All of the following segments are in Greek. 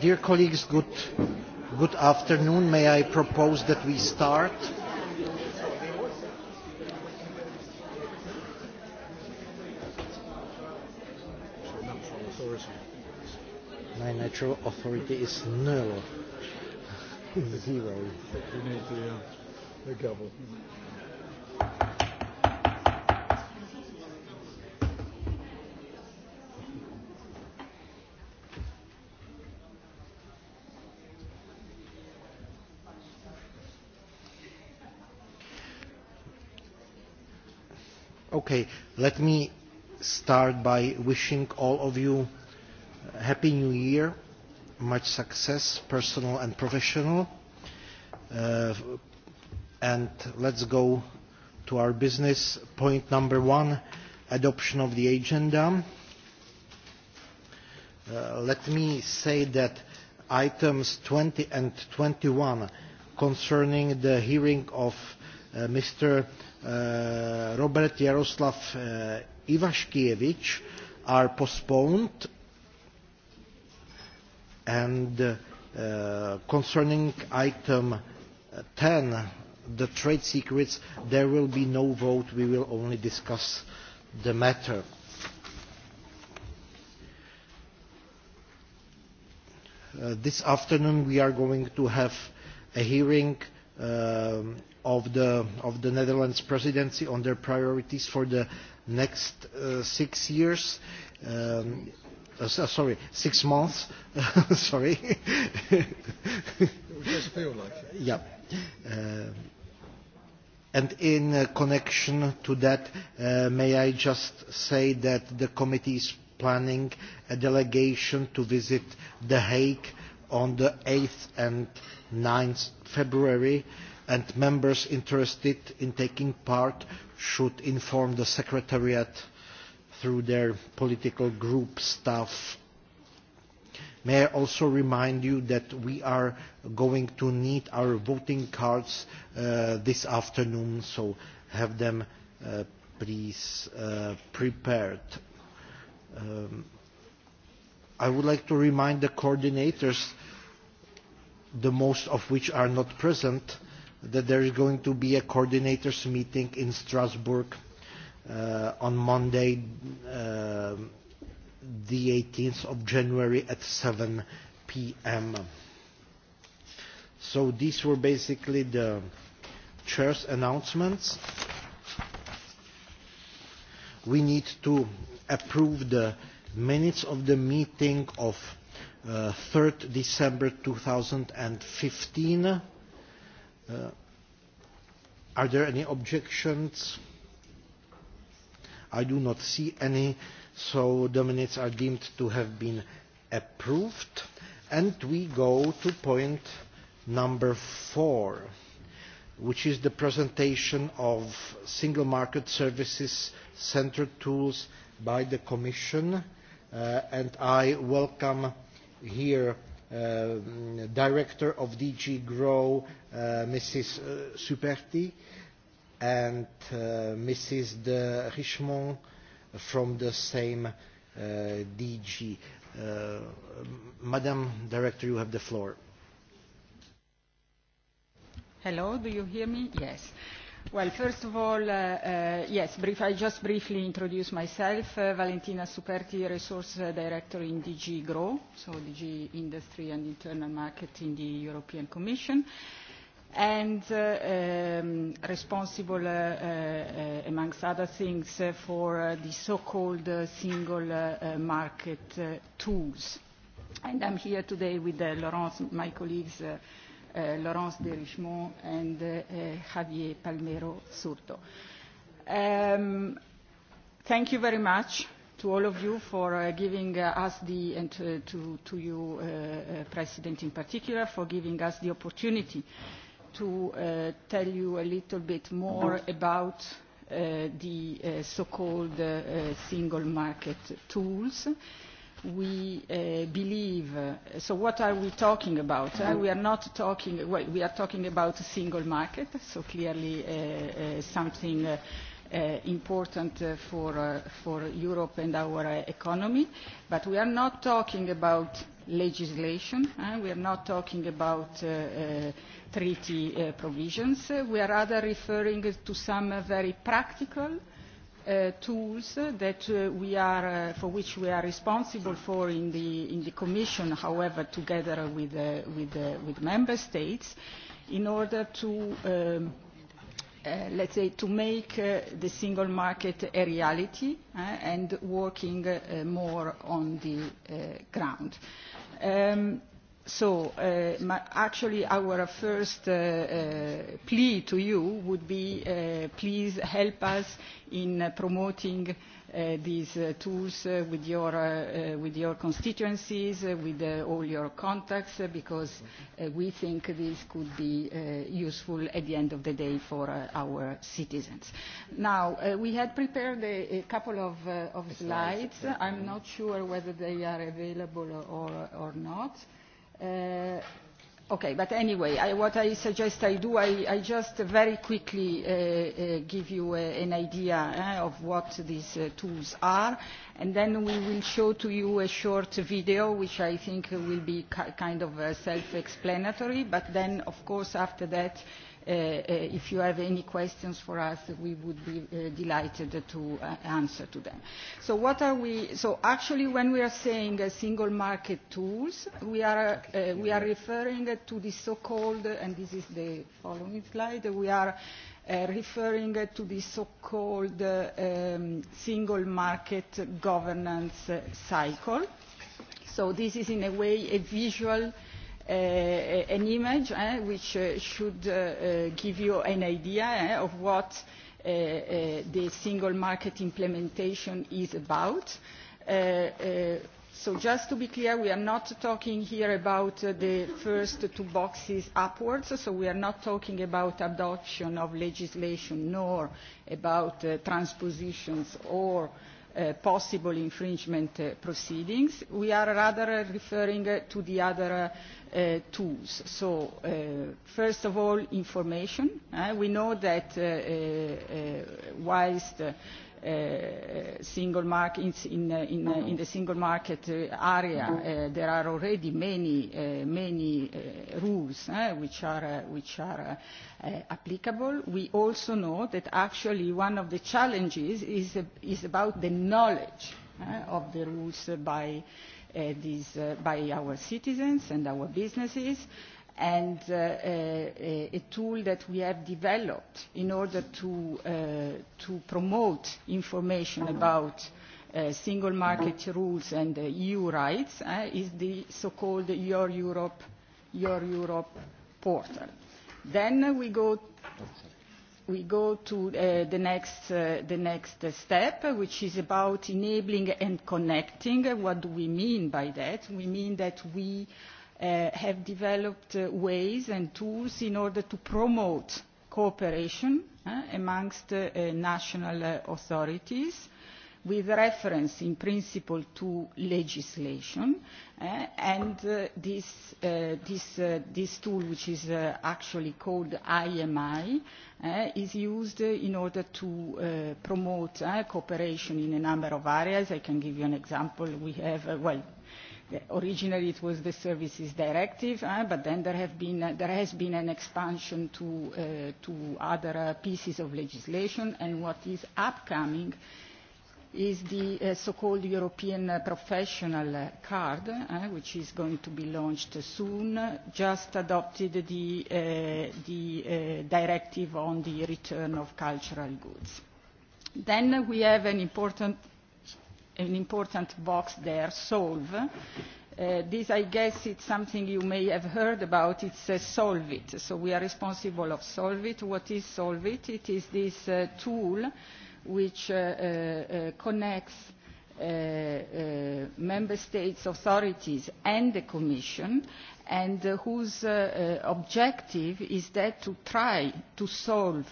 Dear colleagues, good, afternoon. May I propose that we start? My natural authority is null. Zero. Okay, let me start by wishing all of you a happy new year, much success, personal and professional. And let's go to our business. Point number one, adoption of the agenda. Let me say that items 20 and 21 concerning the hearing of Mr. Robert Jaroslav Ivashkiewicz are postponed and concerning item 10, the trade secrets, there will be no vote. We will only discuss the matter. This afternoon we are going to have a hearing of the Netherlands presidency on their priorities for the next six years sorry, six months. Sorry. Yeah. And in connection to that, may I just say that the committee is planning a delegation to visit The Hague on the 8th and 9th February and members interested in taking part should inform the secretariat through their political group staff. May I also remind you that we are going to need our voting cards this afternoon, so have them please prepared. I would like to remind the coordinators, the most of which are not present, that there is going to be a coordinators meeting in Strasbourg on Monday, the 18th of January at 7 p.m. So these were basically the chair's announcements. We need to approve the minutes of the meeting of 3rd December 2015. Are there any objections? I do not see any, so the minutes are deemed to have been approved. And we go to point number four, which is the presentation of single market services centred tools by the Commission. And I welcome here Director of DG GROW, Mrs. Superti, and Mrs. de Richemont from the same DG. Madam Director, you have the floor. Hello, do you hear me? Yes. Well, first of all, yes, Brief, I just briefly introduce myself. Valentina Superti, Resource Director in DG GROW, so DG Industry and Internal Market in the European Commission, and responsible, amongst other things, for the so-called single market tools. And I'm here today with Laurence, my colleagues Laurence de Richemont and Javier Palmero Surto. Thank you very much to all of you for giving us the, and to you, President in particular, for giving us the opportunity to tell you a little bit more about the so-called single market tools we believe so what are we talking about we are not talking we are talking about a single market so clearly something important for for Europe and our economy but we are not talking about legislation we are not talking about treaty provisions we are rather referring to some very practical tools that we are for which we are responsible for in the in the Commission, however, together with with with Member States, in order to let's say to make the single market a reality and working more on the ground. So actually our first plea to you would be please help us in promoting these tools with your constituencies, with all your contacts, because we think this could be useful at the end of the day for our citizens. Now, we had prepared a couple of slides. I'm not sure whether they are available or not. Okay, but anyway, I what I suggest I do, I just very quickly give you an idea of what these tools are, and then we will show to you a short video, which I think will be kind of self-explanatory, but then, of course, after that if you have any questions for us, we would be delighted to answer to them. So what are we, so actually when we are saying single market tools, we are, we are referring to the so-called, and this is the following slide, we are referring to the so-called single market governance cycle. So this is in a way a visual an image which should give you an idea of what the single market implementation is about. So just to be clear, we are not talking here about the first two boxes upwards, so we are not talking about adoption of legislation nor about transpositions or possible infringement proceedings. We are rather referring to the other tools. So, first of all, information. We know that whilst single market in the single market area there are already many many rules which are which are applicable we also know that actually one of the challenges is is about the knowledge of the rules by these by our citizens and our businesses and a tool that we have developed in order to promote information about single market rules and EU rights is the so-called Your Europe Your Europe portal. Then we go to the next the next step which is about enabling and connecting what do we mean by that we mean that we have developed ways and tools in order to promote cooperation amongst national authorities with reference in principle to legislation and this tool which is actually called IMI is used in order to promote cooperation in a number of areas. I can give you an example. We have, well, Originally it was the Services Directive, but then there has been an expansion to to other pieces of legislation and what is upcoming is the so-called European Professional Card, which is going to be launched soon, just adopted the directive on the return of cultural goods. Then we have an important an important box there, solve. This, I guess, is something you may have heard about. It's solve it. So we are responsible of solve it. What is solve it? It is this tool which connects member states authorities and the commission and whose objective is that to try to solve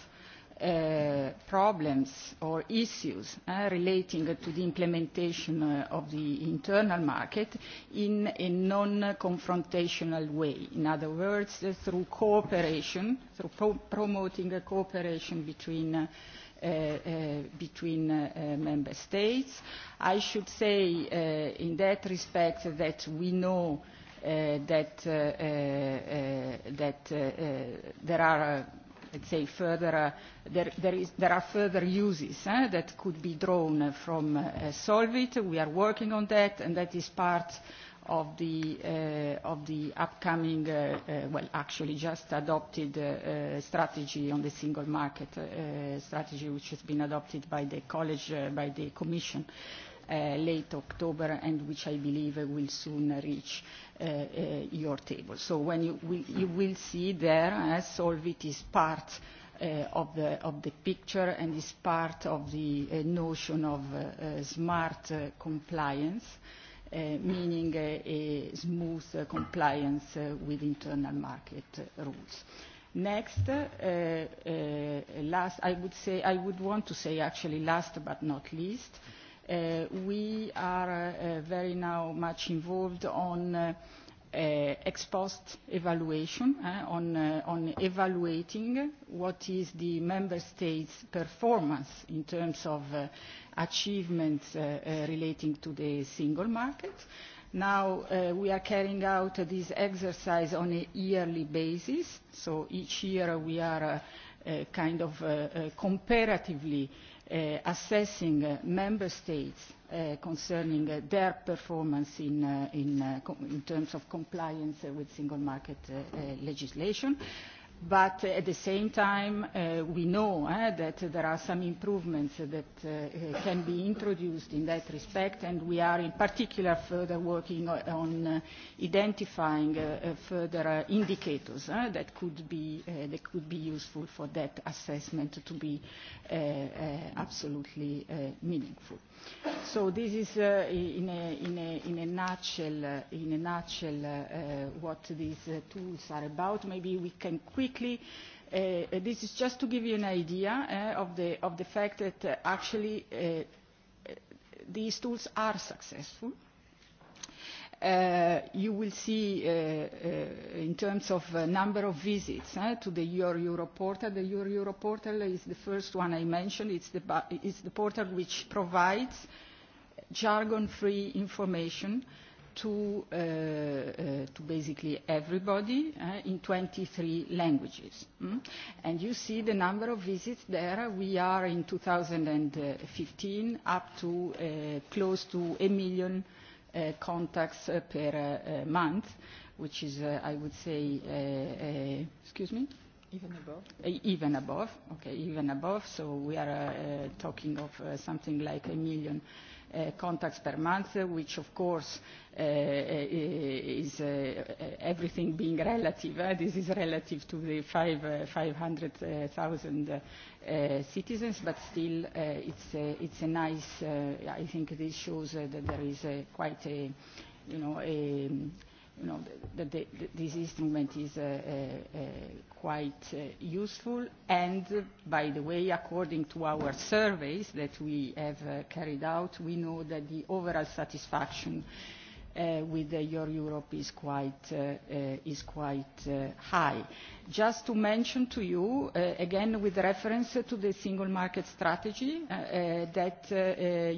problems or issues relating to the implementation of the internal market in a non-confrontational way. In other words, through cooperation, through promoting a cooperation between between member states. I should say in that respect that we know that there are let's say, further, there are further uses that could be drawn from Solvit. We are working on that, and that is part of the upcoming, well, actually just adopted strategy on the single market strategy, which has been adopted by the college, by the Commission late October and which I believe will soon reach your table. So when you will see there, as Solvit is part of the picture and is part of the notion of smart compliance, meaning a smooth compliance with internal market rules. Next, last, I would say, I would want to say actually last but not least, We are very now much involved on ex post evaluation, on evaluating what is the member states' performance in terms of achievements relating to the single market. Now we are carrying out this exercise on a yearly basis, so each year we are kind of comparatively assessing member states concerning their performance in terms of compliance with single market legislation But at the same time, we know that there are some improvements that can be introduced in that respect, and we are in particular further working on identifying further indicators that could be useful for that assessment to be absolutely meaningful. So this is in a nutshell what these tools are about. Maybe we can quickly quickly, this is just to give you an idea of the of the fact that actually these tools are successful. You will see in terms of number of visits to the Your Euro portal. The Your Euro portal is the first one I mentioned. It's the portal which provides jargon-free information to basically everybody in 23 languages. And you see the number of visits there. We are in 2015 up to close to a million contacts per month, which is, I would say, excuse me? Even above? Even above, okay, even above. So we are talking of something like a million contacts per month, which of course is everything being relative. This is relative to the 500,000 citizens, but still it's a nice, I think this shows that there is quite a you know, you know that this instrument is quite useful and by the way according to our surveys that we have carried out we know that the overall satisfaction with your Europe is quite is quite high. Just to mention to you, again with reference to the single market strategy, that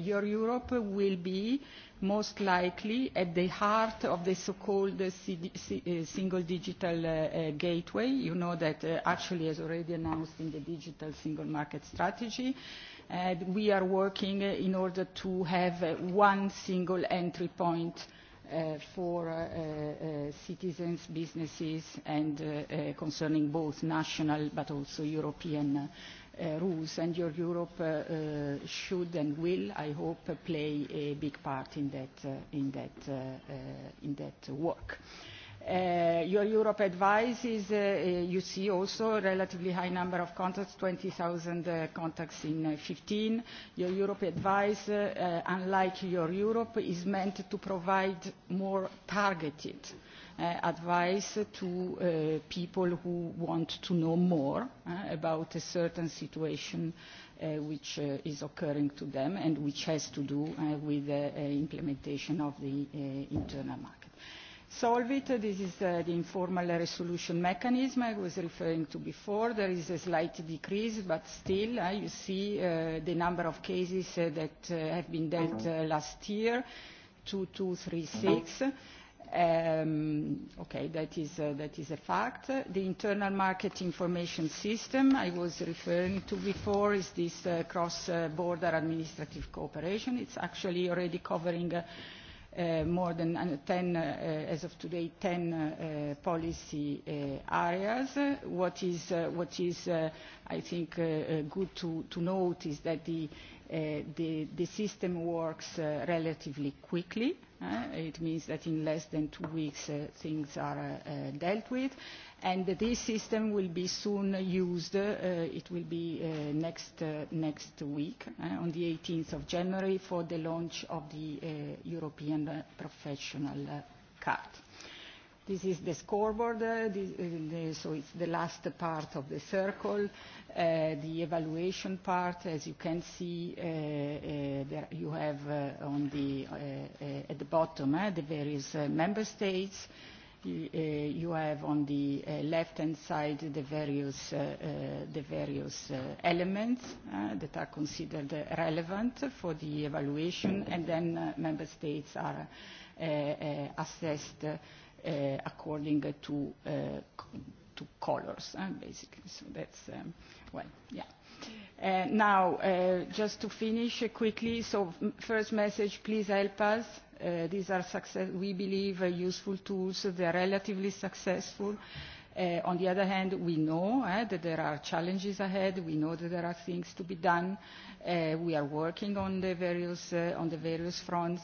your Europe will be most likely at the heart of the so-called single digital gateway. You know that actually as already announced in the digital single market strategy, we are working in order to have one single entry point for citizens, businesses, and concerning both national but also European rules and your Europe should and will, I hope, play a big part in that work. Your Europe advice is, you see also, a relatively high number of contacts, 20,000 contacts in 15. Your Europe advice, unlike your Europe, is meant to provide more targeted advice to people who want to know more about a certain situation which is occurring to them and which has to do with the implementation of the internal market. Solvit, this is the informal resolution mechanism I was referring to before. There is a slight decrease, but still you see the number of cases that have been dealt last year, 2236 Okay, that is a fact. The internal market information system I was referring to before is this cross-border administrative cooperation. It's actually already covering more than 10, as of today, 10 policy areas. What is, I think, good to note is that the system works relatively quickly It means that in less than two weeks things are dealt with. And this system will be soon used. It will be next week, on the 18th of January, for the launch of the European Professional Card. This is the scoreboard, so it's the last part of the circle, the evaluation part. As you can see, you have on the at the bottom the various member states. You have on the left-hand side the various the various elements that are considered relevant for the evaluation, and then member states are assessed according to to colors basically. So that's well yeah. Now, just to finish quickly, so first message, please help us. These are, we believe, useful tools. They are relatively successful. On the other hand, we know that there are challenges ahead. We know that there are things to be done. We are working on the various on the various fronts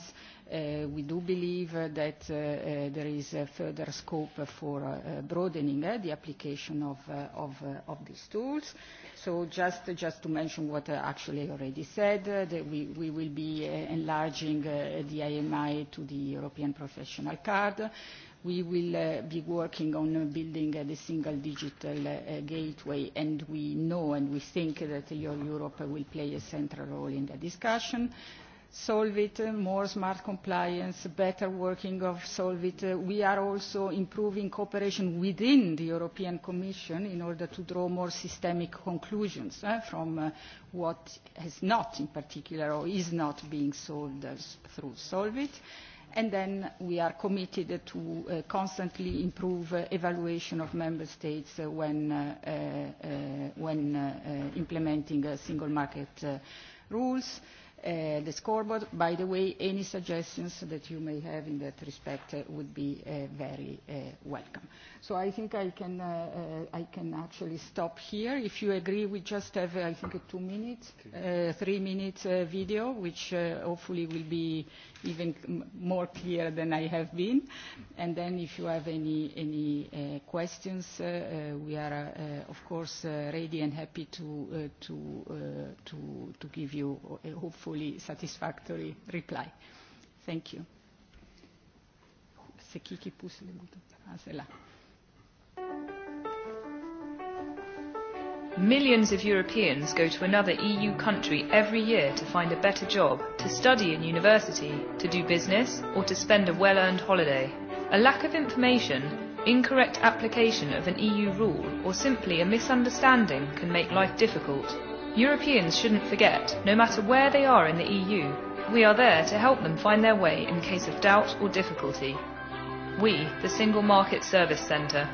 We do believe that there is further scope for broadening the application of these tools. So just to mention what I actually already said, that we will be enlarging the IMI to the European Professional Card. We will be working on building the single digital gateway, and we know and we think that your Europe will play a central role in the discussion. Solvit, more smart compliance, better working of Solvit. We are also improving cooperation within the European Commission in order to draw more systemic conclusions from what has not in particular or is not being solved through Solvit. And then we are committed to constantly improve evaluation of member states when implementing single market rules the scoreboard. By the way, any suggestions that you may have in that respect would be very welcome. So I think I can I can actually stop here. If you agree, we just have I think a two minutes, three minutes video, which hopefully will be even more clear than I have been. And then, if you have any any questions, we are of course ready and happy to to to to give you hopefully fully satisfactory reply. Thank you. Millions of Europeans go to another EU country every year to find a better job, to study in university, to do business, or to spend a well-earned holiday. A lack of information, incorrect application of an EU rule, or simply a misunderstanding can make life difficult Europeans shouldn't forget, no matter where they are in the EU, we are there to help them find their way in case of doubt or difficulty. We, the Single Market Service Centre.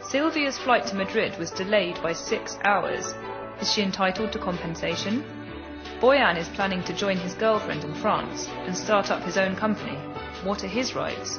Sylvia's flight to Madrid was delayed by six hours. Is she entitled to compensation? Boyan is planning to join his girlfriend in France and start up his own company. What are his rights?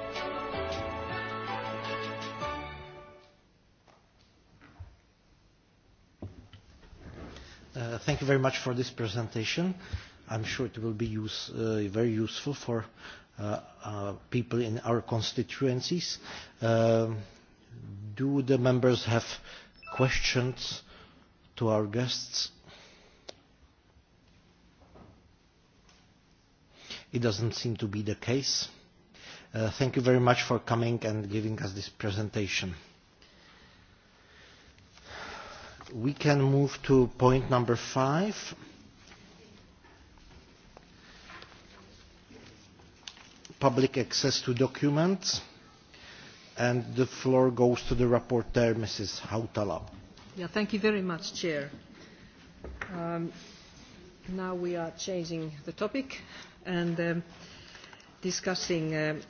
Thank you very much for this presentation. I'm sure it will be very useful for people in our constituencies. Do the members have questions to our guests? It doesn't seem to be the case. Thank you very much for coming and giving us this presentation. We can move to point number five. Public access to documents. And the floor goes to the rapporteur, Mrs. Hautala. Thank you very much, Chair. Now we are changing the topic and discussing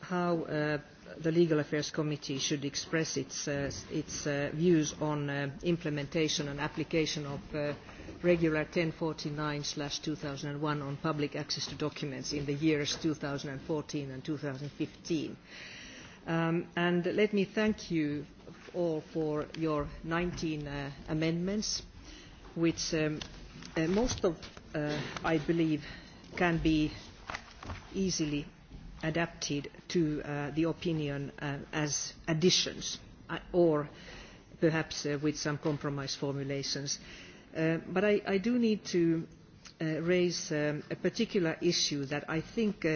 how the Legal Affairs Committee should express its views on implementation and application of Regular 1049/2001 on public access to documents in the years 2014 and 2015. And let me thank you all for your 19 amendments, which most of, I believe, can be easily adapted to the opinion as additions or perhaps with some compromise formulations. But I do need to raise a particular issue that I think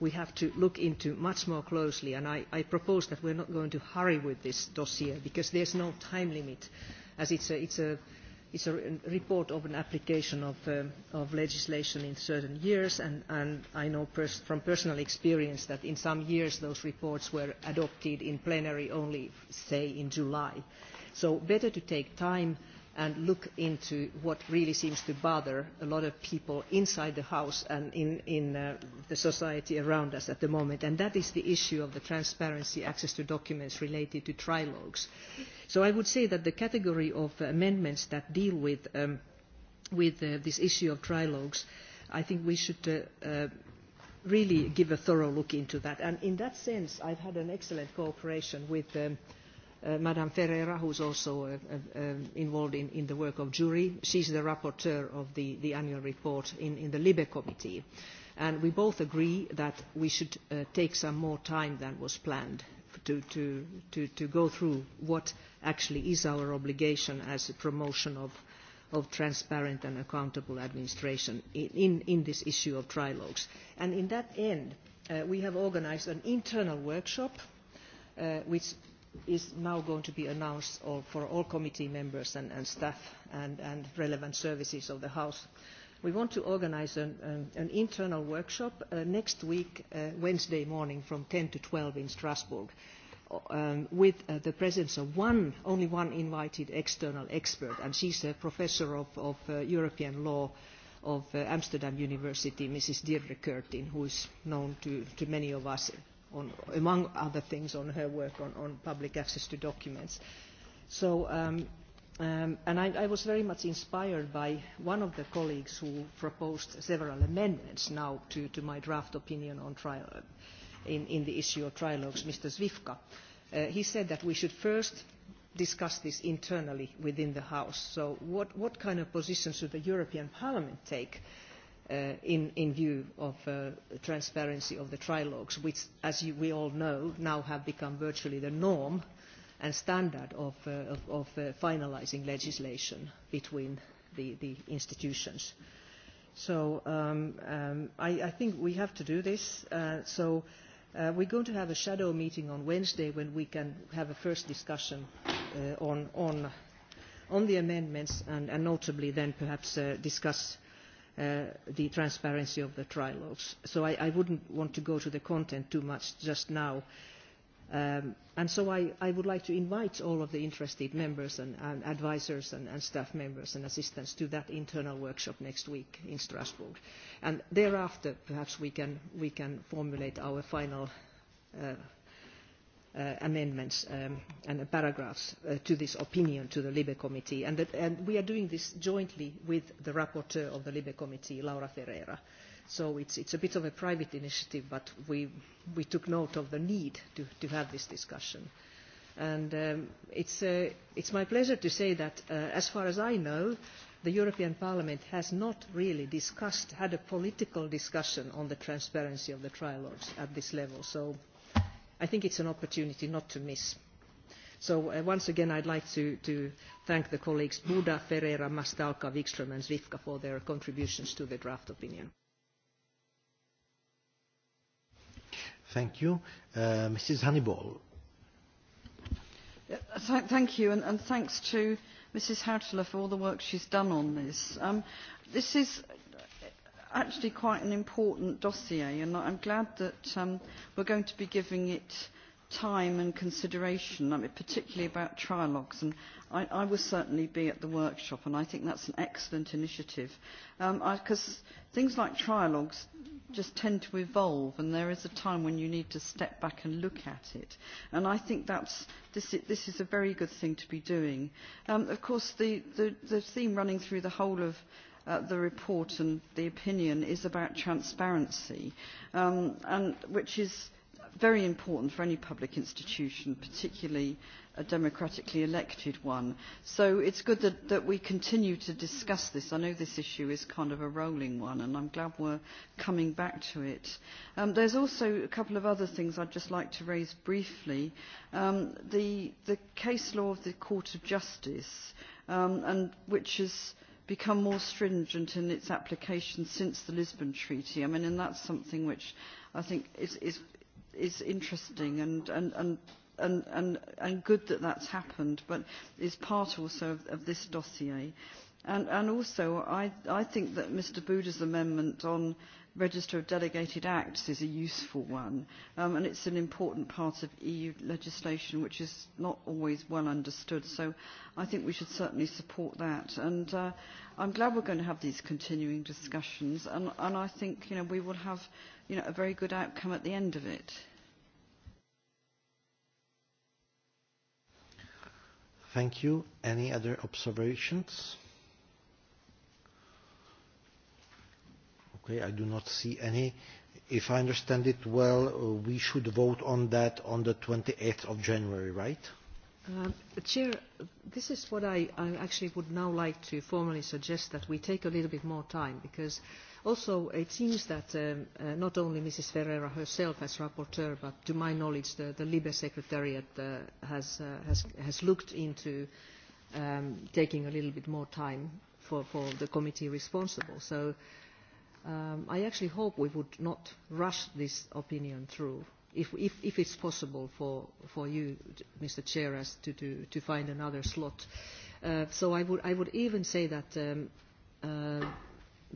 we have to look into much more closely and I propose that we are not going to hurry with this dossier because there is no time limit as it's a is a report of an application of legislation in certain years, and I know from personal experience that in some years those reports were adopted in plenary only, say, in July. So better to take time and look into what really seems to bother a lot of people inside the House and in the society around us at the moment. And that is the issue of the transparency, access to documents related to trilogues. So I would say that the category of amendments that deal with this issue of trilogues, I think we should really give a thorough look into that. And in that sense, I've had an excellent cooperation with Madam Ferreira, who is also involved in the work of jury. She is the rapporteur of the annual report in the LIBE committee. And we both agree that we should take some more time than was planned to go through what actually is our obligation as a promotion of transparent and accountable administration in this issue of trilogues. And in that end, we have organized an internal workshop which is now going to be announced for all committee members and staff and relevant services of the House. We want to organise an internal workshop next week, Wednesday morning from 10 to 12 in Strasbourg, with the presence of one, only one invited external expert, and she's a professor of European law of Amsterdam University, Mrs. Dirre Curtin, who is known to many of us on among other things on her work on on public access to documents so and i was very much inspired by one of the colleagues who proposed several amendments now to to my draft opinion on trial in in the issue of trilogues mr zwifka he said that we should first discuss this internally within the house so what what kind of position should the european parliament take in view of the transparency of the trilogues, which, as we all know, now have become virtually the norm and standard of finalising legislation between the institutions. So I think we have to do this. So we're going to have a shadow meeting on Wednesday when we can have a first discussion on the amendments and notably then perhaps discuss the transparency of the trilogues. So I wouldn't want to go to the content too much just now. And so I would like to invite all of the interested members and advisors and staff members and assistants to that internal workshop next week in Strasbourg. And thereafter, perhaps we can formulate our final amendments and paragraphs to this opinion to the LIBE Committee. And we are doing this jointly with the rapporteur of the LIBE Committee, Laura Ferreira. So it's a bit of a private initiative, but we took note of the need to have this discussion. And it's my pleasure to say that, as far as I know, the European Parliament has not really discussed, had a political discussion on the transparency of the trilogues at this level. So I think it's an opportunity not to miss. So once again, I'd like to thank the colleagues Buda, Ferreira, Mastalka, Wikström and Zvivka for their contributions to the draft opinion. Thank you. Mrs. Thank you, and thanks to Mrs. Hautala for all the work she's done on this. This is actually quite an important dossier and I'm glad that we're going to be giving it time and consideration, particularly about trialogues. And I, I will certainly be at the workshop, and I think that's an excellent initiative. Because things like trialogues just tend to evolve, and there is a time when you need to step back and look at it. And I think that's, this, is a very good thing to be doing. Um, of course, the, the theme running through the whole of the report and the opinion is about transparency, which is very important for any public institution, particularly a democratically elected one. So it's good that we continue to discuss this. I know this issue is kind of a rolling one, and I'm glad we're coming back to it. There's also a couple of other things I'd just like to raise briefly. The case law of the Court of Justice, which is become more stringent in its application since the Lisbon Treaty. I mean, and that's something which I think is, is, is interesting and, and, and and, and, and good that that's happened, but is part also of, of this dossier. And, and also, I, I think that Mr. Buda's amendment on register of delegated acts is a useful one, and it's an important part of EU legislation which is not always well understood. So I think we should certainly support that. And I'm glad we're going to have these continuing discussions, and I think we will have a very good outcome at the end of it. Thank you. Any other observations? Okay, I do not see any. If I understand it well, we should vote on that on the 28th of January, right? Chair, this is what I actually would now like to formally suggest that we take a little bit more time because also it seems that not only Mrs. Ferreira herself as rapporteur but to my knowledge the LIBE Secretariat has looked into taking a little bit more time for the committee responsible. So I actually hope we would not rush this opinion through, if it's possible for you, Mr. Chair, to find another slot. So I would even say that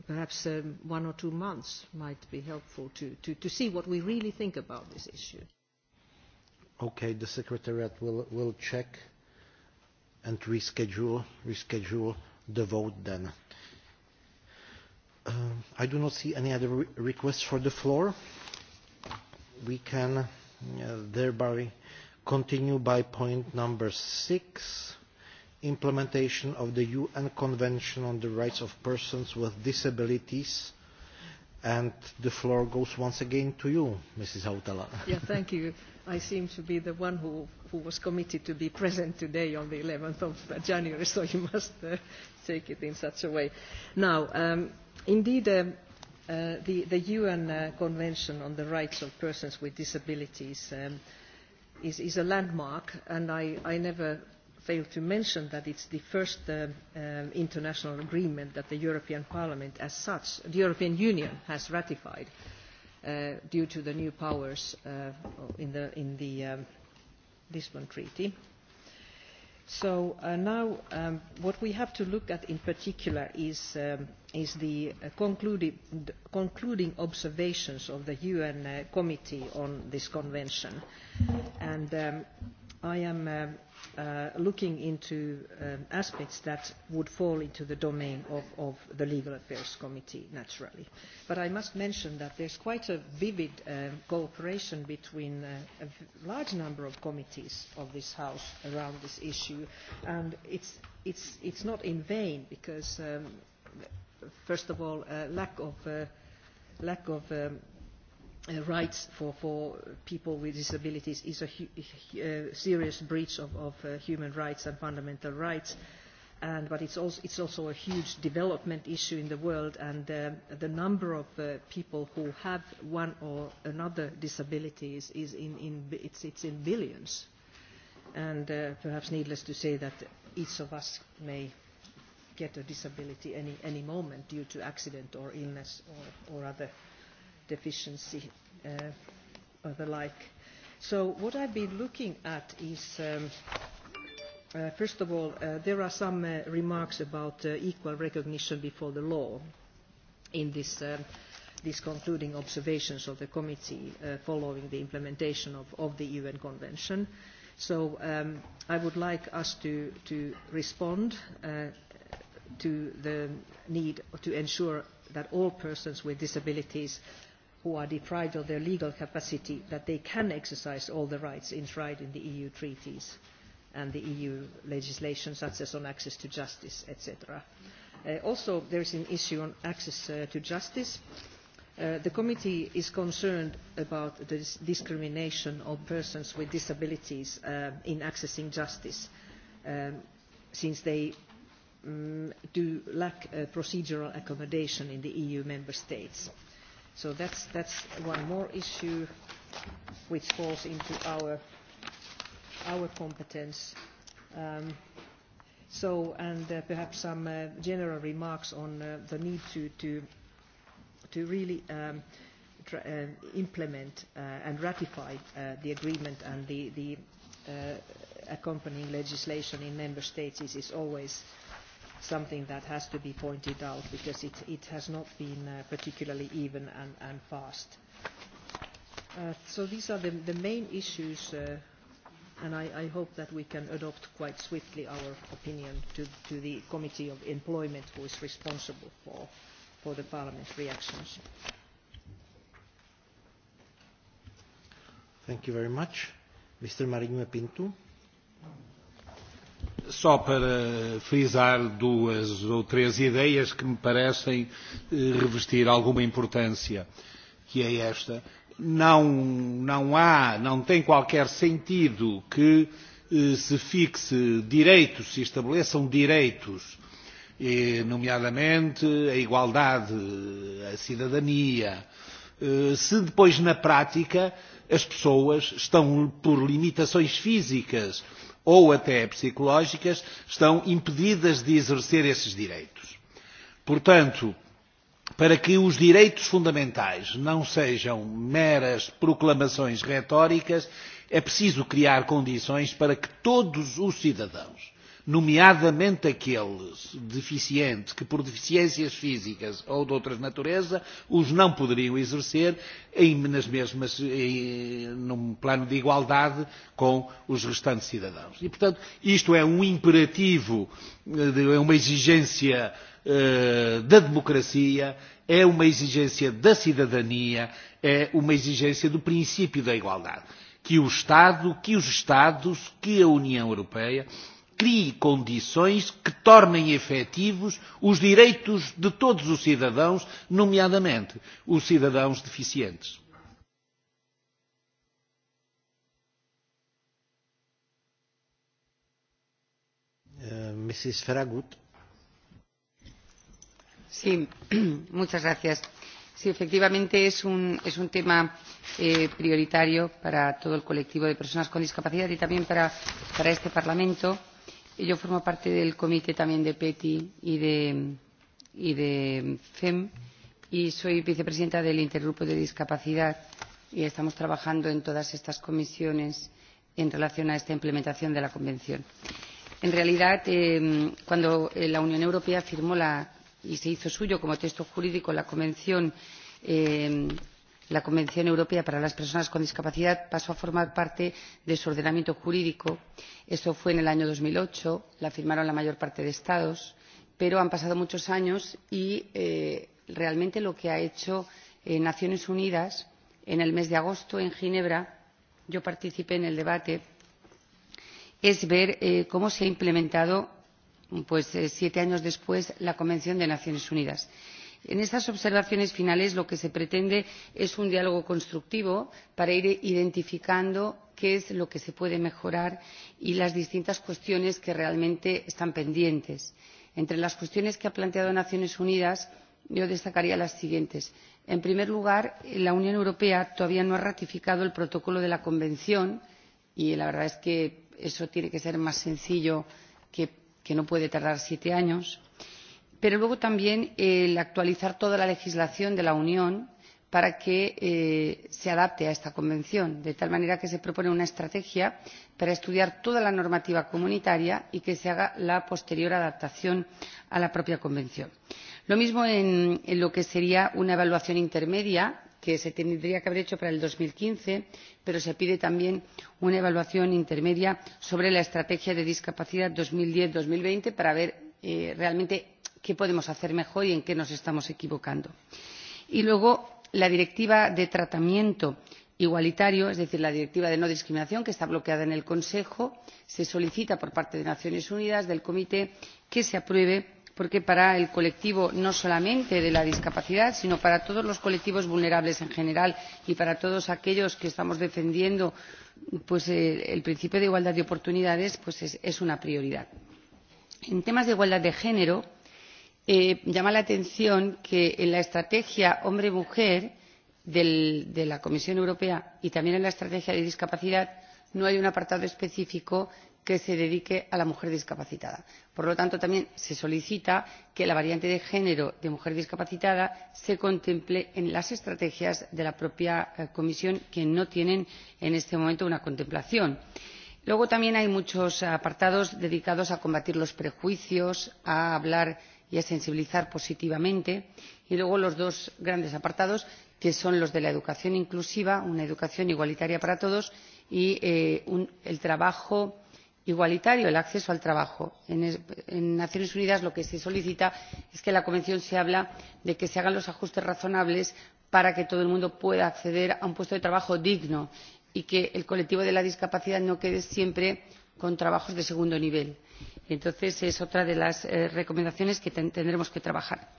perhaps one or two months might be helpful to see what we really think about this issue. Okay, the Secretariat will check and reschedule the vote then. I do not see any other requests for the floor. We can thereby continue by point number six, implementation of the UN Convention on the Rights of Persons with Disabilities. And the floor goes once again to you, Mrs. Hautala. Yeah, thank you. I seem to be the one who who was committed to be present today on the 11th of January, so you must take it in such a way. Now, Indeed, the UN Convention on the Rights of Persons with Disabilities is a landmark, and I never fail to mention that it's the first international agreement that the European Parliament, as such, the European Union, has ratified due to the new powers in the Lisbon Treaty So now what we have to look at in particular is the concluding observations of the UN Committee on this Convention. And I am looking into aspects that would fall into the domain of the Legal Affairs Committee, naturally. But I must mention that there's quite a vivid cooperation between a large number of committees of this House around this issue, and it's not in vain, because, first of all, lack of rights for people with disabilities is a serious breach of human rights and fundamental rights and but it's also it's also a huge development issue in the world and the number of people who have one or another disability is in it's in billions and perhaps needless to say that each of us may get a disability any any moment due to accident or illness or other deficiency or the like. So what I've been looking at is, first of all, there are some remarks about equal recognition before the law in this these concluding observations of the committee following the implementation of the UN Convention. So I would like us to respond to the need to ensure that all persons with disabilities who are deprived of their legal capacity that they can exercise all the rights enshrined in the EU treaties and the EU legislation such as on access to justice, etc. Also, there is an issue on access to justice. The committee is concerned about the discrimination of persons with disabilities in accessing justice since they do lack procedural accommodation in the EU member states So that's that's one more issue which falls into our our competence. So and perhaps some general remarks on the need to to to really implement and ratify the agreement and the the accompanying legislation in member states is always something that has to be pointed out because it it has not been particularly even and fast. So these are the main issues and I hope that we can adopt quite swiftly our opinion to the Committee of Employment who is responsible for for the Parliament's reactions. Thank you very much. Mr. Marinho Pinto só para frisar duas ou três ideias que me parecem revestir alguma importância, que é esta. Não, não há, não tem qualquer sentido que se fixe direitos, se estabeleçam direitos, nomeadamente a igualdade, a cidadania, se depois na prática as pessoas estão por limitações físicas ou até psicológicas, estão impedidas de exercer esses direitos. Portanto, para que os direitos fundamentais não sejam meras proclamações retóricas, é preciso criar condições para que todos os cidadãos nomeadamente aqueles deficientes que por deficiências físicas ou de outras natureza os não poderiam exercer em, nas mesmas, em, num plano de igualdade com os restantes cidadãos. E, portanto, isto é um imperativo, é uma exigência da democracia, é uma exigência da cidadania, é uma exigência do princípio da igualdade. Que o Estado, que os Estados, que a União Europeia crie condições que tornem efetivos os direitos de todos os cidadãos, nomeadamente os cidadãos deficientes. Mrs. Ferragut. Sí, muchas gracias. Sí, efectivamente es un tema prioritario para todo el colectivo de personas con discapacidad y también para este Parlamento Yo formo parte del comité también de PETI y de, FEM y soy vicepresidenta del Intergrupo de Discapacidad y estamos trabajando en todas estas comisiones en relación a esta implementación de la Convención. En realidad, cuando la Unión Europea firmó y se hizo suyo como texto jurídico la Convención la Convención Europea para las Personas con Discapacidad pasó a formar parte de su ordenamiento jurídico. esto fue en el año 2008, la firmaron la mayor parte de Estados, pero han pasado muchos años y realmente lo que ha hecho las Naciones Unidas en el mes de agosto en Ginebra, yo participé en el debate, es ver cómo se ha implementado siete años después la Convención de las Naciones Unidas en estas observaciones finales lo que se pretende es un diálogo constructivo para ir identificando qué es lo que se puede mejorar y las distintas cuestiones que realmente están pendientes. entre las cuestiones que ha planteado las naciones unidas yo destacaría las siguientes en primer lugar la unión europea todavía no ha ratificado el protocolo de la convención y la verdad es que eso tiene que ser más sencillo que no puede tardar siete años; pero luego también el actualizar toda la legislación de la unión para que se adapte a esta convención de tal manera que se propone una estrategia para estudiar toda la normativa comunitaria y que se haga la posterior adaptación a la propia convención. lo mismo en lo que sería una evaluación intermedia que se tendría que haber hecho para dos mil quince pero se pide también una evaluación intermedia sobre la estrategia de discapacidad dos mil diez mil veinte para ver realmente qué podemos hacer mejor y en qué nos estamos equivocando. Y luego, la directiva de tratamiento igualitario, es decir, la directiva de no discriminación, que está bloqueada en el Consejo, se solicita por parte de las Naciones Unidas, del Comité, que se apruebe porque para el colectivo no solamente de la discapacidad sino para todos los colectivos vulnerables en general y para todos aquellos que estamos defendiendo el principio de igualdad de oportunidades es una prioridad. en temas de igualdad de género llama la atención que en la estrategia hombre mujer de la comisión europea y también en la estrategia de discapacidad no hay un apartado específico que se dedique a la mujer discapacitada. por lo tanto también se solicita que la variante de género de mujer discapacitada se contemple en las estrategias de la propia comisión que no tienen en este momento una contemplación. luego también hay muchos apartados dedicados a combatir los prejuicios a hablar y a sensibilizar positivamente y luego los dos grandes apartados que son los de la educación inclusiva una educación igualitaria para todos y el trabajo igualitario el acceso al trabajo. en las naciones unidas lo que se solicita es que en la convención se hable de que se hagan los ajustes razonables para que todo el mundo pueda acceder a un puesto de trabajo digno y que el colectivo de la discapacidad no quede siempre con trabajos de segundo nivel. Entonces, es otra de las recomendaciones que tendremos que trabajar.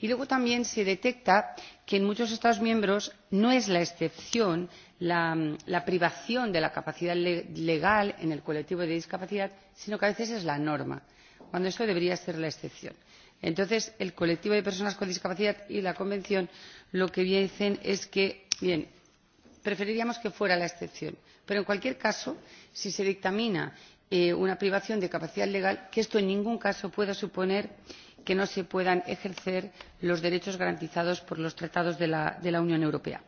Y luego también se detecta que en muchos Estados miembros no es la excepción la privación de la capacidad legal en el colectivo de discapacidad, sino que a veces es la norma, cuando eso debería ser la excepción. Entonces, el colectivo de personas con discapacidad y la Convención lo que dicen es que, bien, preferiríamos que fuera la excepción pero en cualquier caso si se dictamina una privación de capacidad legal que esto en ningún caso pueda suponer que no se puedan ejercer los derechos garantizados por los tratados de la unión europea.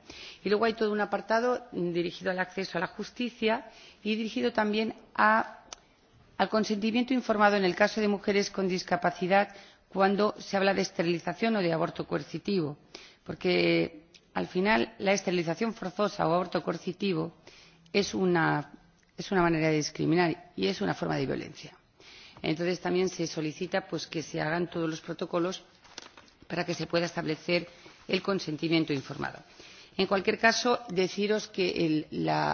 y luego hay todo un apartado dirigido al acceso a la justicia y dirigido también al consentimiento informado en el caso de mujeres con discapacidad cuando se habla de esterilización o de aborto coercitivo porque al final la esterilización forzosa o aborto coercitivo es una manera de discriminar y es una forma de violencia. entonces también se solicita que se hagan todos los protocolos para que se pueda establecer el consentimiento informado. en cualquier caso deciros que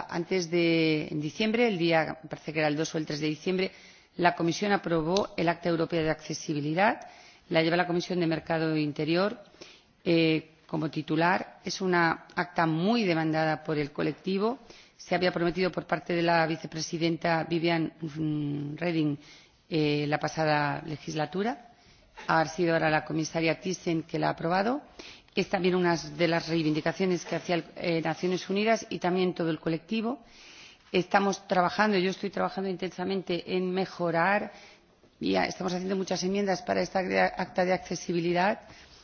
antes de diciembre el día parece que era el 2 o el 3 de diciembre la comisión aprobó el acta europea de accesibilidad la lleva la comisión de mercado interior como titular es una acta muy demandada por el colectivo se había prometido por parte de la vicepresidenta Viviane Reding la pasada legislatura. Ha sido ahora la comisaria Thyssen que la ha aprobado. Es también una de las reivindicaciones que hacían las Naciones Unidas y también todo el colectivo. Estamos trabajando, yo estoy trabajando intensamente en mejorar y estamos haciendo muchas enmiendas para esta acta de accesibilidad.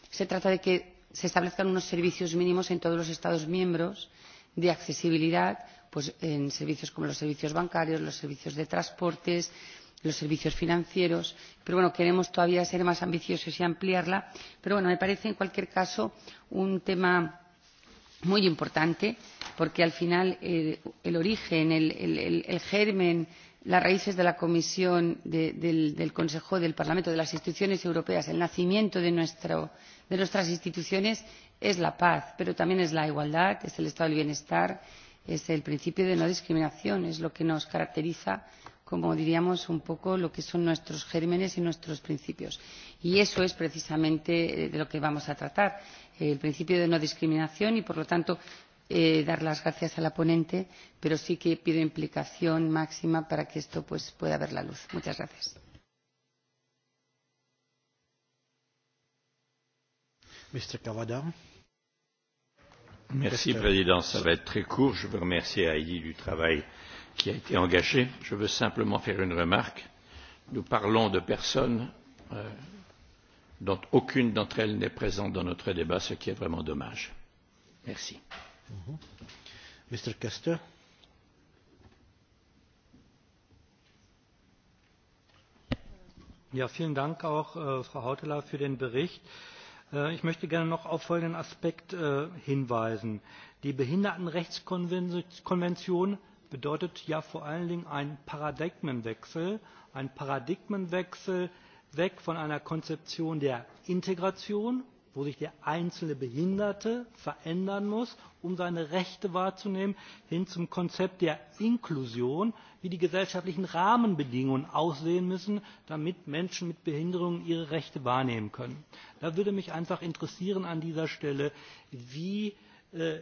Se trata de que se establezcan unos servicios mínimos en todos los Estados miembros de accesibilidad en servicios como los servicios bancarios los servicios de transportes los servicios financieros pero bueno queremos todavía ser más ambiciosos y ampliarla pero bueno me parece en cualquier caso un tema muy importante porque al final el origen el germen las raíces de la comisión del consejo del parlamento de las instituciones europeas el nacimiento de nuestras instituciones es la paz pero también es la igualdad es el estado del bienestar es el principio de no discriminación es lo que nos caracteriza como diríamos un poco lo que son nuestros gérmenes y nuestros principios y eso es precisamente de lo que vamos a tratar el principio de no discriminación y por lo tanto dar las gracias a la ponente pero sí que pido implicación máxima para que esto pues pueda ver la luz muchas gracias Merci, Président. Ça va être très court. Je veux remercier Heidi du travail qui a été engagé. Je veux simplement faire une remarque. Nous parlons de personnes dont aucune d'entre elles n'est présente dans notre débat, ce qui est vraiment dommage. Merci. Frau für den Bericht. Ich möchte gerne noch auf folgenden Aspekt hinweisen. Die Behindertenrechtskonvention bedeutet ja vor allen Dingen einen Paradigmenwechsel, einen Paradigmenwechsel weg von einer Konzeption der Integration wo sich der einzelne Behinderte verändern muss, um seine Rechte wahrzunehmen, hin zum Konzept der Inklusion, wie die gesellschaftlichen Rahmenbedingungen aussehen müssen, damit Menschen mit Behinderungen ihre Rechte wahrnehmen können. Da würde mich einfach an dieser Stelle, wie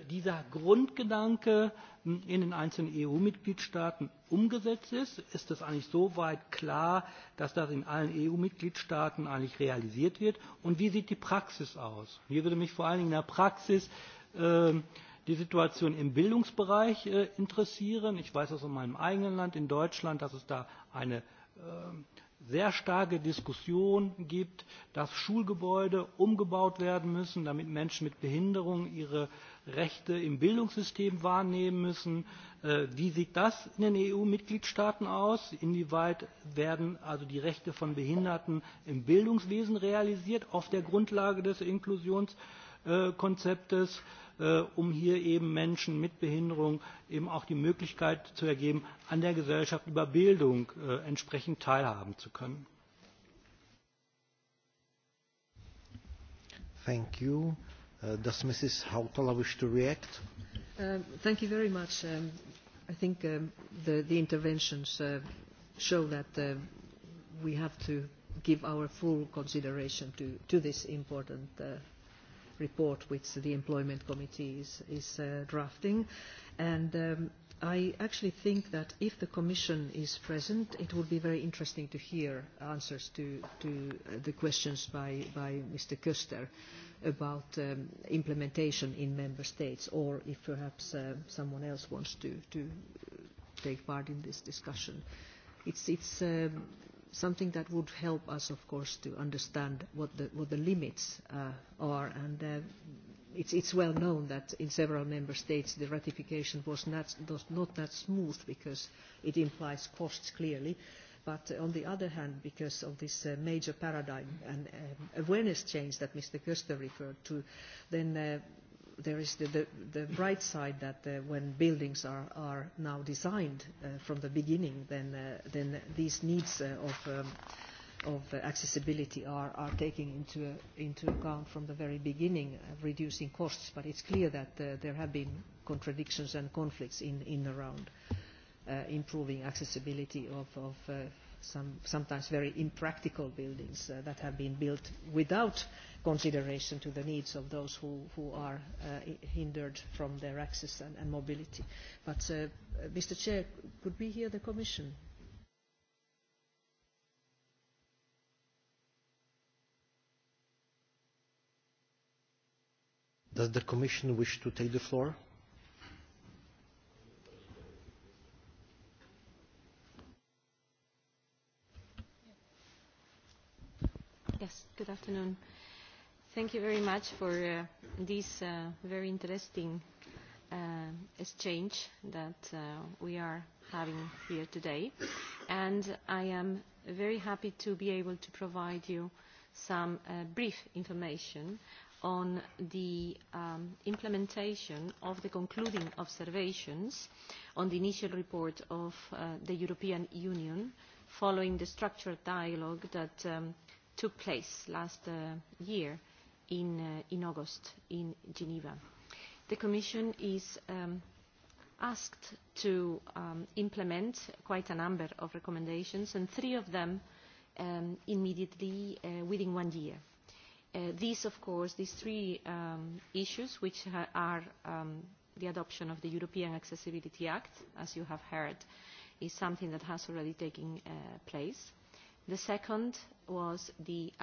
dieser Grundgedanke in den einzelnen EU-Mitgliedstaaten umgesetzt ist? Ist es eigentlich so weit klar, dass das in allen EU-Mitgliedstaaten eigentlich realisiert wird? Und wie sieht die Praxis aus? Hier würde mich vor allen Dingen in der Praxis die Situation im Bildungsbereich interessieren. Ich weiß aus meinem eigenen Land, in Deutschland, dass es da eine sehr starke Diskussion gibt, dass Schulgebäude umgebaut werden müssen, damit Menschen mit Behinderung ihre Rechte im Bildungssystem wahrnehmen müssen. Wie sieht das in den EU-Mitgliedstaaten aus? Inwieweit werden also die Rechte von Behinderten im Bildungswesen realisiert auf der Grundlage des Inklusionskonzeptes, um hier eben Menschen mit Behinderung eben auch die Möglichkeit zu ergeben, an der Gesellschaft über Bildung entsprechend teilhaben zu können? Thank you. Does Mrs. Hautala wish to react? Thank you very much. I think the interventions show that we have to give our full consideration to this important report which the Employment Committee is drafting. And I actually think that if the Commission is present, it would be very interesting to hear answers to the questions by Mr. Köster about implementation in member states or if perhaps someone else wants to take part in this discussion it's it's something that would help us of course to understand what the limits are and it's it's well known that in several member states the ratification was not that smooth because it implies costs clearly but on the other hand, because of this major paradigm and awareness change that Mr. Köster referred to, then there is the bright side that when buildings are now designed from the beginning, then these needs of accessibility are are into account from the very beginning, reducing costs. But it's clear that there have been contradictions and conflicts in in around improving accessibility of some sometimes very impractical buildings that have been built without consideration to the needs of those who are hindered from their access and mobility. But, Mr. Chair, could we hear the Commission? Does the Commission wish to take the floor? Good afternoon. Thank you very much for this very interesting exchange that we are having here today. And I am very happy to be able to provide you some brief information on the implementation of the concluding observations on the initial report of the European Union following the structured dialogue that took place last year in August in Geneva. The Commission is asked to implement quite a number of recommendations, and three of them immediately within one year. These, of course, these three issues, which are the adoption of the European Accessibility Act, as you have heard, is something that has already taken place The second was the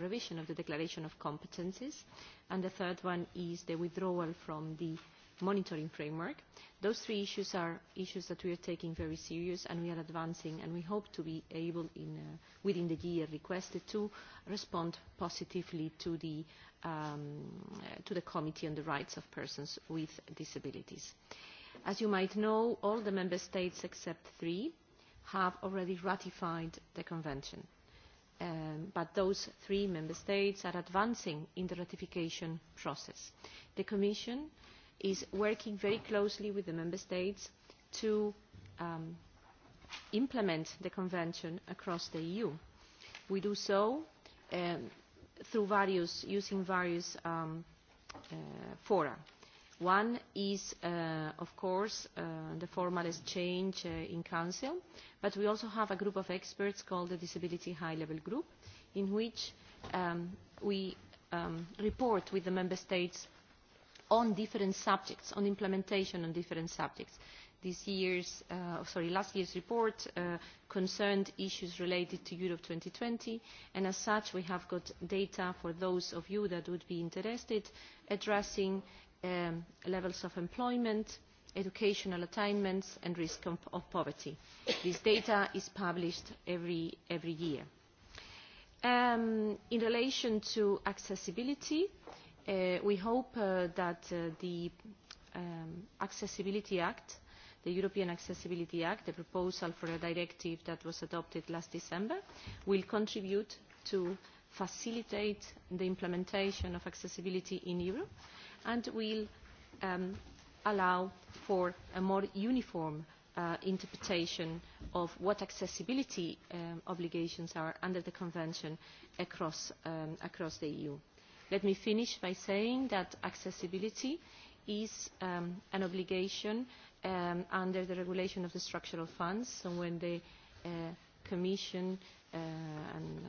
revision of the Declaration of Competences, and the third one is the withdrawal from the monitoring framework. Those three issues are issues that we are taking very serious and we are advancing and we hope to be able within the year requested to respond positively to the Committee on the Rights of Persons with Disabilities. As you might know, all the Member States except three have already ratified the Convention. But those three Member States are advancing in the ratification process. The Commission is working very closely with the Member States to implement the Convention across the EU. We do so through various using various fora. One is, of course, the formal exchange in Council, but we also have a group of experts called the Disability High-Level Group, in which we report with the Member States on different subjects, on implementation on different subjects. This year's, sorry, last year's report concerned issues related to Europe 2020, and as such we have got data for those of you that would be interested addressing levels of employment, educational attainments and risk of poverty. This data is published every year. In relation to accessibility, we hope that the Accessibility Act, the European Accessibility Act, the proposal for a directive that was adopted last December, will contribute to facilitate the implementation of accessibility in Europe and will allow for a more uniform interpretation of what accessibility obligations are under the Convention across the EU. Let me finish by saying that accessibility is an obligation under the regulation of the structural funds, so when the Commission and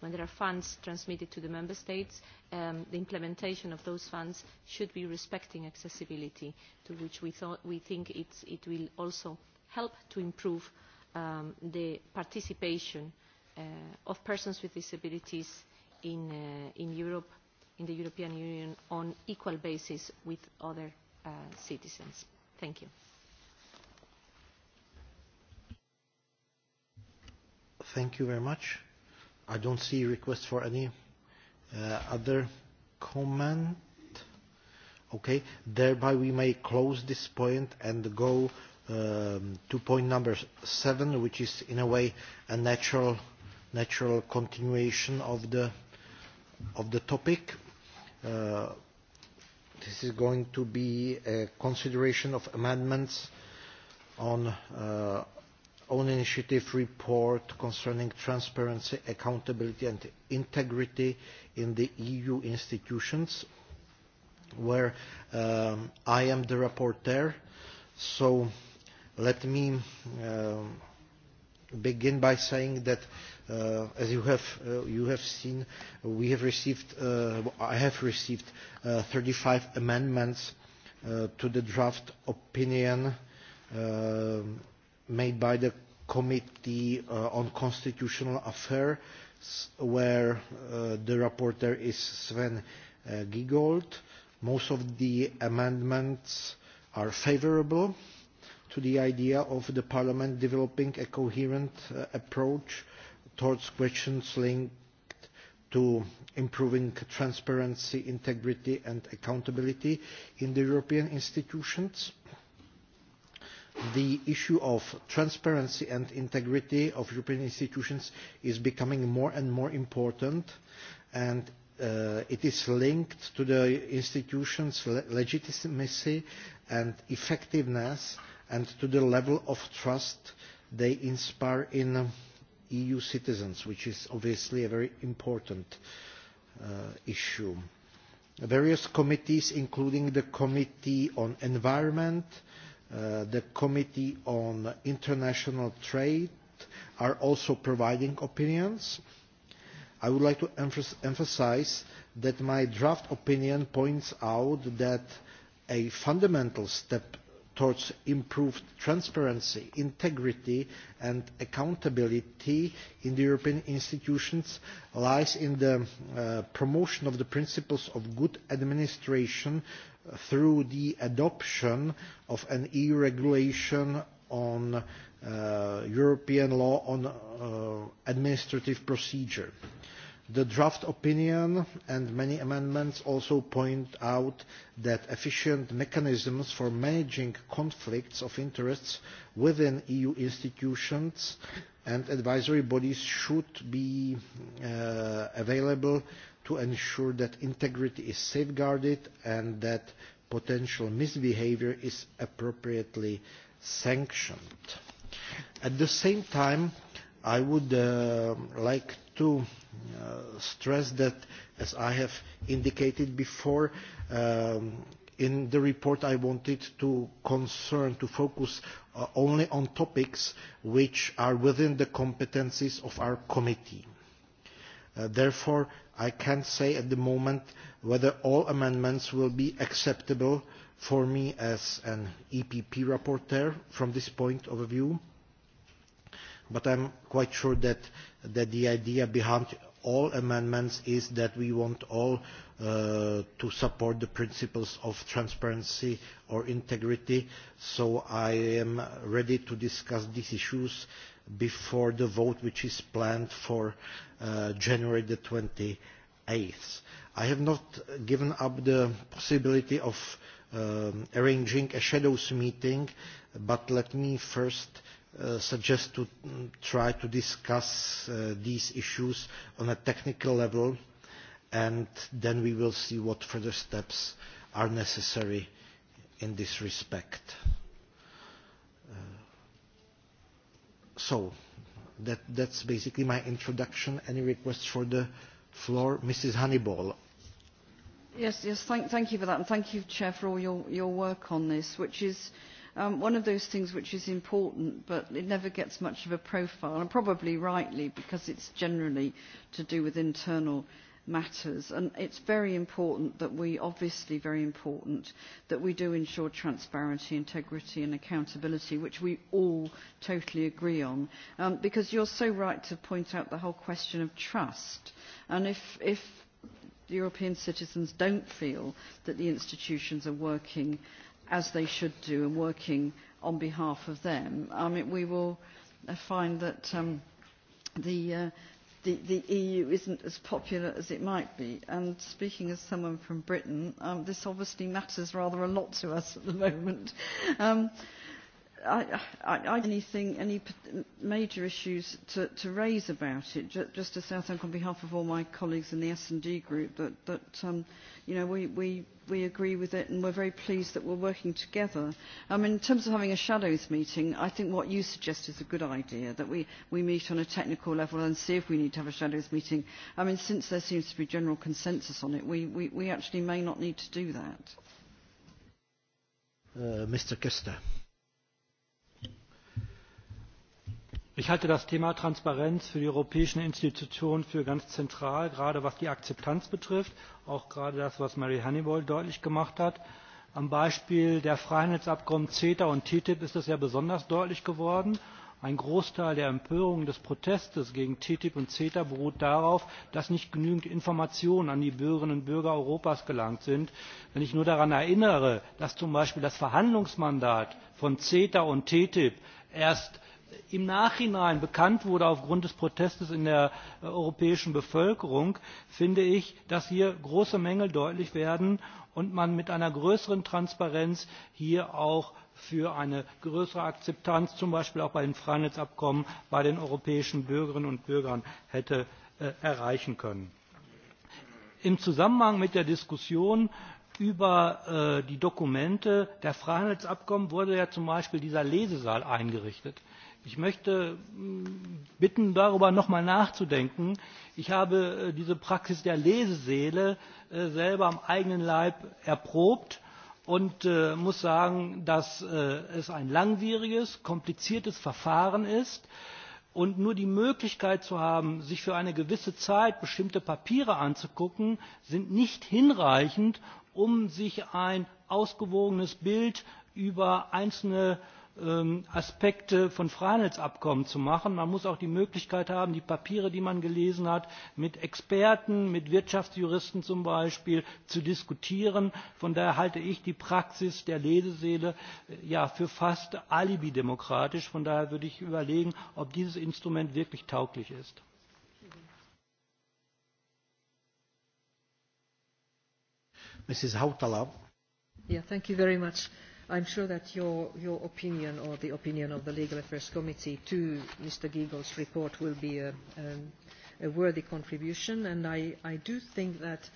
when there are funds transmitted to the member states the implementation of those funds should be respecting accessibility to which we think it will also help to improve the participation of persons with disabilities in europe in the european union on equal basis with other citizens. thank you. thank you very much. I don't see requests for any other comment. Okay, thereby we may close this point and go to point number seven, which is in a way a natural, natural continuation of the of the topic. This is going to be a consideration of amendments on own initiative report concerning transparency, accountability and integrity in the EU institutions, where I am the rapporteur. So let me begin by saying that as you have you have seen we have received I have received 35 amendments to the draft opinion made by the Committee on Constitutional Affairs, where the rapporteur is Sven Giegold. Most of the amendments are favourable to the idea of the Parliament developing a coherent approach towards questions linked to improving transparency, integrity and accountability in the European institutions the issue of transparency and integrity of European institutions is becoming more and more important and it is linked to the institution's legitimacy and effectiveness and to the level of trust they inspire in EU citizens, which is obviously a very important issue. Various committees, including the Committee on Environment, the Committee on International Trade are also providing opinions. I would like to emphasise that my draft opinion points out that a fundamental step towards improved transparency, integrity and accountability in the European institutions lies in the promotion of the principles of good administration through the adoption of an EU regulation on European law on administrative procedure. The draft opinion and many amendments also point out that efficient mechanisms for managing conflicts of interests within EU institutions and advisory bodies should be available to ensure that integrity is safeguarded and that potential misbehaviour is appropriately sanctioned. At the same time, I would like to stress that, as I have indicated before, in the report I wanted to concern, to focus only on topics which are within the competences of our committee Therefore, I can't say at the moment whether all amendments will be acceptable for me as an EPP rapporteur from this point of view, but I am quite sure that the idea behind all amendments is that we want all to support the principles of transparency or integrity, so I am ready to discuss these issues before the vote which is planned for January the 28th. I have not given up the possibility of arranging a shadows meeting, but let me first suggest to try to discuss these issues on a technical level and then we will see what further steps are necessary in this respect. So that that's basically my introduction. Any requests for the floor? Mrs. Honeyball. Yes, yes, thank you for that, and thank you, Chair, for all your work on this, which is one of those things which is important, but it never gets much of a profile, and probably rightly, because it's generally to do with internal matters and it's very important that we obviously very important that we do ensure transparency integrity and accountability which we all totally agree on because you're so right to point out the whole question of trust and if if european citizens don't feel that the institutions are working as they should do and working on behalf of them i mean we will find that the the EU isn't as popular as it might be. And speaking as someone from Britain, this obviously matters rather a lot to us at the moment. I anything, any major issues to, to raise about it, just to say I on behalf of all my colleagues in the S&D group that, that um, you know, we, we, we agree with it and we're very pleased that we're working together. mean, in terms of having a shadows meeting, I think what you suggest is a good idea, that we, we meet on a technical level and see if we need to have a shadows meeting. I mean, since there seems to be general consensus on it, we, we, we actually may not need to do that. Mr. Kester. ich halte das thema transparenz für die europäischen institutionen für ganz zentral gerade was die akzeptanz betrifft auch gerade das was mary honeywell deutlich gemacht hat. am beispiel der freihandelsabkommen ceta und ttip ist das ja besonders deutlich geworden ein großteil der empörung des protestes gegen ttip und ceta beruht darauf dass nicht genügend informationen an die bürgerinnen und bürger europas gelangt sind. wenn ich nur daran erinnere dass zum beispiel das verhandlungsmandat von ceta und ttip erst im Nachhinein bekannt wurde aufgrund des Protestes in der europäischen Bevölkerung, finde ich, dass hier große Mängel deutlich werden und man mit einer größeren Transparenz hier auch für eine größere Akzeptanz, zum Beispiel auch bei den Freihandelsabkommen, bei den europäischen Bürgerinnen und Bürgern hätte erreichen können. Im Zusammenhang mit der Diskussion über die Dokumente der Freihandelsabkommen wurde ja zum Beispiel dieser Lesesaal eingerichtet. Ich möchte bitten, darüber noch mal nachzudenken. Ich habe diese Praxis der Leseseele selber am eigenen Leib erprobt und muss sagen, dass es ein langwieriges, kompliziertes Verfahren ist. Und nur die Möglichkeit zu haben, sich für eine gewisse Zeit bestimmte Papiere anzugucken, sind nicht hinreichend, um sich ein ausgewogenes Bild über einzelne Aspekte von Freihandelsabkommen zu machen. Man muss auch die Möglichkeit haben, die Papiere, die man gelesen hat, mit Experten, mit Wirtschaftsjuristen zum Beispiel zu diskutieren. Von daher halte ich die Praxis der Leseseele für fast alibidemokratisch. Von daher würde ich überlegen, ob dieses Instrument wirklich tauglich ist. Mrs. I am sure that your opinion or the opinion of the Legal Affairs Committee to Mr. Giegel's report will be a worthy contribution, and I do think that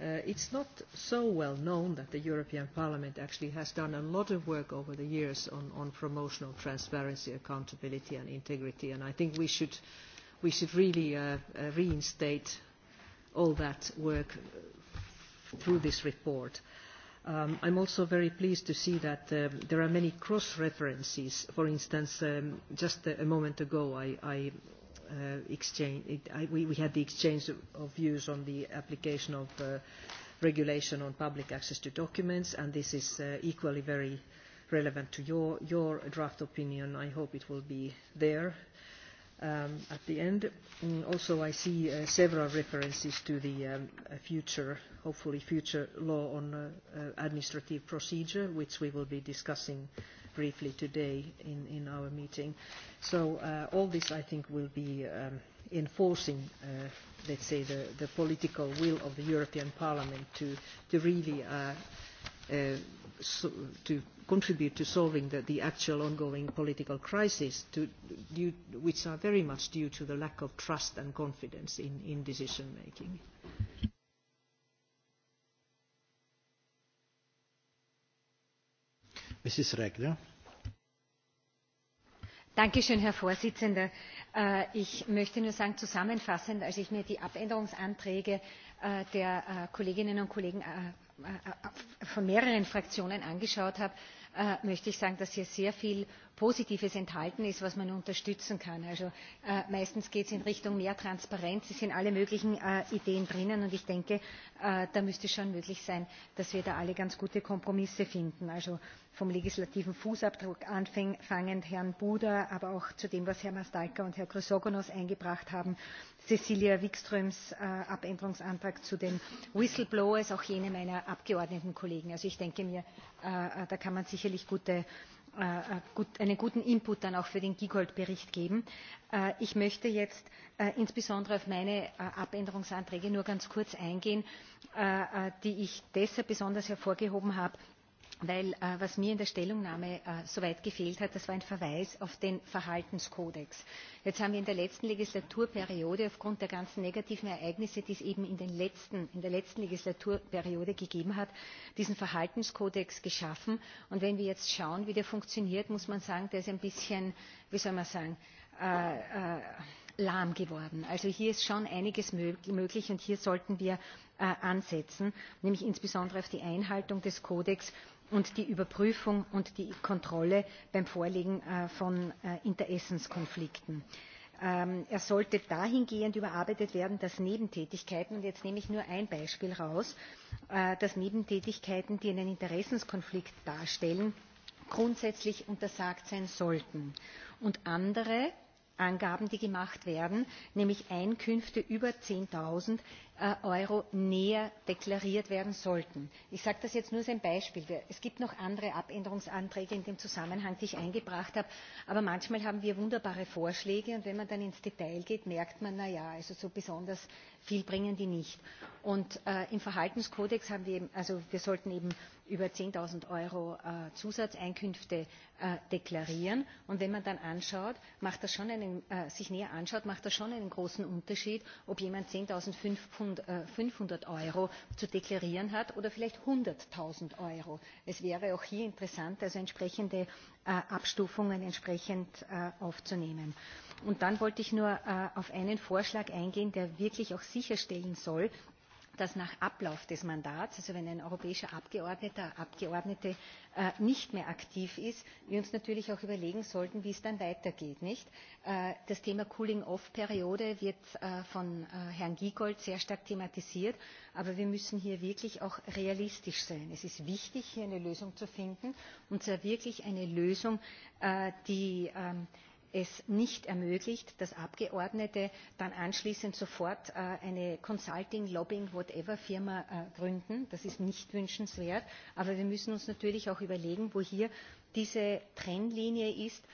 it's not so well known that the European Parliament actually has done a lot of work over the years on promotion of transparency, accountability and integrity, and I think we should really reinstate all that work through this report. I'm also very pleased to see that there are many cross-references. For instance, just a moment ago, I we had the exchange of views on the application of regulation on public access to documents, and this is equally very relevant to your draft opinion. I hope it will be there At the end, also I see several references to the future, hopefully future law on administrative procedure, which we will be discussing briefly today in our meeting. So all this, I think, will be enforcing, let's say, the political will of the European Parliament to really to contribute to solving the actual ongoing political crisis, which are very much due to the lack of trust and confidence in decision-making. Mrs. Regner. Dankeschön, Herr Vorsitzender. Ich möchte nur sagen, zusammenfassend, als ich mir die Abänderungsanträge der Kolleginnen und Kollegen von mehreren Fraktionen angeschaut habe, möchte ich sagen, dass hier sehr viel Positives enthalten ist, was man unterstützen kann. meistens geht es in Richtung mehr Transparenz, es sind alle möglichen Ideen drinnen, und ich denke, da müsste schon möglich sein, dass wir da alle ganz gute Kompromisse finden. Also vom legislativen Fußabdruck anfangend Herrn Buda, aber auch zu dem, was Herr Mastalka und Herr Chrysogonos eingebracht haben, cecilia wikströms änderungsantrag zu den whistleblowers auch jene meiner abgeordnetenkollegen. also ich denke mir da kann man sicherlich einen guten input dann auch für den giegold bericht geben. ich möchte jetzt insbesondere auf meine änderungsanträge nur ganz kurz eingehen die ich deshalb besonders hervorgehoben habe weil was mir in der stellungnahme so weit gefehlt hat das war ein verweis auf den verhaltenskodex. jetzt haben wir in der letzten legislaturperiode aufgrund der ganzen negativen ereignisse die es eben in der letzten legislaturperiode gegeben hat diesen verhaltenskodex geschaffen und wenn wir jetzt schauen wie der funktioniert muss man sagen der ist ein bisschen wie soll man sagen lahm geworden. Also hier ist schon einiges möglich und hier sollten wir ansetzen, nämlich insbesondere auf die Einhaltung des Kodex und die Überprüfung und die Kontrolle beim Vorliegen von interessenkonflikten. Er sollte dahingehend überarbeitet werden, dass Nebentätigkeiten und jetzt nehme ich nur ein Beispiel heraus dass Nebentätigkeiten, die einen Interessenkonflikt darstellen, grundsätzlich untersagt sein sollten, und andere Angaben, die gemacht werden, nämlich Einkünfte über 10.000, euro näher deklariert werden sollten. ich sage das jetzt nur als ein beispiel. es gibt noch andere Abänderungsanträge in dem zusammenhang die ich eingebracht habe aber manchmal haben wir wunderbare vorschläge und wenn man dann ins detail geht merkt man na ja so besonders viel bringen die nicht. Und im verhaltenskodex haben wir also wir sollten eben über zehn euro zusatzeinkünfte deklarieren und wenn man dann anschaut macht das schon einen sich näher anschaut macht das schon einen großen unterschied ob jemand zehn fünfhundert euro zu deklarieren hat oder vielleicht einhundert euro. es wäre auch hier interessant entsprechende abstufungen entsprechend aufzunehmen. und dann wollte ich nur auf einen vorschlag eingehen der wirklich auch sicherstellen soll dass nach Ablauf des Mandats, also wenn ein europäischer Abgeordneter, Abgeordnete nicht mehr aktiv ist, wir uns natürlich auch überlegen sollten, wie es dann weitergeht. Das Thema Cooling-off-Periode wird von Herrn Giegold sehr stark thematisiert, aber wir müssen hier wirklich auch realistisch sein. Es ist wichtig, hier eine Lösung zu finden, und zwar wirklich eine Lösung, die es nicht ermöglicht, dass Abgeordnete dann anschließend sofort eine Consulting, Lobbying, whatever Firma gründen. Das ist nicht wünschenswert. Aber wir müssen uns natürlich auch überlegen, wo hier diese Trennlinie ist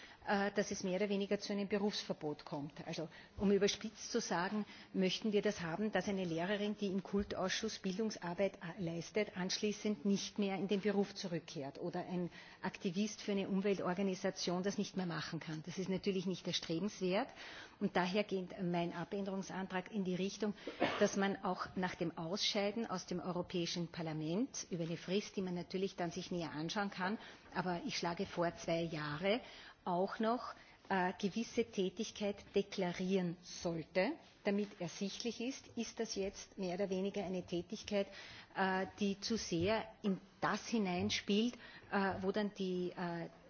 dass es mehr oder weniger zu einem berufsverbot kommt. also um überspitzt zu sagen möchten wir das haben dass eine lehrerin die im kultausschuss bildungsarbeit leistet anschließend nicht mehr in den beruf zurückkehrt oder ein aktivist für eine umweltorganisation das nicht mehr machen kann. das ist natürlich nicht erstrebenswert und daher geht mein änderungsantrag in die richtung dass man auch nach dem ausscheiden aus dem europäischen parlament über eine frist die man natürlich dann näher anschauen kann aber ich schlage vor zwei jahre auch noch gewisse Tätigkeit deklarieren sollte, damit ersichtlich ist, ist das jetzt mehr oder weniger eine Tätigkeit, die zu sehr in das hineinspielt, wo dann die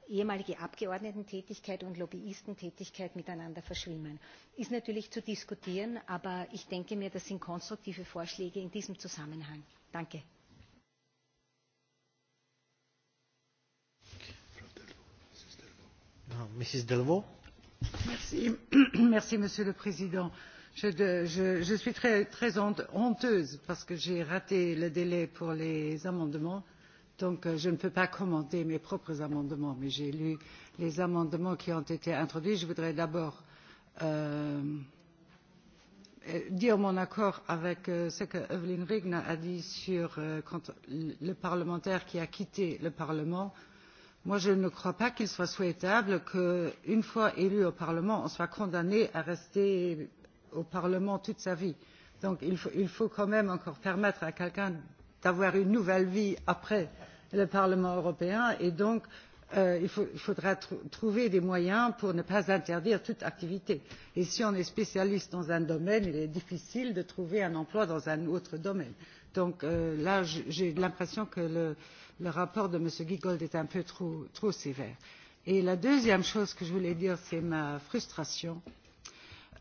ehemalige Abgeordnetentätigkeit und Lobbyistentätigkeit miteinander verschwimmen. Ist natürlich zu diskutieren, aber ich denke mir, das sind konstruktive Vorschläge in diesem Zusammenhang. Danke. Monsieur le Président. Je suis très honteuse parce que j'ai raté le délai pour les amendements. Donc, je ne peux pas commenter mes propres amendements, mais j'ai lu les amendements qui ont été introduits. Je voudrais d'abord dire mon accord avec ce que Evelyn Regner a dit sur le parlementaire qui a quitté le Parlement je ne crois pas qu'il soit souhaitable qu'une fois élu au Parlement, on soit condamné à rester au Parlement toute sa vie. Donc, il faut quand même encore permettre à quelqu'un d'avoir une nouvelle vie après le Parlement européen. Et donc, il faudra trouver des moyens pour ne pas interdire toute activité. Et si on est spécialiste dans un domaine, il est difficile de trouver un emploi dans un autre domaine. Donc, là, j'ai l'impression que le rapport de M. Giegold est un peu trop sévère. Et la deuxième chose que je voulais dire, c'est ma frustration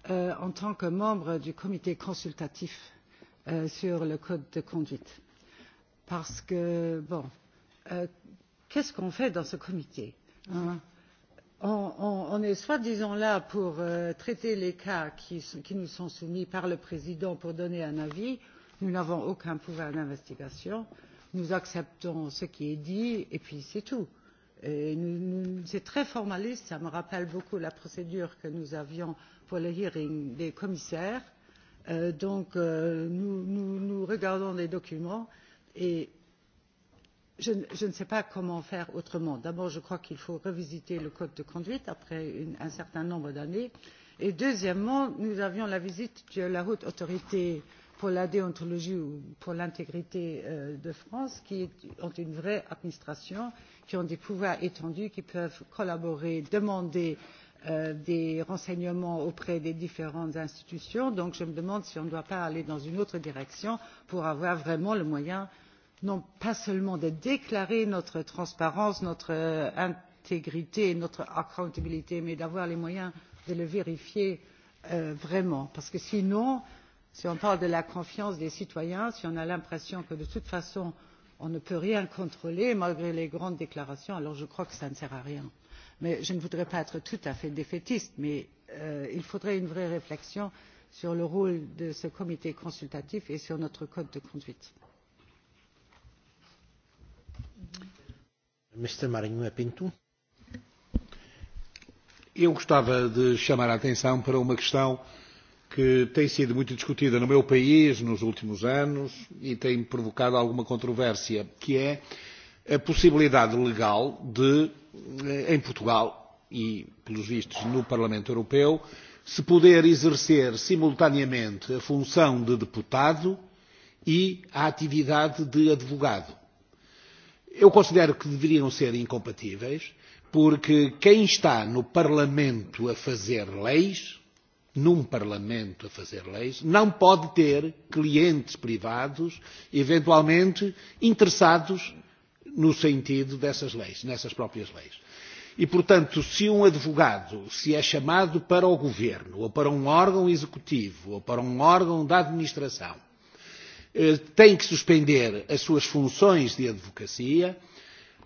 en tant que membre du comité consultatif sur le code de conduite. Parce que, bon, qu'est-ce qu'on fait dans ce comité On est soi-disant là pour traiter les cas qui nous sont soumis par le président pour donner un avis. Nous n'avons aucun pouvoir d'investigation nous acceptons ce qui est dit et puis c'est tout. C'est très formaliste, ça me rappelle beaucoup la procédure que nous avions pour le hearing des commissaires. Donc nous regardons les documents et je ne sais pas comment faire autrement. D'abord, je crois qu'il faut revisiter le code de conduite après un certain nombre d'années. Et deuxièmement, nous avions la visite de la haute autorité pour la déontologie ou pour l'intégrité de France, qui ont une vraie administration, qui ont des pouvoirs étendus, qui peuvent collaborer, demander des renseignements auprès des différentes institutions. Donc je me demande si on ne doit pas aller dans une autre direction pour avoir vraiment le moyen, non pas seulement de déclarer notre transparence, notre intégrité, notre accountability, mais d'avoir les moyens de le vérifier vraiment. Parce que sinon, Si on parle de la confiance des citoyens, si on a l'impression que de toute façon on ne peut rien contrôler malgré les grandes déclarations, alors je crois que ça ne sert à rien. Mais je ne voudrais pas être tout à fait défaitiste, mais il faudrait une vraie réflexion sur le rôle de ce comité consultatif et sur notre code de conduite. Eu gostava de chamar a atenção para uma questão que tem sido muito discutida no meu país nos últimos anos e tem provocado alguma controvérsia, que é a possibilidade legal de, em Portugal e, pelos vistos, no Parlamento Europeu, se poder exercer simultaneamente a função de deputado e a atividade de advogado. Eu considero que deveriam ser incompatíveis, porque quem está no Parlamento a fazer leis num Parlamento a fazer leis, não pode ter clientes privados, eventualmente interessados no sentido dessas leis, nessas próprias leis. E, portanto, se um advogado se é chamado para o governo, ou para um órgão executivo, ou para um órgão da administração, tem que suspender as suas funções de advocacia,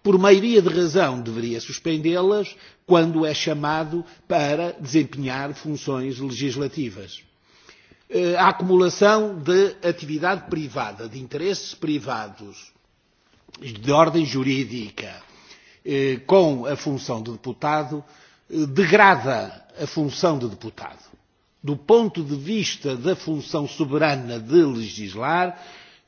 por maioria de razão, deveria suspendê-las quando é chamado para desempenhar funções legislativas. A acumulação de atividade privada, de interesses privados, de ordem jurídica, com a função de deputado, degrada a função de deputado. Do ponto de vista da função soberana de legislar,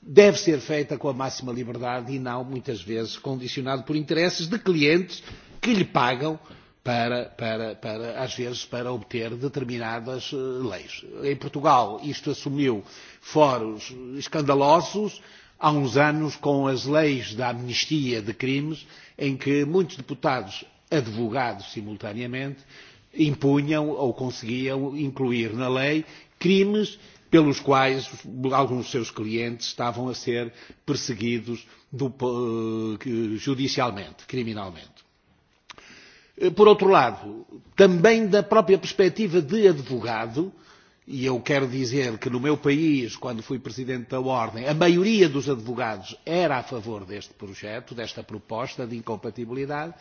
deve ser feita com a máxima liberdade e não, muitas vezes, condicionado por interesses de clientes que lhe pagam para, para, para, às vezes, para obter determinadas leis. Em Portugal, isto assumiu fóruns escandalosos, há uns anos, com as leis da amnistia de crimes, em que muitos deputados, advogados simultaneamente, impunham ou conseguiam incluir na lei crimes pelos quais alguns dos seus clientes estavam a ser perseguidos judicialmente, criminalmente. Por outro lado, também da própria perspectiva de advogado, e eu quero dizer que no meu país, quando fui presidente da Ordem, a maioria dos advogados era a favor deste projeto, desta proposta de incompatibilidade,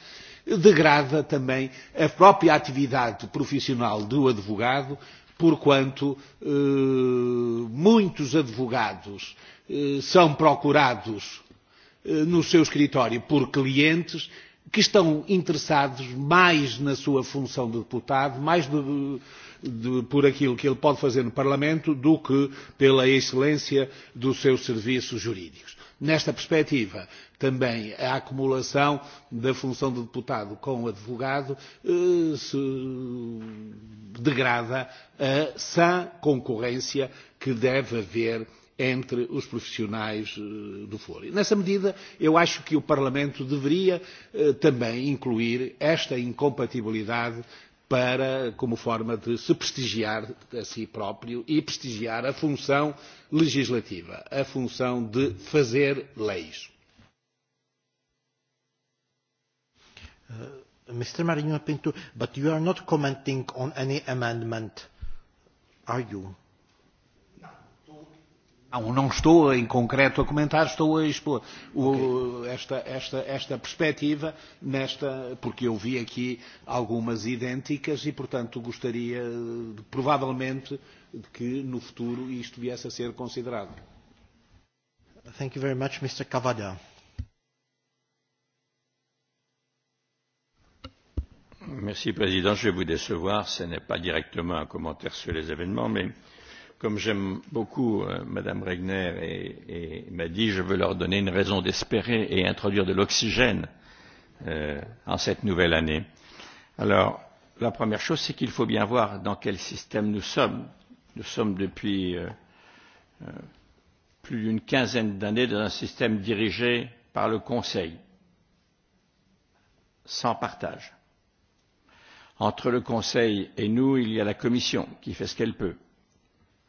degrada também a própria atividade profissional do advogado porquanto muitos advogados são procurados no seu escritório por clientes que estão interessados mais na sua função de deputado, mais por aquilo que ele pode fazer no Parlamento, do que pela excelência dos seus serviços jurídicos. Nesta perspectiva, também a acumulação da função de deputado com advogado degrada a sã concorrência que deve haver entre os profissionais do foro. Nessa medida, eu acho que o Parlamento deveria também incluir esta incompatibilidade para, como forma de se prestigiar a si próprio e prestigiar a função legislativa, a função de fazer leis. Mr. Marino Pinto, but you are not commenting on any amendment, are you? Não, estou em concreto a comentar, estou a expor o, esta, esta, esta perspectiva, nesta, porque eu vi aqui algumas idênticas e, portanto, gostaria, de, provavelmente, de que no futuro isto viesse a ser considerado. Thank you very much, Mr. Cavada. Merci, Président. Je vais vous décevoir. Ce n'est pas directement un commentaire sur les événements, mais comme j'aime beaucoup Mme Regner et m'a dit, je veux leur donner une raison d'espérer et introduire de l'oxygène en cette nouvelle année. Alors, la première chose, c'est qu'il faut bien voir dans quel système nous sommes. Nous sommes depuis plus d'une quinzaine d'années dans un système dirigé par le Conseil, sans partage. Entre le Conseil et nous, il y a la Commission qui fait ce qu'elle peut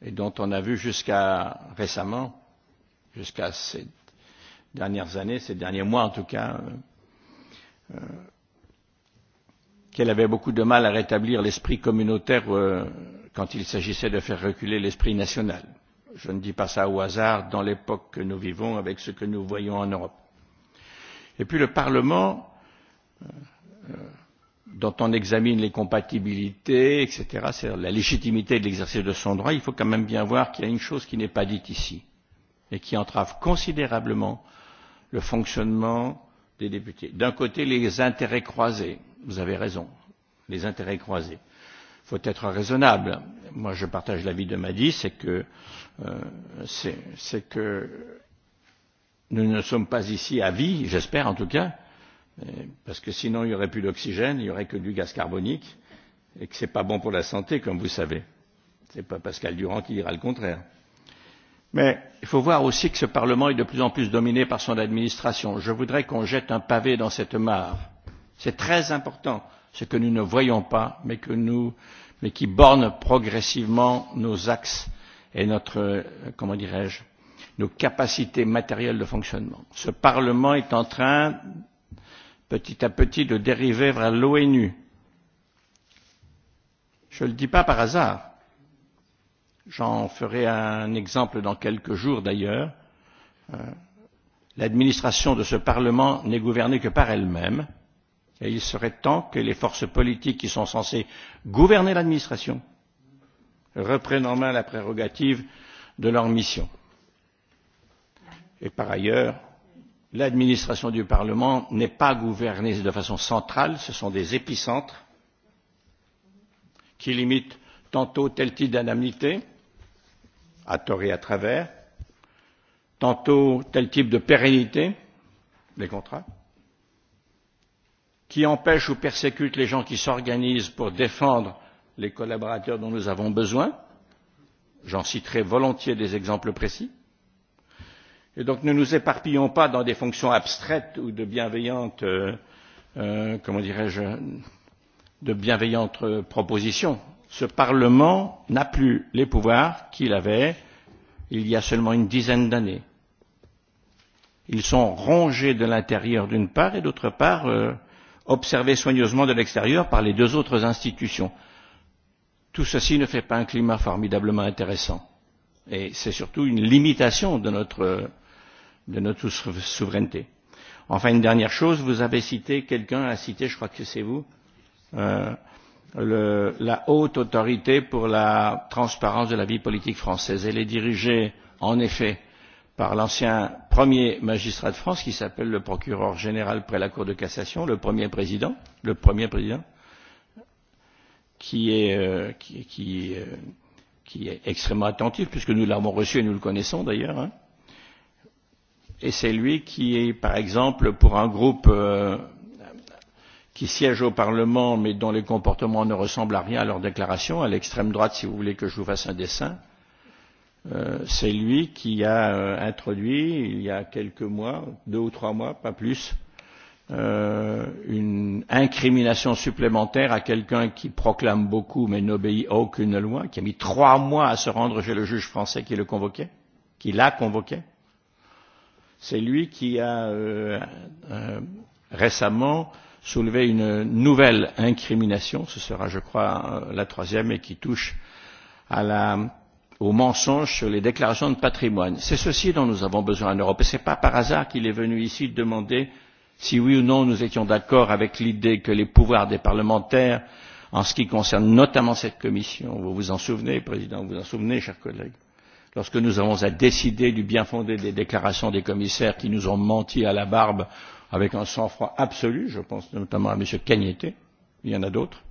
et dont on a vu jusqu'à récemment, jusqu'à ces dernières années, ces derniers mois en tout cas, qu'elle avait beaucoup de mal à rétablir l'esprit communautaire quand il s'agissait de faire reculer l'esprit national. Je ne dis pas ça au hasard dans l'époque que nous vivons avec ce que nous voyons en Europe. Et puis le Parlement dont on examine les compatibilités, etc., c'est la légitimité de l'exercice de son droit, il faut quand même bien voir qu'il y a une chose qui n'est pas dite ici et qui entrave considérablement le fonctionnement des députés. D'un côté, les intérêts croisés. Vous avez raison, les intérêts croisés. Il faut être raisonnable. Moi, je partage l'avis de Madi, c'est que, c'est que nous ne sommes pas ici à vie, j'espère en tout cas, parce que sinon il n'y aurait plus d'oxygène, il n'y aurait que du gaz carbonique, et que ce n'est pas bon pour la santé, comme vous savez. Ce n'est pas Pascal Durand qui dira le contraire. Mais il faut voir aussi que ce Parlement est de plus en plus dominé par son administration. Je voudrais qu'on jette un pavé dans cette mare. C'est très important, ce que nous ne voyons pas, mais, que nous, mais qui borne progressivement nos axes et notre, comment dirais-je, nos capacités matérielles de fonctionnement. Ce Parlement est en train petit à petit de dériver vers l'ONU. Je ne le dis pas par hasard. J'en ferai un exemple dans quelques jours d'ailleurs. L'administration de ce Parlement n'est gouvernée que par elle-même et il serait temps que les forces politiques qui sont censées gouverner l'administration reprennent en main la prérogative de leur mission. Et par ailleurs, l'administration du Parlement n'est pas gouvernée de façon centrale, ce sont des épicentres qui limitent tantôt tel type d'indemnité, à tort et à travers, tantôt tel type de pérennité des contrats, qui empêchent ou persécutent les gens qui s'organisent pour défendre les collaborateurs dont nous avons besoin. J'en citerai volontiers des exemples précis. Et donc ne nous éparpillons pas dans des fonctions abstraites ou de bienveillantes, comment dirais-je, de bienveillantes propositions. Ce Parlement n'a plus les pouvoirs qu'il avait il y a seulement une dizaine d'années. Ils sont rongés de l'intérieur d'une part et d'autre part observés soigneusement de l'extérieur par les deux autres institutions. Tout ceci ne fait pas un climat formidablement intéressant. Et c'est surtout une limitation de notre de notre souveraineté. Enfin, une dernière chose, vous avez cité, quelqu'un a cité, je crois que c'est vous, la haute autorité pour la transparence de la vie politique française. Elle est dirigée, en effet, par l'ancien premier magistrat de France, qui s'appelle le procureur général près la Cour de cassation, le premier président, le premier président, qui est, qui, qui, qui est extrêmement attentif, puisque nous l'avons reçu et nous le connaissons d'ailleurs, hein, et c'est lui qui est par exemple pour un groupe qui siège au parlement mais dont les comportements ne ressemblent à rien à leur déclaration à l'extrême droite si vous voulez que je vous fasse un dessin c'est lui qui a introduit il y a quelques mois deux ou trois mois pas plus une incrimination supplémentaire à quelqu'un qui proclame beaucoup mais n'obéit à aucune loi qui a mis trois mois à se rendre chez le juge français qui le convoquait qui l'a convoqué C'est lui qui a récemment soulevé une nouvelle incrimination, ce sera je crois la troisième et qui touche au mensonge sur les déclarations de patrimoine. C'est ceci dont nous avons besoin en Europe et ce n'est pas par hasard qu'il est venu ici demander si oui ou non nous étions d'accord avec l'idée que les pouvoirs des parlementaires en ce qui concerne notamment cette commission, vous vous en souvenez, Président, vous vous en souvenez, chers collègues lorsque nous avons à décider du bien fondé des déclarations des commissaires qui nous ont menti à la barbe avec un sang froid absolu je pense notamment à m. cagnetti il y en a d'autres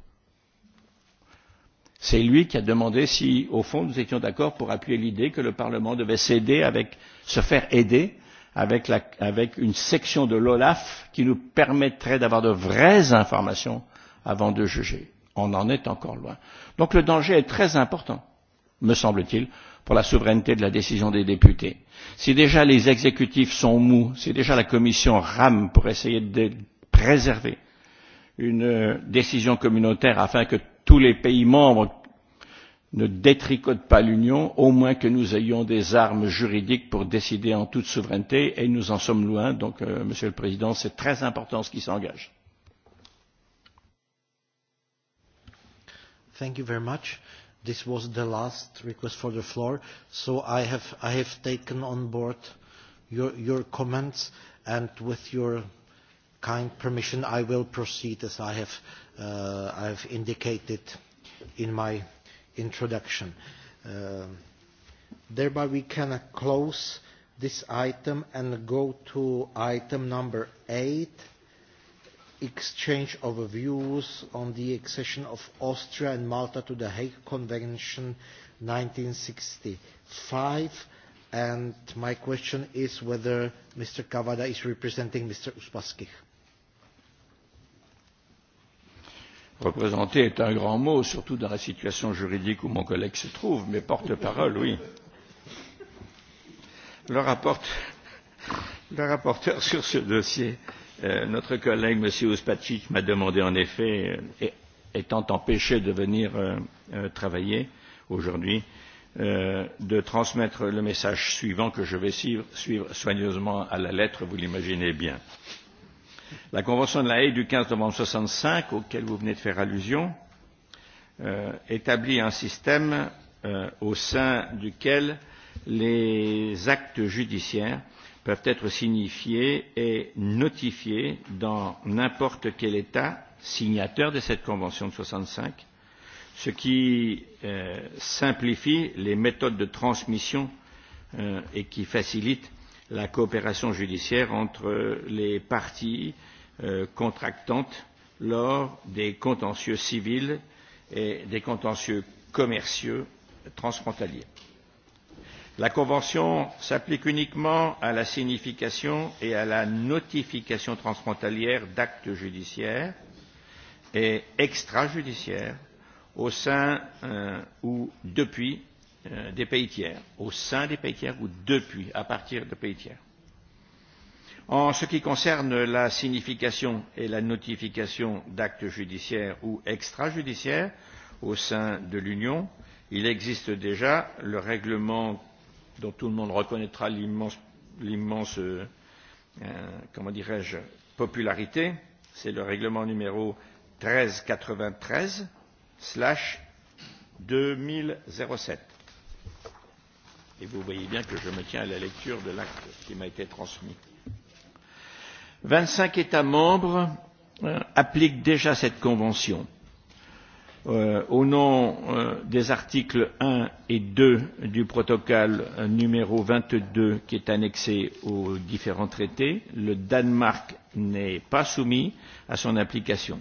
c'est lui qui a demandé si au fond nous étions d'accord pour appuyer l'idée que le parlement devait s'aider avec se faire aider avec une section de l'olaf qui nous permettrait d'avoir de vraies informations avant de juger. on en est encore loin. donc le danger est très important me semble t il pour la souveraineté de la décision des députés. Si déjà les exécutifs sont mous, si déjà la Commission rame pour essayer de préserver une décision communautaire afin que tous les pays membres ne détricotent pas l'Union, au moins que nous ayons des armes juridiques pour décider en toute souveraineté, et nous en sommes loin. Donc, Monsieur le Président, c'est très important ce qui s'engage. This was the last request for the floor, so I have I have taken on board your comments, and with your kind permission, I will proceed as I have I have indicated in my introduction. Thereby we can close this item and go to item number eight exchange of views on the accession of Austria and Malta to the Hague Convention 1965. And my question is whether Mr. Kavada is representing Mr. Uspaskich. Représenter est un grand mot, surtout dans la situation juridique où mon collègue se trouve, mais porte-parole, oui. Le rapporteur sur ce dossier Notre collègue M. uspaskich m'a demandé en effet, étant empêché de venir travailler aujourd'hui, de transmettre le message suivant que je vais suivre soigneusement à la lettre, vous l'imaginez bien. La Convention de la Haye du quinze novembre soixante cinq, auquel vous venez de faire allusion, établit un système au sein duquel les actes judiciaires peuvent être signifiés et notifiés dans n'importe quel État signataire de cette Convention de 65, ce qui simplifie les méthodes de transmission et qui facilite la coopération judiciaire entre les parties contractantes lors des contentieux civils et des contentieux commerciaux transfrontaliers. La Convention s'applique uniquement à la signification et à la notification transfrontalière d'actes judiciaires et extrajudiciaires au sein ou depuis des pays tiers, au sein des pays tiers ou depuis, à partir de pays tiers. En ce qui concerne la signification et la notification d'actes judiciaires ou extrajudiciaires au sein de l'Union, il existe déjà le règlement dont tout le monde reconnaîtra l'immense comment dirais je popularité c'est le règlement numéro treize quatre vingt treize deux mille sept et vous voyez bien que je me tiens à la lecture de l'acte qui m'a été transmis. vingt cinq états membres appliquent déjà cette convention Au nom des articles un et deux du protocole numéro deux, qui est annexé aux différents traités, le Danemark n'est pas soumis à son application.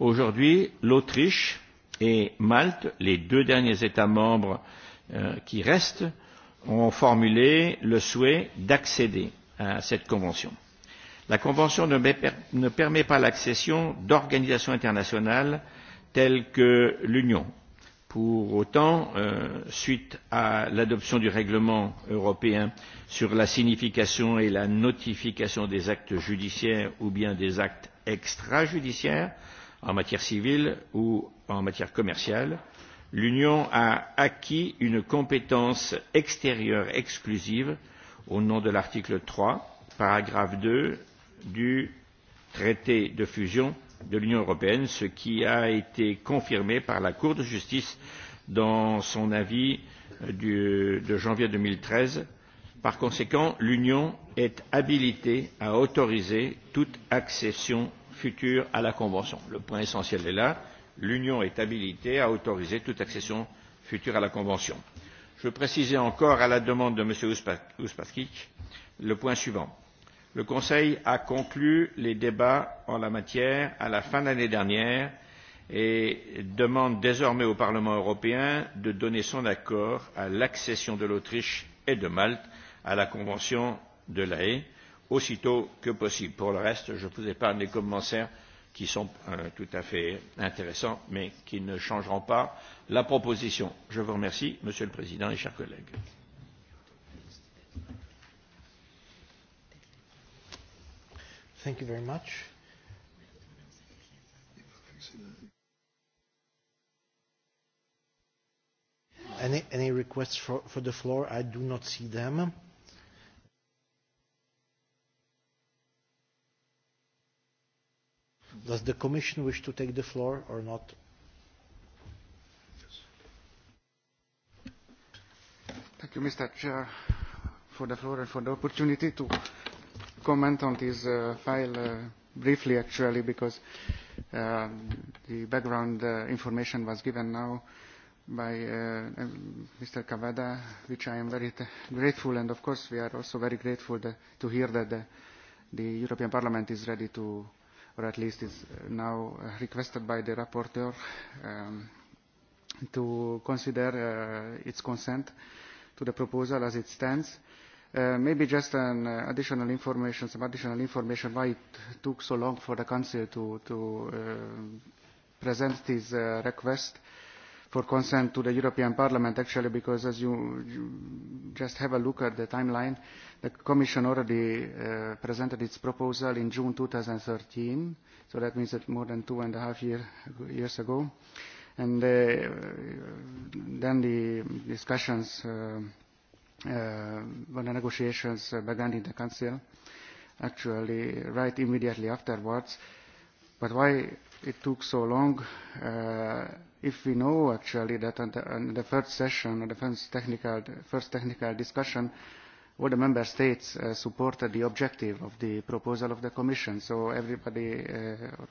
Aujourd'hui, l'Autriche et Malte, les deux derniers États membres qui restent, ont formulé le souhait d'accéder à cette convention. La convention ne permet pas l'accession d'organisations internationales telles que l'Union. Pour autant, suite à l'adoption du règlement européen sur la signification et la notification des actes judiciaires ou bien des actes extrajudiciaires en matière civile ou en matière commerciale, l'Union a acquis une compétence extérieure exclusive au nom de l'article 3, paragraphe 2 du traité de fusion de l'Union européenne, ce qui a été confirmé par la Cour de justice dans son avis de janvier 2013. Par conséquent, l'Union est habilitée à autoriser toute accession future à la Convention. Le point essentiel est là. L'Union est habilitée à autoriser toute accession future à la Convention. Je précisais encore, à la demande de M. Uspaskich, le point suivant le Conseil a conclu les débats en la matière à la fin de l'année dernière et demande désormais au Parlement européen de donner son accord à l'accession de l'Autriche et de Malte à la Convention de La Haye aussitôt que possible. Pour le reste, je vous épargne les commentaires qui sont tout à fait intéressants, mais qui ne changeront pas la proposition. Je vous remercie, Monsieur le Président et chers collègues. Thank you very much. Any, any requests for, for the floor? I do not see them. Does the Commission wish to take the floor or not? Thank you, Mr. Chair, for the floor and for the opportunity to comment on this file briefly, actually, because the background information was given now by Mr. Cavada, which I am very grateful, and of course we are also very grateful to hear that the European Parliament is ready to, or at least is now requested by the rapporteur, to consider its consent to the proposal as it stands. Maybe just an additional information, some additional information why it took so long for the Council to to present this request for consent to the European Parliament. Actually, because as you just have a look at the timeline, the Commission already presented its proposal in June 2013, so that means that more than two and a half years ago, and then the discussions when the negotiations began in the Council, actually right immediately afterwards. But why it took so long, if we know actually that on the first session, on the first technical, first technical discussion, all the member states supported the objective of the proposal of the Commission. So everybody,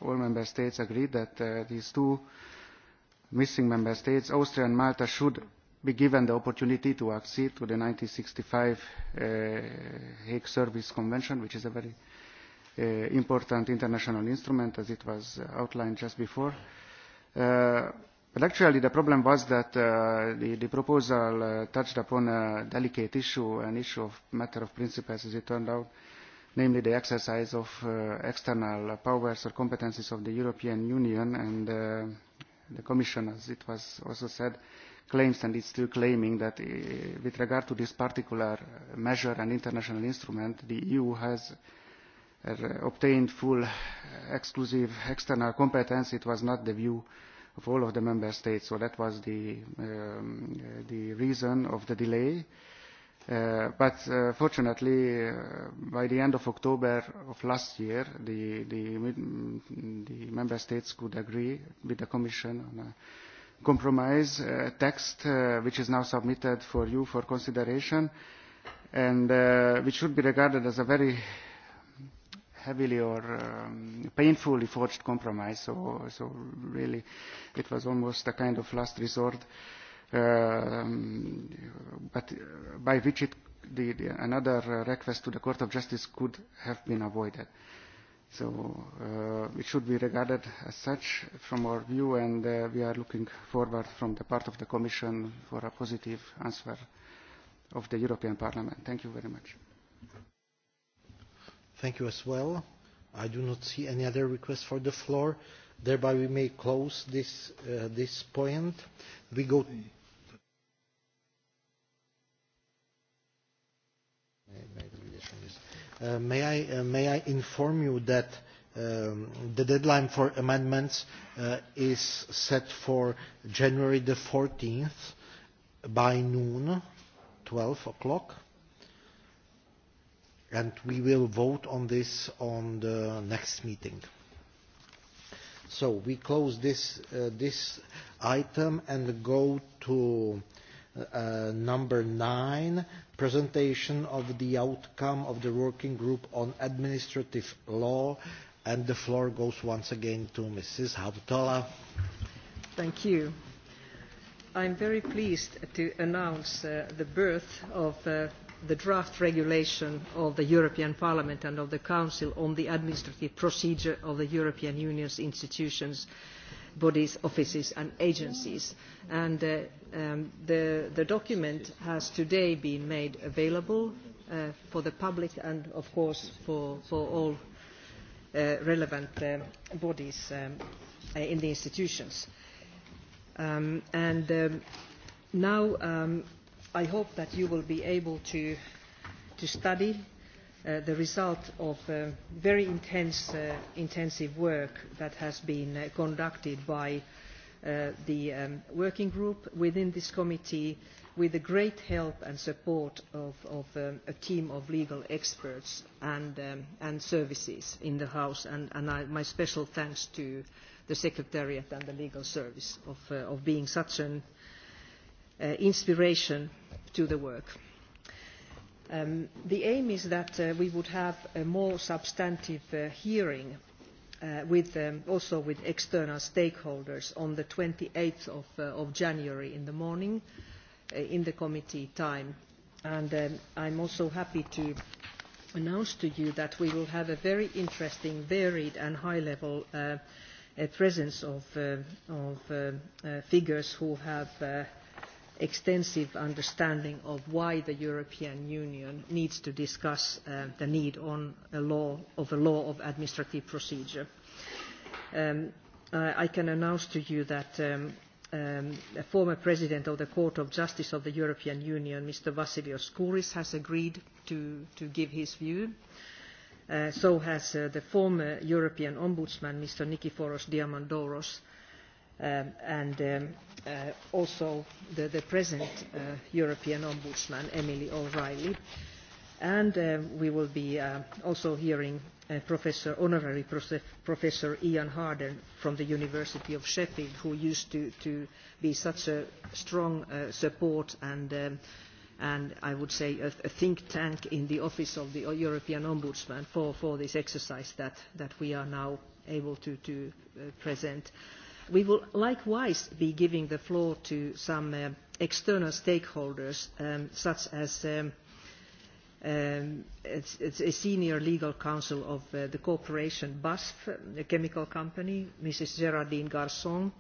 all member states agreed that these two missing member states, Austria and Malta, should be given the opportunity to accede to the 1965 Hague Service Convention, which is a very important international instrument, as it was outlined just before. But actually the problem was that the proposal touched upon a delicate issue, an issue of matter of principles, as it turned out, namely the exercise of external powers or competences of the European Union, and the Commission, as it was also said, claims and is still claiming that with regard to this particular measure and international instrument, the EU has obtained full exclusive external competence. It was not the view of all of the member states, so that was the the reason of the delay. But fortunately, by the end of October of last year, the member states could agree with the Commission on a compromise text which is now submitted for you for consideration and which should be regarded as a very heavily or painfully forged compromise so so really it was almost a kind of last resort but by which it another request to the court of justice could have been avoided So it should be regarded as such from our view, and we are looking forward from the part of the Commission for a positive answer of the European Parliament. Thank you very much. Thank you as well. I do not see any other request for the floor. Thereby we may close this this point. We go may I inform you that the deadline for amendments is set for January the 14th by noon, 12 o'clock, and we will vote on this on the next meeting. So we close this this item and go to number nine presentation of the outcome of the working group on administrative law and the floor goes once again to Mrs. Hautala. Thank you. I'm very pleased to announce the birth of the draft regulation of the European Parliament and of the Council on the administrative procedure of the European Union's institutions bodies, offices and agencies. And the document has today been made available for the public and of course for all relevant bodies in the institutions. And now I hope that you will be able to study the result of very intense intensive work that has been conducted by the working group within this committee with the great help and support of a team of legal experts and services in the house and my special thanks to the secretariat and the legal service of being such an inspiration to the work The aim is that we would have a more substantive hearing also with external stakeholders on the 28th of January in the morning in the committee time. And I'm also happy to announce to you that we will have a very interesting, varied and high-level presence of figures who have extensive understanding of why the European Union needs to discuss the need on a law of a law of administrative procedure. I can announce to you that the former President of the Court of Justice of the European Union, Mr. Vassilios Kouris, has agreed to give his view. So has the former European Ombudsman, Mr. Nikiforos Diamandouros and also the present European Ombudsman, Emily O'Reilly. And we will be also hearing Professor Honorary Professor Ian Harden from the University of Sheffield, who used to be such a strong support and and I would say a think tank in the office of the European Ombudsman for this exercise that we are now able to present. We will likewise be giving the floor to some external stakeholders, such as a senior legal counsel of the corporation BASF, a chemical company, Mrs. Gerardine Garçon,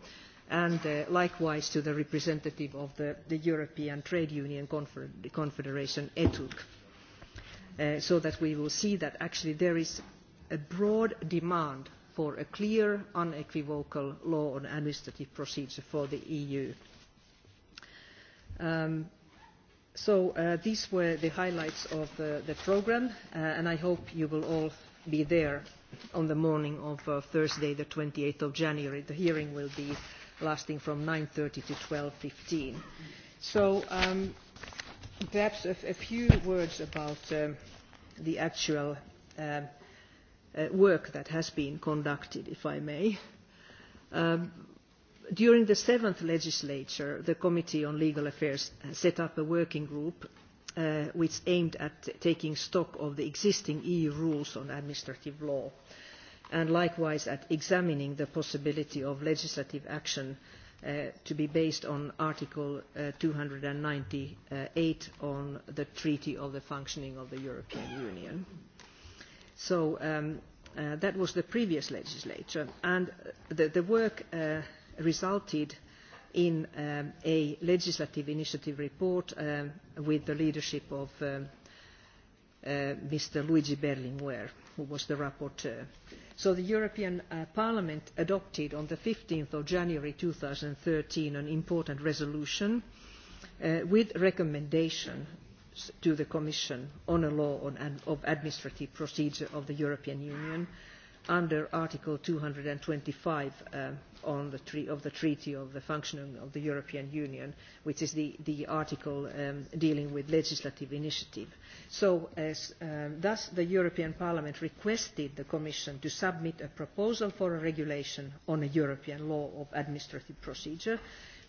and likewise to the representative of the European Trade Union Confederation, ETUC, so that we will see that actually there is a broad demand for a clear, unequivocal law on administrative procedure for the EU. So these were the highlights of the programme, and I hope you will all be there on the morning of Thursday, the 28th of January. The hearing will be lasting from 9.30 to 12.15. So perhaps a few words about the actual work that has been conducted, if I may. During the seventh legislature, the Committee on Legal Affairs set up a working group which aimed at taking stock of the existing EU rules on administrative law and likewise at examining the possibility of legislative action to be based on Article 298 on the Treaty on the Functioning of the European Union. So that was the previous legislature, and the work resulted in a legislative initiative report with the leadership of Mr. Luigi Berlinguer, who was the rapporteur. So the European Parliament adopted on the 15th of January 2013 an important resolution with recommendation to the Commission on a law of administrative procedure of the European Union under Article 225 of the Treaty of the Functioning of the European Union, which is the article dealing with legislative initiative. So thus the European Parliament requested the Commission to submit a proposal for a regulation on a European law of administrative procedure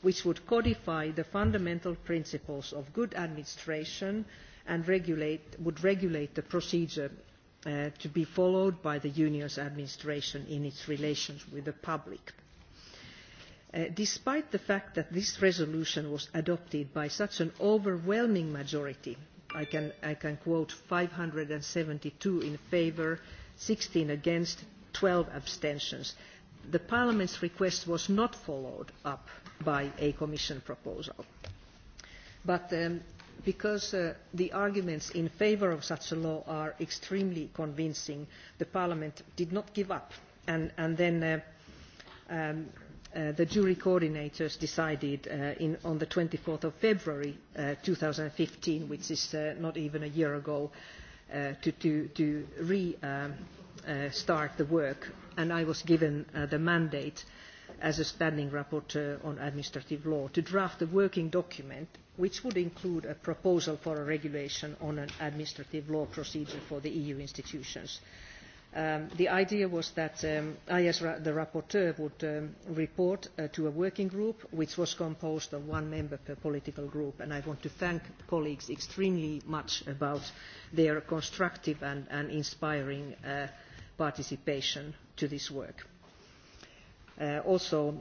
which would codify the fundamental principles of good administration and would regulate the procedure to be followed by the union's administration in its relations with the public. despite the fact that this resolution was adopted by such an overwhelming majority i can quote five hundred and seventy two in favour sixteen against twelve abstentions the parliament's request was not followed up by a Commission proposal. But because the arguments in favour of such a law are extremely convincing, the Parliament did not give up and then the jury coordinators decided on the 24th of February 2015, which is not even a year ago, to restart the work. And I was given the mandate as a standing rapporteur on administrative law to draft a working document which would include a proposal for a regulation on an administrative law procedure for the EU institutions. The idea was that I, as the rapporteur, would report to a working group which was composed of one member per political group, and I want to thank colleagues extremely much about their constructive and inspiring participation to this work also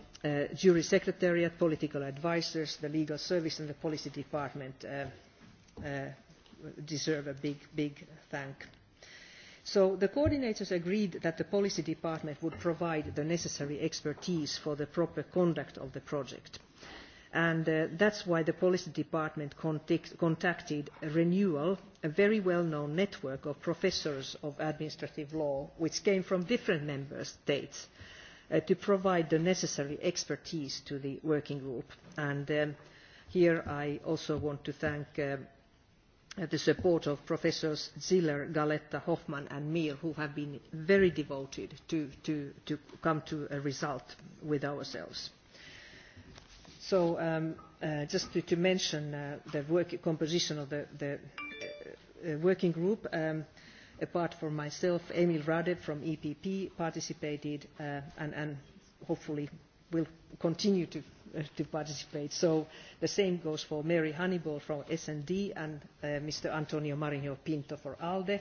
jury secretariat, political advisers, the legal service and the policy department deserve a big, big thank. So the coordinators agreed that the policy department would provide the necessary expertise for the proper conduct of the project. And that's why the policy department contacted Renewal, a very well-known network of professors of administrative law, which came from different member states to provide the necessary expertise to the working group. And here I also want to thank the support of Professors Ziller, Galetta, Hoffmann and Mir, who have been very devoted to come to a result with ourselves. So just to mention the composition of the working group, apart from myself, Emil Radev from EPP participated and hopefully will continue to participate. So the same goes for Mary Honeyball from S&D and Mr. Antonio Marinho Pinto for ALDE,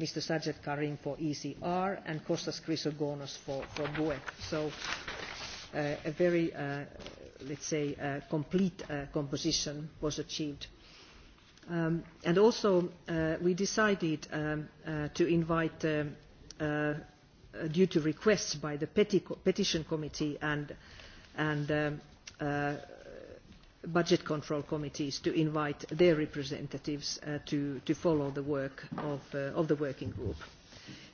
Mr. Sajet Karim for ECR, and Kostas Chrysogonos for GUE. So a very, let's say, complete composition was achieved And also we decided to invite, due to requests by the Petition Committee and Budget Control Committees, to invite their representatives to follow the work of the working group.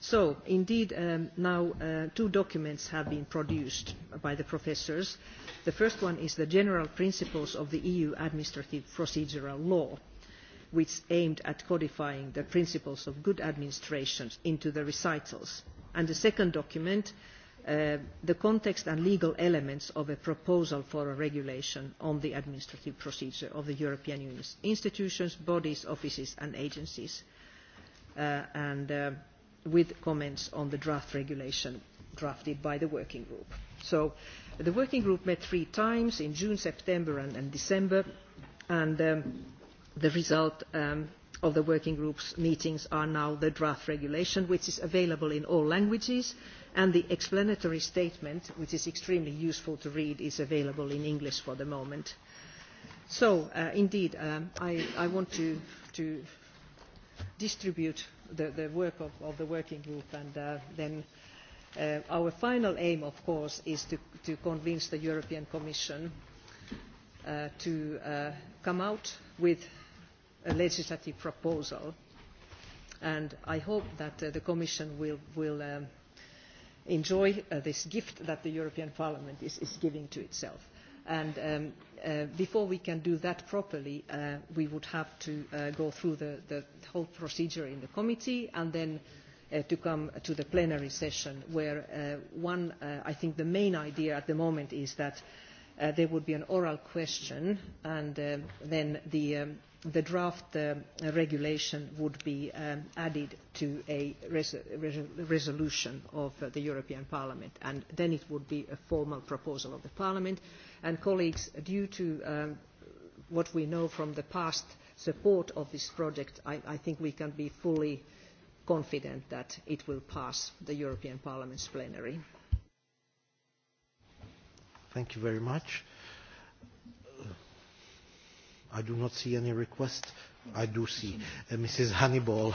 So, indeed, now two documents have been produced by the professors. The first one is the General Principles of the EU Administrative Procedural Law which aimed at codifying the principles of good administration into the recitals and the second document the context and legal elements of a proposal for a regulation on the administrative procedure of the European Union's institutions, bodies, offices and agencies, and with comments on the draft regulation drafted by the working group. So the working group met three times in June, September and December, and the result of the working groups meetings are now the draft regulation which is available in all languages and the explanatory statement which is extremely useful to read is available in english for the moment. so indeed i want to distribute the work of the working group and then our final aim of course is to convince the european commission to come out with legislative proposal. And I hope that the Commission will enjoy this gift that the European Parliament is giving to itself. And before we can do that properly, we would have to go through the whole procedure in the committee and then to come to the plenary session where one, I think the main idea at the moment is that there would be an oral question and then the the draft regulation would be added to a resolution of the European Parliament, and then it would be a formal proposal of the Parliament. And colleagues, due to what we know from the past support of this project, I think we can be fully confident that it will pass the European Parliament's plenary. Thank you very much. I do not see any request. I do see Mrs. Hannibal.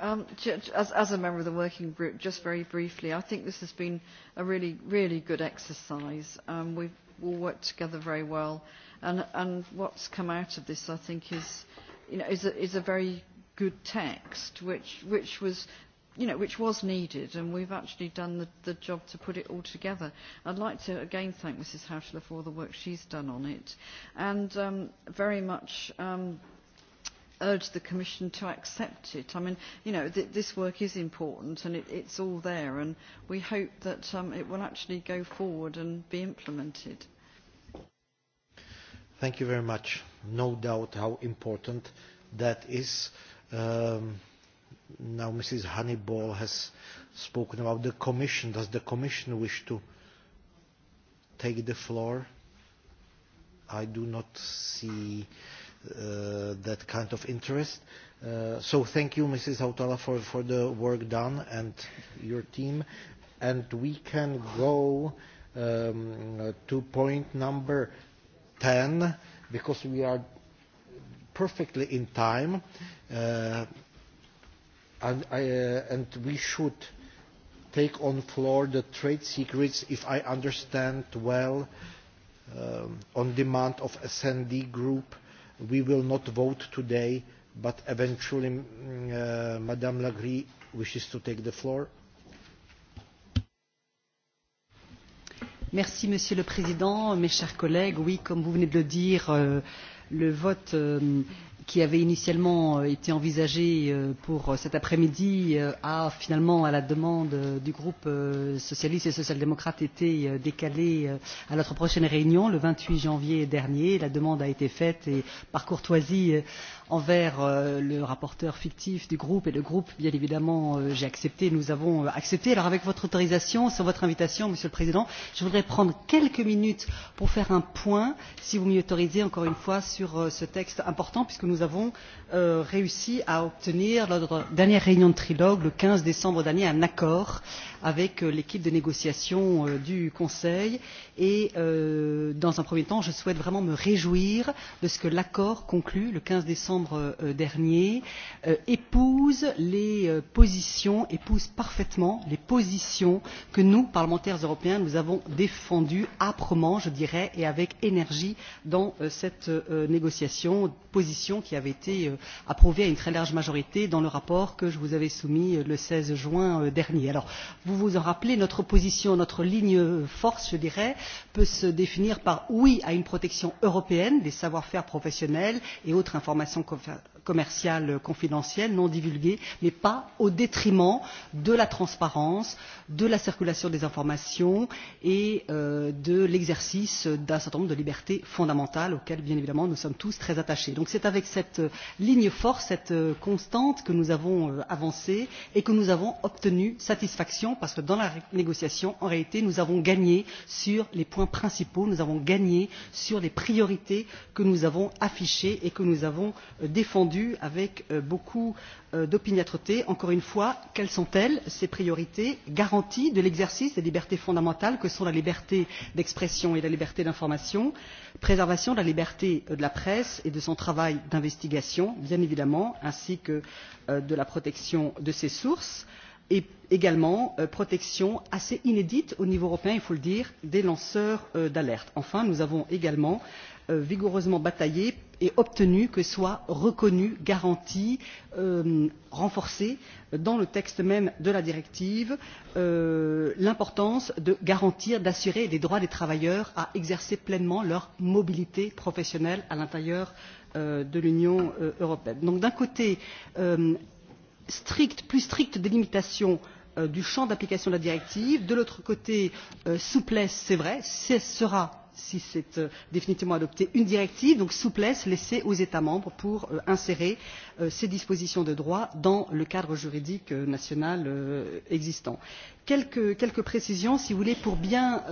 As a member of the working group, just very briefly, I think this has been a really, really good exercise. We've all worked together very well, and what's come out of this, I think, is, you know, is a very good text, which which was you know, which was needed, and we've actually done the, the job to put it all together. I'd like to again thank Mrs. Hausler for the work she's done on it, and very much. urge the Commission to accept it. I mean, you know, this work is important and it, it's all there and we hope that um, it will actually go forward and be implemented. Thank you very much. No doubt how important that is. Now Mrs. Honeyball has spoken about the Commission. Does the Commission wish to take the floor? I do not see that kind of interest. So thank you, Mrs. Hautala, for the work done and your team. And we can go to point number 10 because we are perfectly in time and we should take on floor the trade secrets, if I understand well, on demand of SND Group. We will not vote today, but eventually Madame Lagrie wishes to take the floor. Merci, Monsieur le Président, mes chers collègues. Oui, comme vous venez de le dire, le vote qui avait initialement été envisagé pour cet après-midi a finalement, à la demande du groupe socialiste et social-démocrate, été décalé à notre prochaine réunion, le 28 janvier dernier. La demande a été faite et par courtoisie envers le rapporteur fictif du groupe et le groupe, bien évidemment, j'ai accepté, nous avons accepté. Alors avec votre autorisation, sur votre invitation, Monsieur le Président, je voudrais prendre quelques minutes pour faire un point, si vous m'y autorisez, encore une fois, sur ce texte important puisque nous nous avons réussi à obtenir lors de notre dernière réunion de trilogue le 15 décembre dernier un accord avec l'équipe de négociation du Conseil. Et dans un premier temps, je souhaite vraiment me réjouir de ce que l'accord conclu le 15 décembre dernier épouse les positions, épouse parfaitement les positions que nous, parlementaires européens, nous avons défendues âprement, je dirais, et avec énergie dans cette négociation, position qui avait été approuvée à une très large majorité dans le rapport que je vous avais soumis le 16 juin dernier. Alors, vous vous en rappelez notre position notre ligne force je dirais peut se définir par oui à une protection européenne des savoir faire professionnels et autres informations commerciales confidentielles non divulguées mais pas au détriment de la transparence de la circulation des informations et de l'exercice d'un certain nombre de libertés fondamentales auxquelles bien évidemment nous sommes tous très attachés. donc c'est avec cette ligne forte cette constante que nous avons avancé et que nous avons obtenu satisfaction parce que dans la négociation en réalité nous avons gagné sur les points principaux nous avons gagné sur les priorités que nous avons affichées et que nous avons défendues entendu avec beaucoup d'opiniâtreté. Encore une fois, quelles sont elles, ces priorités garanties de l'exercice des libertés fondamentales que sont la liberté d'expression et la liberté d'information, préservation de la liberté de la presse et de son travail d'investigation, bien évidemment, ainsi que de la protection de ses sources et également protection assez inédite au niveau européen il faut le dire des lanceurs d'alerte. enfin nous avons également vigoureusement bataillé et obtenu que soit reconnu garanti renforcé dans le texte même de la directive l'importance de garantir d'assurer les droits des travailleurs à exercer pleinement leur mobilité professionnelle à l'intérieur de l'union européenne. donc d'un côté plus stricte délimitation du champ d'application de la directive de l'autre côté souplesse c'est vrai ce sera si c'est définitivement adopté, une directive, donc souplesse laissée aux États membres pour insérer ces dispositions de droit dans le cadre juridique national existant quelques précisions si vous voulez pour bien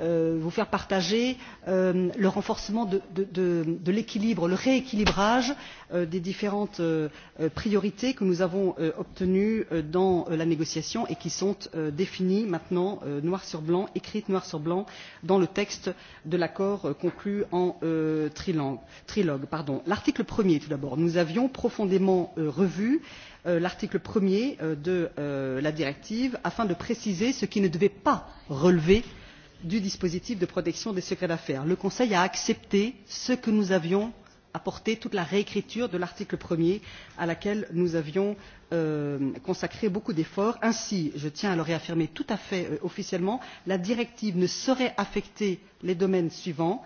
vous faire partager le renforcement de l'équilibre le rééquilibrage des différentes priorités que nous avons obtenues dans la négociation et qui sont définies maintenant noir sur blanc écrites noir sur blanc dans le texte de l'accord conclu en trilogue. l'article premier, tout d'abord nous avions profondément revu l'article 1er de la directive afin de préciser ce qui ne devait pas relever du dispositif de protection des secrets d'affaires. Le Conseil a accepté ce que nous avions apporté, toute la réécriture de l'article 1er à laquelle nous avions consacré beaucoup d'efforts. Ainsi, je tiens à le réaffirmer tout à fait officiellement, la directive ne saurait affecter les domaines suivants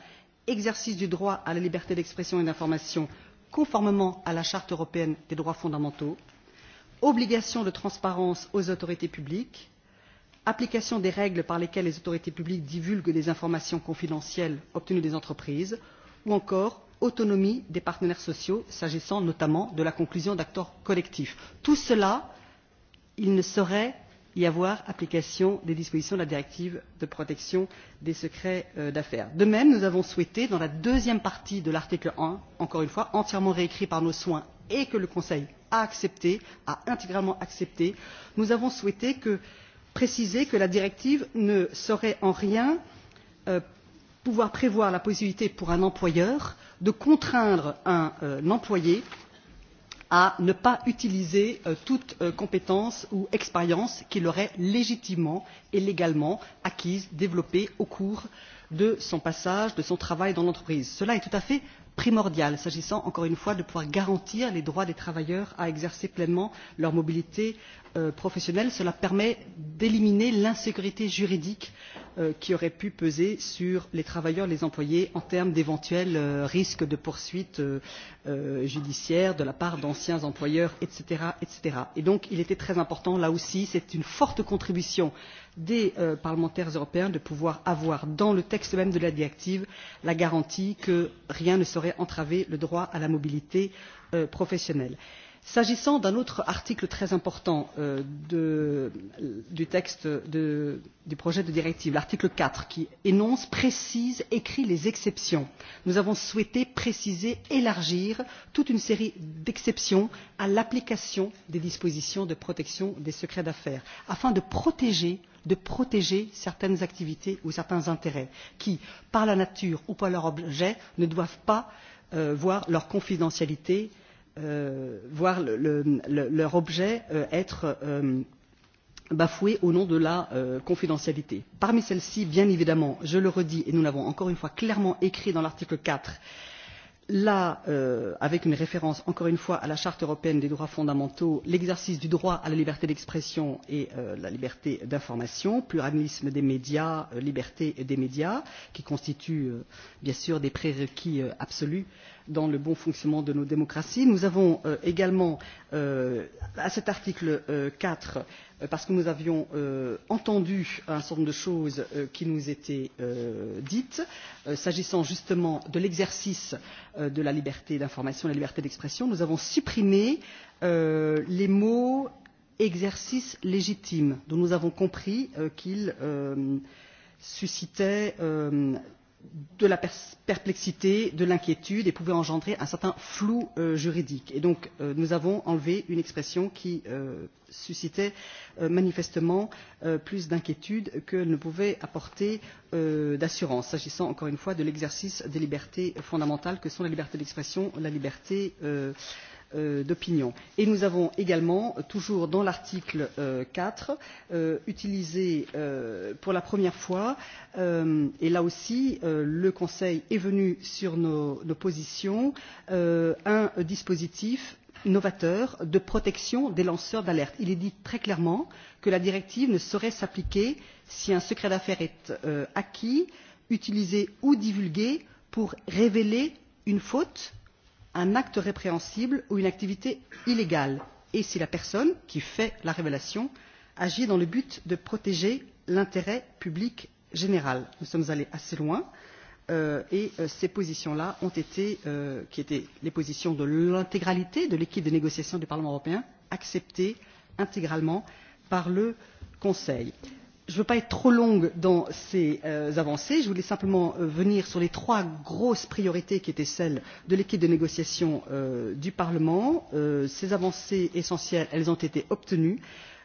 exercice du droit à la liberté d'expression et d'information conformément à la Charte européenne des droits fondamentaux, obligation de transparence aux autorités publiques, application des règles par lesquelles les autorités publiques divulguent des informations confidentielles obtenues des entreprises, ou encore autonomie des partenaires sociaux, s'agissant notamment de la conclusion d'accords collectifs. Tout cela, il ne saurait y avoir application des dispositions de la directive de protection des secrets d'affaires. De même, nous avons souhaité, dans la deuxième partie de l'article 1, encore une fois entièrement réécrit par nos soins et que le Conseil a accepté, a intégralement accepté, nous avons souhaité préciser que la directive ne saurait en rien pouvoir prévoir la possibilité pour un employeur de contraindre un employé à ne pas utiliser toute compétence ou expérience qu'il aurait légitimement et légalement acquise développée au cours de son passage de son travail dans l'entreprise. cela est tout à fait primordial s'agissant encore une fois de pouvoir garantir les droits des travailleurs à exercer pleinement leur mobilité professionnelle. cela permet d'éliminer l'insécurité juridique qui aurait pu peser sur les travailleurs, les employés en termes d'éventuels risques de poursuites judiciaires de la part d'anciens employeurs, etc. Et donc, il était très important, là aussi, c'est une forte contribution des parlementaires européens de pouvoir avoir dans le texte même de la directive la garantie que rien ne saurait entraver le droit à la mobilité professionnelle. S'agissant d'un autre article très important du texte du projet de directive, l'article 4, qui énonce, précise, écrit les exceptions, nous avons souhaité préciser, élargir toute une série d'exceptions à l'application des dispositions de protection des secrets d'affaires, afin de protéger de protéger certaines activités ou certains intérêts qui, par la nature ou par leur objet, ne doivent pas voir leur confidentialité voir leur objet être bafoué au nom de la confidentialité. Parmi celles ci, bien évidemment, je le redis et nous l'avons encore une fois clairement écrit dans l'article 4 là avec une référence encore une fois à la charte européenne des droits fondamentaux l'exercice du droit à la liberté d'expression et la liberté d'information pluralisme des médias liberté des médias qui constituent bien sûr des prérequis absolus dans le bon fonctionnement de nos démocraties. Nous avons également, à cet article 4, parce que nous avions entendu un certain nombre de choses qui nous étaient dites, s'agissant justement de l'exercice de la liberté d'information et de la liberté d'expression, nous avons supprimé les mots exercice légitime, dont nous avons compris qu'ils suscitaient de la perplexité, de l'inquiétude et pouvait engendrer un certain flou juridique. nous avons enlevé une expression qui suscitait manifestement plus d'inquiétude que ne pouvait apporter d'assurance, s'agissant encore une fois de l'exercice des libertés fondamentales que sont la liberté d'expression, la liberté d'opinion. nous avons également, toujours dans l'article 4, utilisé pour la première fois, et là aussi le Conseil est venu sur nos positions, un dispositif novateur de protection des lanceurs d'alerte. Il est dit très clairement que la directive ne saurait s'appliquer si un secret d'affaires est acquis, utilisé ou divulgué pour révéler une faute un acte répréhensible ou une activité illégale et si la personne qui fait la révélation agit dans le but de protéger l'intérêt public général. Nous sommes allés assez loin et ces positions là ont été qui étaient les positions de l'intégralité de l'équipe de négociation du Parlement européen acceptées intégralement par le Conseil. Je ne veux pas être trop longue dans ces avancées. Je voulais simplement venir sur les trois grosses priorités qui étaient celles de l'équipe de négociation du Parlement. Ces avancées essentielles, elles ont été obtenues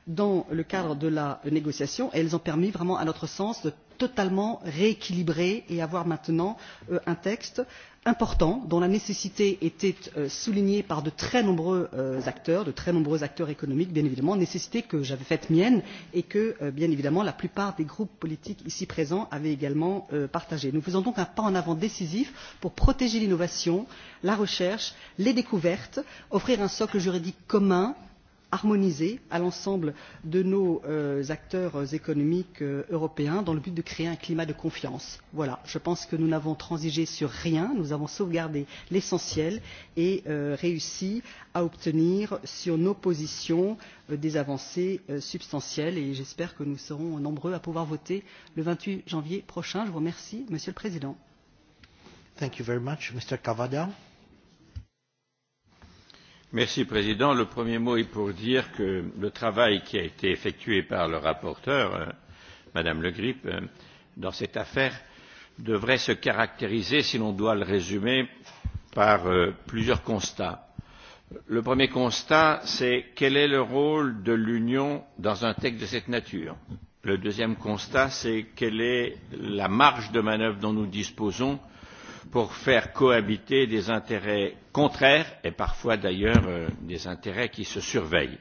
dans le cadre de la négociation et elles ont permis vraiment à notre sens de totalement rééquilibrer et avoir maintenant un texte important dont la nécessité était soulignée par de très nombreux acteurs de très nombreux acteurs économiques bien évidemment nécessité que j'avais faite mienne et que bien évidemment la plupart des groupes politiques ici présents avaient également partagé. nous faisons donc un pas en avant décisif pour protéger l'innovation la recherche les découvertes offrir un socle juridique commun harmonisée à l'ensemble de nos acteurs économiques européens dans le but de créer un climat de confiance. Voilà, je pense que nous n'avons transigé sur rien, nous avons sauvegardé l'essentiel et réussi à obtenir sur nos positions des avancées substantielles et j'espère que nous serons nombreux à pouvoir voter le vingt huit janvier prochain. Je vous remercie, Monsieur le Président. Monsieur le Président. Le premier mot est pour dire que le travail qui a été effectué par le rapporteur, Mme Le Grip, dans cette affaire, devrait se caractériser, si l'on doit le résumer, par plusieurs constats. Le premier constat, c'est quel est le rôle de l'Union dans un texte de cette nature. Le deuxième constat, c'est quelle est la marge de manœuvre dont nous disposons pour faire cohabiter des intérêts contraires et parfois d'ailleurs des intérêts qui se surveillent.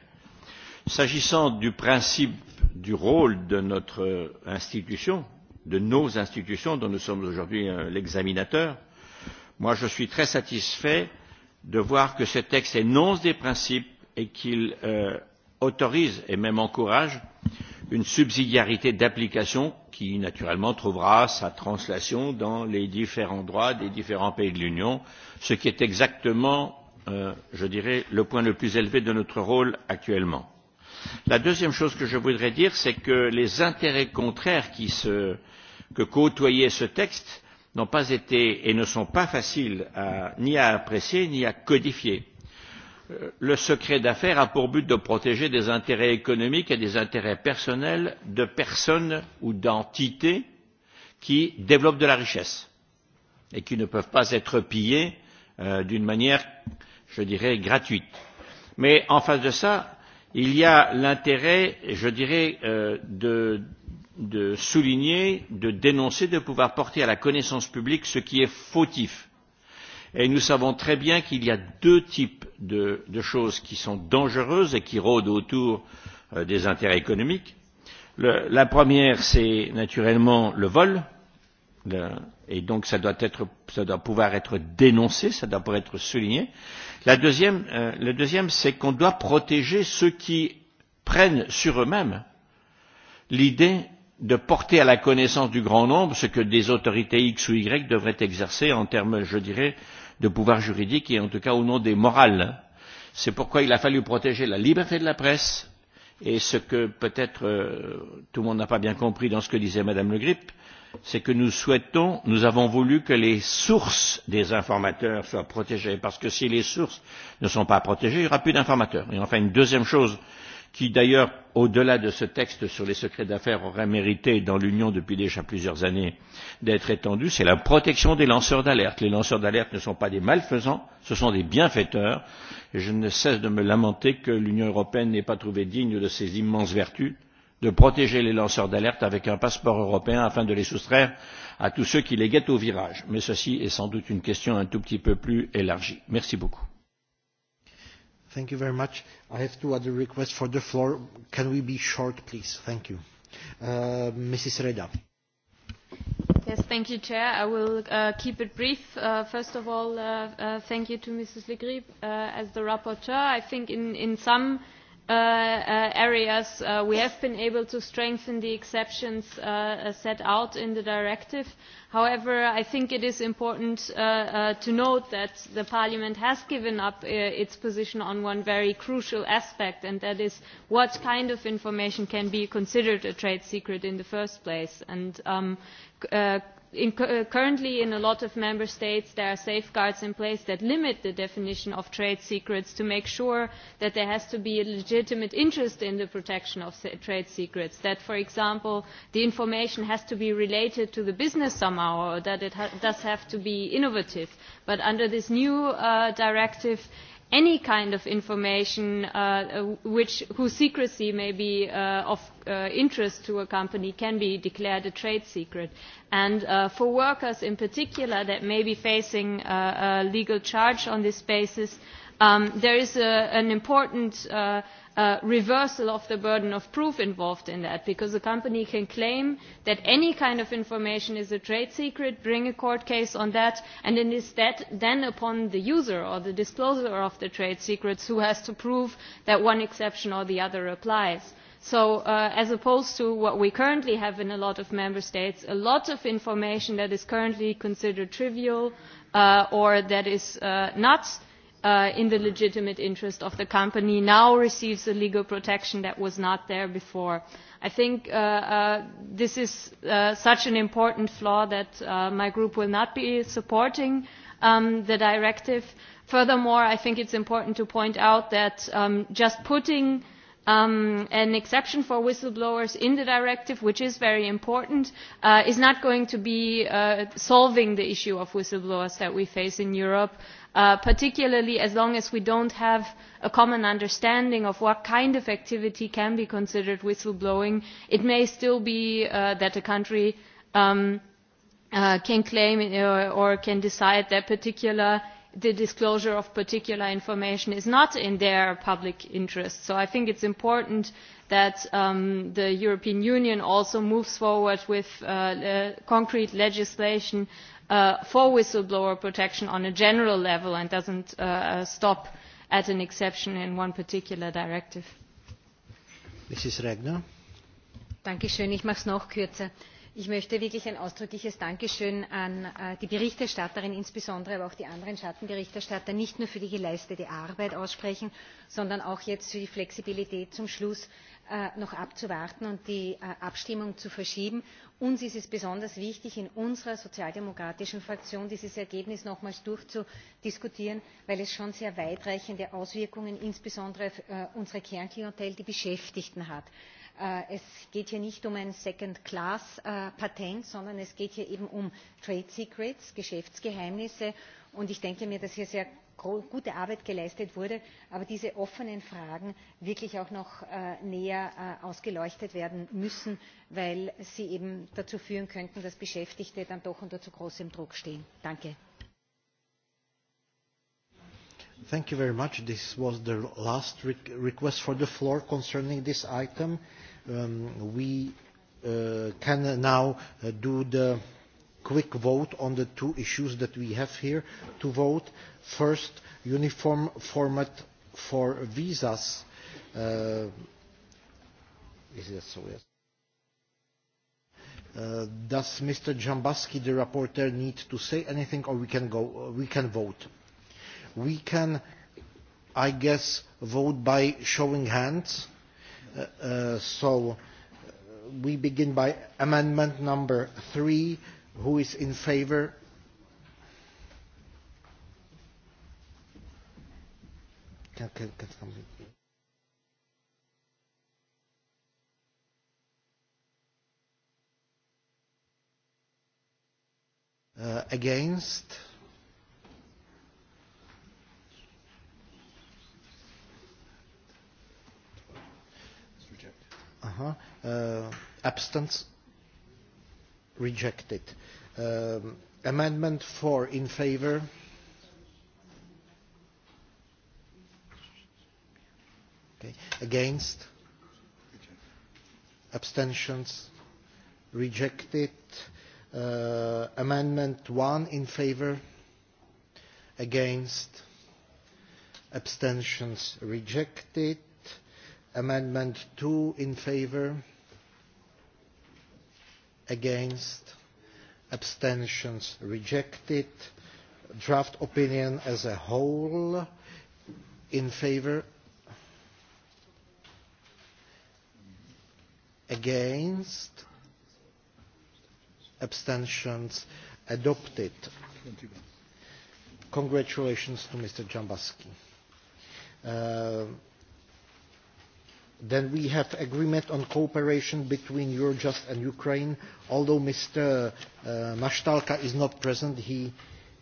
S'agissant du principe du rôle de notre institution, de nos institutions dont nous sommes aujourd'hui l'examinateur, moi je suis très satisfait de voir que ce texte énonce des principes et qu'il autorise et même encourage une subsidiarité d'application qui, naturellement, trouvera sa translation dans les différents droits des différents pays de l'Union, ce qui est exactement, je dirais, le point le plus élevé de notre rôle actuellement. La deuxième chose que je voudrais dire, c'est que les intérêts contraires qui que côtoyait ce texte n'ont pas été et ne sont pas faciles ni à apprécier ni à codifier le secret d'affaires a pour but de protéger des intérêts économiques et des intérêts personnels de personnes ou d'entités qui développent de la richesse et qui ne peuvent pas être pillées d'une manière, je dirais, gratuite. Mais en face de ça, il y a l'intérêt, je dirais, de souligner, de dénoncer, de pouvoir porter à la connaissance publique ce qui est fautif Et nous savons très bien qu'il y a deux types de choses qui sont dangereuses et qui rôdent autour des intérêts économiques. La première, c'est naturellement le vol, et donc ça doit doit pouvoir être dénoncé, ça doit pouvoir être souligné. La deuxième, c'est qu'on doit protéger ceux qui prennent sur eux-mêmes l'idée de porter à la connaissance du grand nombre ce que des autorités X ou Y devraient exercer en termes, je dirais, de pouvoir juridique et en tout cas au nom des morales. C'est pourquoi il a fallu protéger la liberté de la presse et ce que peut-être tout le monde n'a pas bien compris dans ce que disait Madame Le Grip, c'est que nous souhaitons, nous avons voulu que les sources des informateurs soient protégées parce que si les sources ne sont pas protégées, il n'y aura plus d'informateurs. Et enfin, une deuxième chose qui d'ailleurs, au-delà de ce texte sur les secrets d'affaires, aurait mérité dans l'Union depuis déjà plusieurs années d'être étendu. c'est la protection des lanceurs d'alerte. Les lanceurs d'alerte ne sont pas des malfaisants, ce sont des bienfaiteurs. Et je ne cesse de me lamenter que l'Union européenne n'ait pas trouvé digne de ses immenses vertus de protéger les lanceurs d'alerte avec un passeport européen afin de les soustraire à tous ceux qui les guettent au virage. Mais ceci est sans doute une question un tout petit peu plus élargie. Merci beaucoup. Thank you very much. I have two other requests for the floor. Can we be short, please? Thank you. Mrs. Reda. Yes, thank you, Chair. I will keep it brief. First of all, thank you to Mrs. Le as the rapporteur. I think in some areas we have been able to strengthen the exceptions set out in the directive. However, I think it is important to note that the Parliament has given up its position on one very crucial aspect, and that is what kind of information can be considered a trade secret in the first place. And Currently, in a lot of member states, there are safeguards in place that limit the definition of trade secrets to make sure that there has to be a legitimate interest in the protection of trade secrets. That, for example, the information has to be related to the business somehow, or that it does have to be innovative. But under this new directive any kind of information whose secrecy may be of interest to a company can be declared a trade secret and for workers in particular that may be facing a legal charge on this basis there is an important reversal of the burden of proof involved in that because a company can claim that any kind of information is a trade secret bring a court case on that and instead then upon the user or the discloser of the trade secrets who has to prove that one exception or the other applies. So as opposed to what we currently have in a lot of member states, a lot of information that is currently considered trivial or that is not in the legitimate interest of the company now receives the legal protection that was not there before. I think this is such an important flaw that my group will not be supporting the directive. Furthermore, I think it is important to point out that just putting an exception for whistleblowers in the directive, which is very important, is not going to be solving the issue of whistleblowers that we face in Europe particularly as long as we do not have a common understanding of what kind of activity can be considered whistle blowing, it may still be that a country can claim or can decide that the disclosure of particular information is not in their public interest. So I think it is important that the European Union also moves forward with concrete legislation for whistleblower protection on a general level and doesn't stop at an exception in one particular directive. ich mache noch kürzer. Ich möchte wirklich ein ausdrückliches Dankeschön an die Berichterstatterin, insbesondere aber auch die anderen Schattenberichterstatter, nicht nur für die geleistete Arbeit aussprechen, sondern auch jetzt für die Flexibilität zum Schluss noch abzuwarten und die Abstimmung zu verschieben uns ist es besonders wichtig in unserer sozialdemokratischen fraktion dieses ergebnis nochmals durchzudiskutieren weil es schon sehr weitreichende auswirkungen insbesondere auf unsere kernklientel die beschäftigten hat. es geht hier nicht um ein second class patent sondern es geht hier eben um trade secrets geschäftsgeheimnisse und ich denke mir dass hier gute arbeit geleistet wurde aber diese offenen fragen wirklich auch noch näher ausgeleuchtet werden müssen weil sie eben dazu führen könnten dass beschäftigte dann doch unter zu großem druck stehen. danke! We can now do the quick vote on the two issues that we have here to vote. First, uniform format for visas. Is so? Yes. Does Mr. Jambaski, the rapporteur, need to say anything, or we can go? We can vote. We can, I guess, vote by showing hands. So we begin by amendment number three Who is in favor? Against? Abstance? Rejected. Amendment four in favor. Against. Abstentions. Rejected. Amendment 1 in favor. Against. Abstentions. Rejected. Amendment two in favor. Against abstentions rejected draft opinion as a whole in favour, against abstentions adopted congratulations to mr jambaski Then we have agreement on cooperation between Eurojust and Ukraine. Although Mr. Mashtalka is not present, he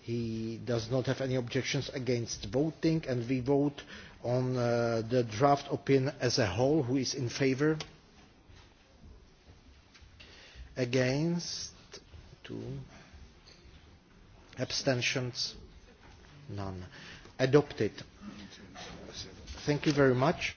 he does not have any objections against voting, and we vote on the draft opinion as a whole. Who is in favour? Against? Two. Abstentions? None. Adopted. Thank you very much.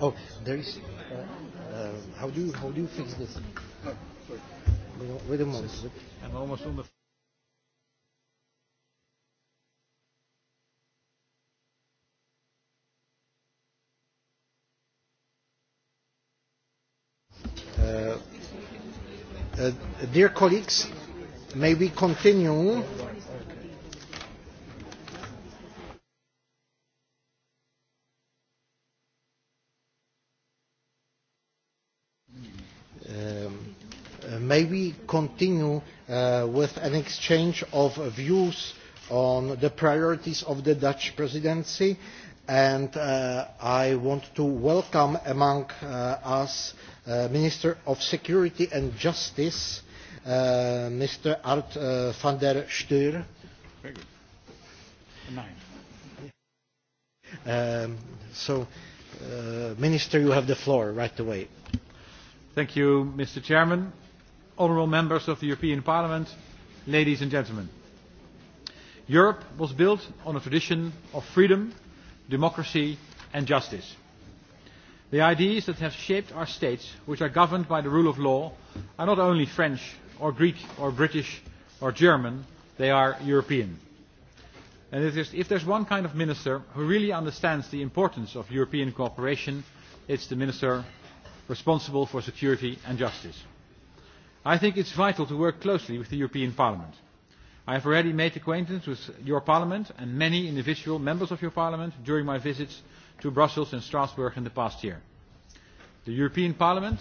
Oh, there is. how do you how do you fix this? Wait a moment. I'm almost on the. Uh, Dear colleagues, may we continue may we continue with an exchange of views on the priorities of the Dutch presidency and I want to welcome among us Minister of Security and Justice, Mr. Art van der Steur. So, Minister, you have the floor right away. Thank you, Mr. Chairman honourable members of the European Parliament, ladies and gentlemen. Europe was built on a tradition of freedom, democracy and justice. The ideas that have shaped our states, which are governed by the rule of law, are not only French or Greek or British or German, they are European. And if there's one kind of minister who really understands the importance of European cooperation, it's the minister responsible for security and justice. I think it is vital to work closely with the European Parliament. I have already made acquaintance with your Parliament and many individual members of your Parliament during my visits to Brussels and Strasbourg in the past year. The European Parliament,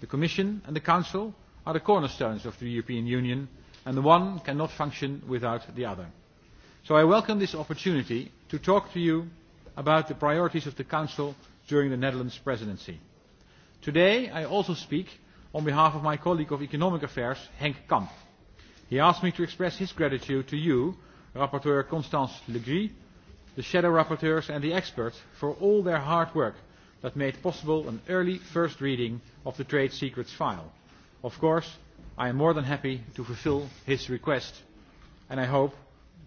the Commission and the Council are the cornerstones of the European Union and the one cannot function without the other. So I welcome this opportunity to talk to you about the priorities of the Council during the Netherlands presidency. Today I also speak on behalf of my colleague of Economic Affairs, Henk Kamp. He asked me to express his gratitude to you, Rapporteur Constance Legris, the shadow rapporteurs and the experts for all their hard work that made possible an early first reading of the trade secrets file. Of course, I am more than happy to fulfill his request, and I hope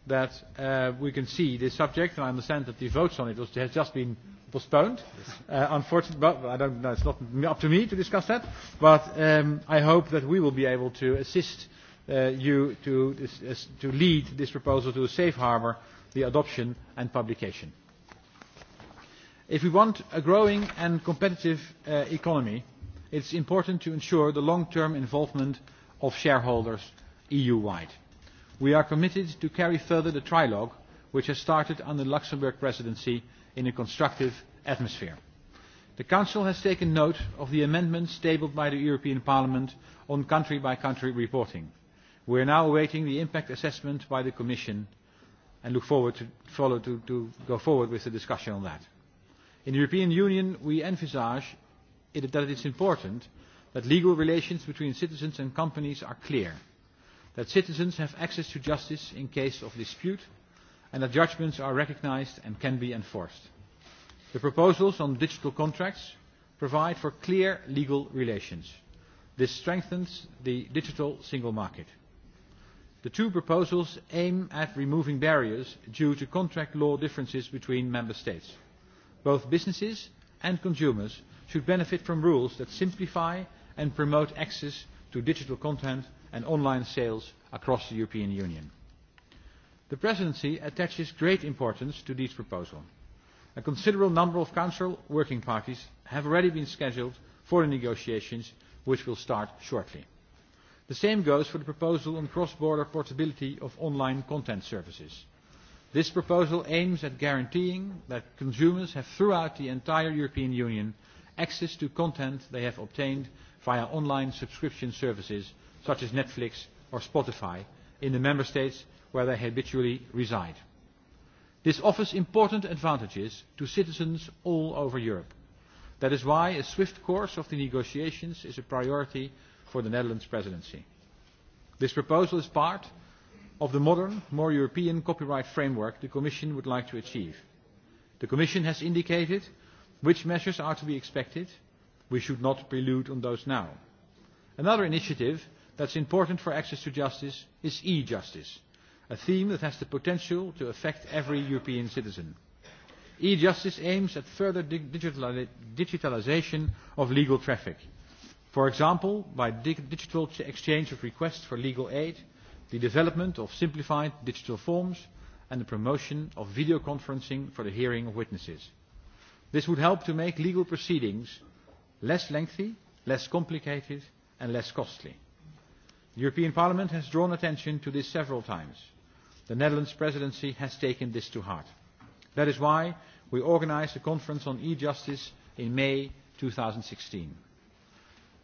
that we can see this subject, and I understand that the votes on it has just been postponed. Unfortunately, but I don't know, it's not up to me to discuss that. But I hope that we will be able to assist you to to lead this proposal to a safe harbour, the adoption and publication. If we want a growing and competitive economy, it's important to ensure the long-term involvement of shareholders EU-wide. We are committed to carry further the trilogue, which has started under the Luxembourg presidency in a constructive atmosphere. The Council has taken note of the amendments tabled by the European Parliament on country-by-country reporting. We are now awaiting the impact assessment by the Commission and look forward to go forward with the discussion on that. In the European Union, we envisage that it is important that legal relations between citizens and companies are clear, that citizens have access to justice in case of dispute, and that judgments are recognised and can be enforced. The proposals on digital contracts provide for clear legal relations. This strengthens the digital single market. The two proposals aim at removing barriers due to contract law differences between member states. Both businesses and consumers should benefit from rules that simplify and promote access to digital content and online sales across the European Union. The Presidency attaches great importance to this proposal. A considerable number of Council working parties have already been scheduled for the negotiations, which will start shortly. The same goes for the proposal on cross-border portability of online content services. This proposal aims at guaranteeing that consumers have throughout the entire European Union access to content they have obtained via online subscription services such as Netflix or Spotify in the member states where they habitually reside. This offers important advantages to citizens all over Europe. That is why a swift course of the negotiations is a priority for the Netherlands presidency. This proposal is part of the modern, more European copyright framework the Commission would like to achieve. The Commission has indicated which measures are to be expected. We should not prelude on those now. Another initiative that's important for access to justice is e-justice a theme that has the potential to affect every European citizen. E-justice aims at further digitalisation of legal traffic, for example by digital exchange of requests for legal aid, the development of simplified digital forms and the promotion of video conferencing for the hearing of witnesses. This would help to make legal proceedings less lengthy, less complicated and less costly. The European Parliament has drawn attention to this several times. The Netherlands presidency has taken this to heart. That is why we organised a conference on e-justice in May 2016.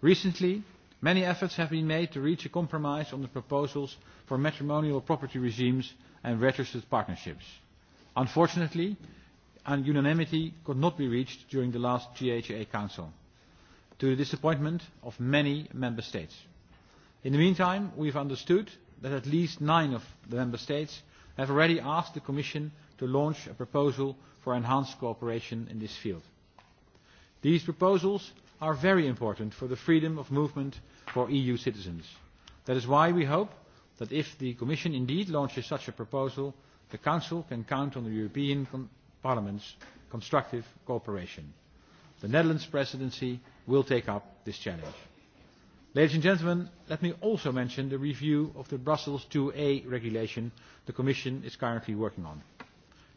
Recently, many efforts have been made to reach a compromise on the proposals for matrimonial property regimes and registered partnerships. Unfortunately, unanimity could not be reached during the last GHA Council, to the disappointment of many member states. In the meantime, we have understood that at least nine of the Member States have already asked the Commission to launch a proposal for enhanced cooperation in this field. These proposals are very important for the freedom of movement for EU citizens. That is why we hope that if the Commission indeed launches such a proposal, the Council can count on the European Parliament's constructive cooperation. The Netherlands Presidency will take up this challenge. Ladies and gentlemen, let me also mention the review of the Brussels IIa a regulation the Commission is currently working on.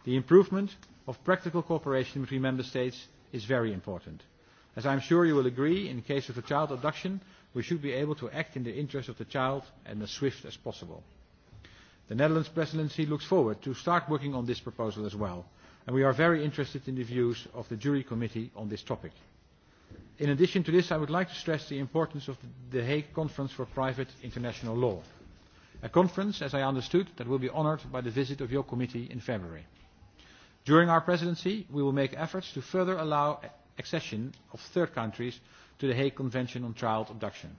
The improvement of practical cooperation between Member States is very important. As I am sure you will agree, in the case of a child abduction, we should be able to act in the interest of the child and as swift as possible. The Netherlands Presidency looks forward to start working on this proposal as well, and we are very interested in the views of the Jury Committee on this topic. In addition to this, I would like to stress the importance of the Hague Conference for Private International Law, a conference, as I understood, that will be honoured by the visit of your committee in February. During our presidency, we will make efforts to further allow accession of third countries to the Hague Convention on Child Abduction.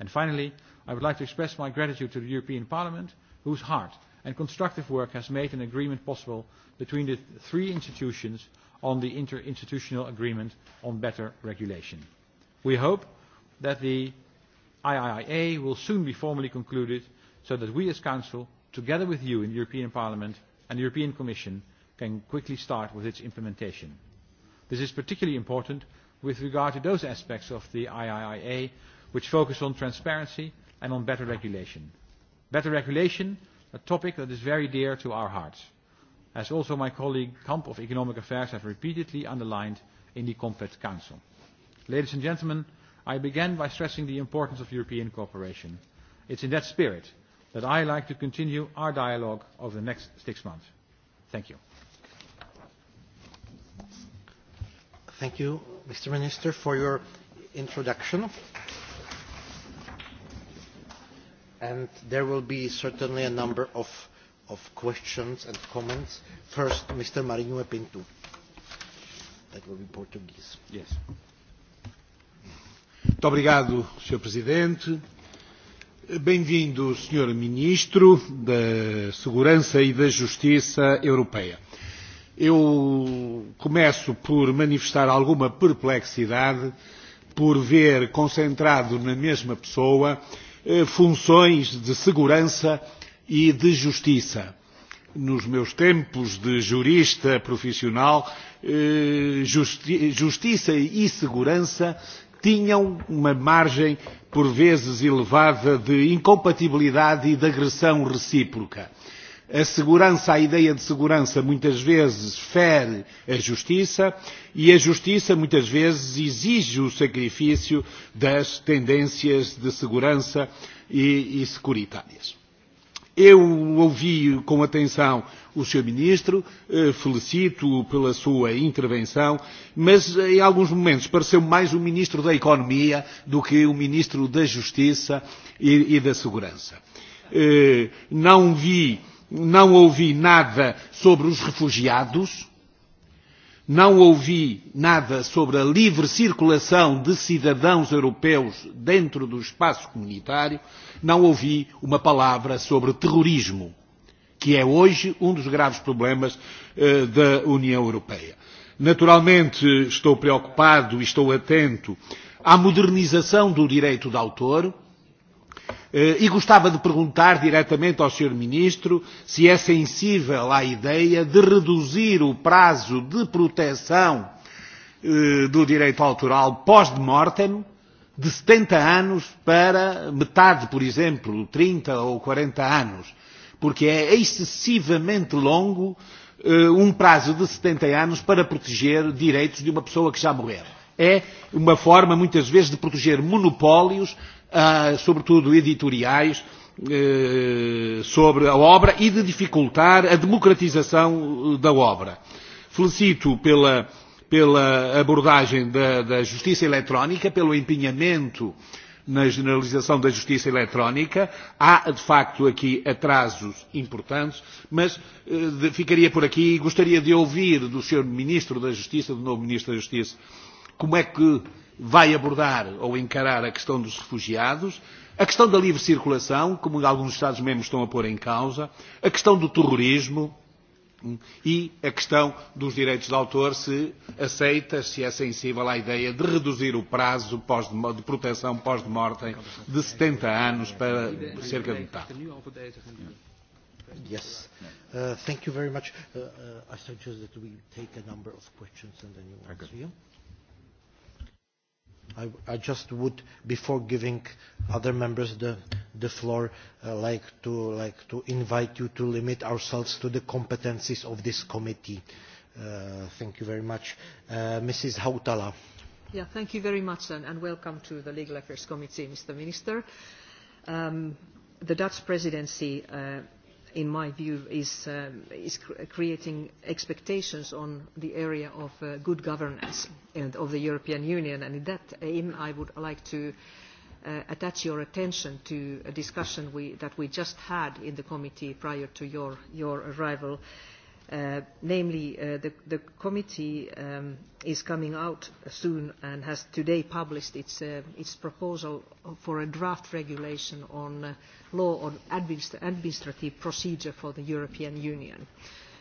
And finally, I would like to express my gratitude to the European Parliament, whose hard and constructive work has made an agreement possible between the three institutions on the interinstitutional agreement on better regulation. We hope that the IIIA will soon be formally concluded so that we as Council, together with you in the European Parliament and the European Commission, can quickly start with its implementation. This is particularly important with regard to those aspects of the IIIA which focus on transparency and on better regulation. Better regulation, a topic that is very dear to our hearts as also my colleague Kamp of Economic Affairs has repeatedly underlined in the Compet Council. Ladies and gentlemen, I began by stressing the importance of European cooperation. It's in that spirit that I like to continue our dialogue over the next six months. Thank you. Thank you, Mr. Minister, for your introduction. And there will be certainly a number of of questions and comments. First, Mr. Marinho Pinto. That will be Portuguese. Yes. Muito obrigado, Sr. Presidente. Bem-vindo, Sr. Ministro da Segurança e da Justiça Europeia. Eu começo por manifestar alguma perplexidade por ver concentrado na mesma pessoa funções de segurança e de justiça. Nos meus tempos de jurista profissional, justiça e segurança tinham uma margem, por vezes elevada, de incompatibilidade e de agressão recíproca. A segurança, a ideia de segurança, muitas vezes fere a justiça e a justiça, muitas vezes, exige o sacrifício das tendências de segurança e securitárias. Eu ouvi com atenção o Sr. Ministro, felicito pela sua intervenção, mas em alguns momentos pareceu mais o Ministro da Economia do que o Ministro da Justiça e da Segurança. Não vi, não ouvi nada sobre os refugiados Não ouvi nada sobre a livre circulação de cidadãos europeus dentro do espaço comunitário, não ouvi uma palavra sobre terrorismo, que é hoje um dos graves problemas da União Europeia. Naturalmente, estou preocupado e estou atento à modernização do direito de autor, E gostava de perguntar diretamente ao Sr. Ministro se é sensível à ideia de reduzir o prazo de proteção do direito autoral pós-de-mortem de 70 anos para metade, por exemplo, 30 ou 40 anos, porque é excessivamente longo um prazo de 70 anos para proteger direitos de uma pessoa que já morreu. É uma forma, muitas vezes, de proteger monopólios sobretudo editoriais, sobre a obra e de dificultar a democratização da obra. Felicito pela pela abordagem da justiça eletrónica, pelo empenhamento na generalização da justiça eletrónica. Há, de facto, aqui atrasos importantes, mas ficaria por aqui e gostaria de ouvir do Sr. Ministro da Justiça, do novo Ministro da Justiça, como é que vai abordar ou encarar a questão dos refugiados, a questão da livre circulação, como alguns Estados-membros estão a pôr em causa, a questão do terrorismo e a questão dos direitos de autor, se aceita, se é sensível à ideia de reduzir o prazo de proteção de morte de 70 anos para cerca de Yes. Uh, thank you very much. I suggest that we take a number of questions and then you answer I just would, before giving other members the floor, like to invite you to limit ourselves to the competencies of this committee. Thank you very much. Mrs. Hautala. Thank you very much and welcome to the Legal Affairs Committee, Mr. Minister. The Dutch presidency in my view, is creating expectations on the area of good governance of the European Union. And in that aim, I would like to attach your attention to a discussion that we just had in the committee prior to your arrival. Namely, the committee is coming out soon and has today published its proposal for a draft regulation on law on administrative procedure for the European Union.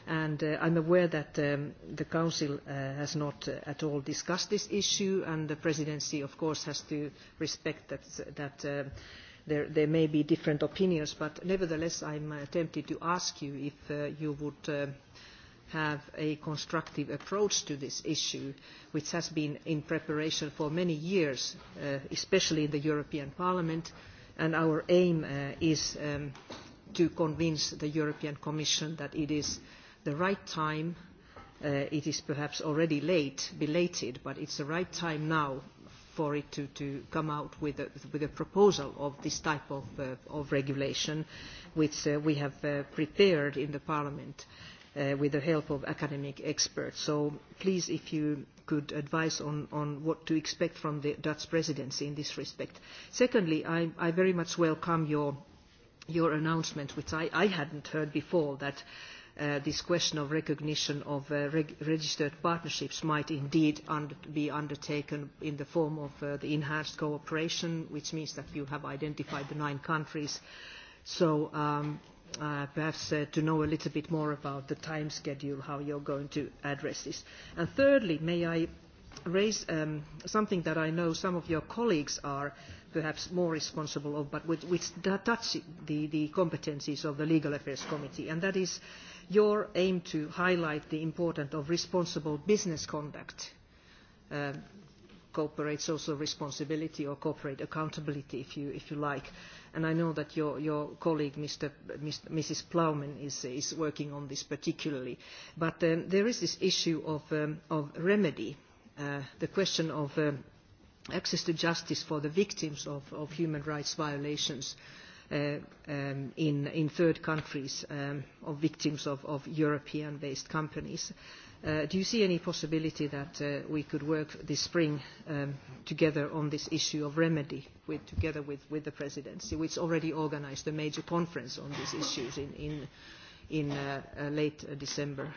And I'm aware that the Council has not at all discussed this issue, and the Presidency, of course, has to respect that there may be different opinions. But nevertheless, I'm tempted to ask you if you would have a constructive approach to this issue, which has been in preparation for many years, especially in the European Parliament and our aim is to convince the European Commission that it is the right time it is perhaps already late belated but it's the right time now for it to come out with a proposal of this type of regulation which we have prepared in the parliament with the help of academic experts so please if you good advise on what to expect from the Dutch presidency in this respect. Secondly, I very much welcome your announcement, which I hadn't heard before, that this question of recognition of registered partnerships might indeed be undertaken in the form of the enhanced cooperation, which means that you have identified the nine countries. So perhaps to know a little bit more about the time schedule, how you're going to address this. And thirdly, may I raise something that I know some of your colleagues are perhaps more responsible of, but which touches the competencies of the Legal Affairs Committee, and that is your aim to highlight the importance of responsible business conduct corporate social responsibility or corporate accountability, if you like. And I know that your colleague, Mrs. Plowman, is working on this particularly. But there is this issue of remedy, the question of access to justice for the victims of human rights violations in third countries of victims of European-based companies. Do you see any possibility that we could work this spring together on this issue of remedy, together with the presidency, which already organised a major conference on these issues in late December?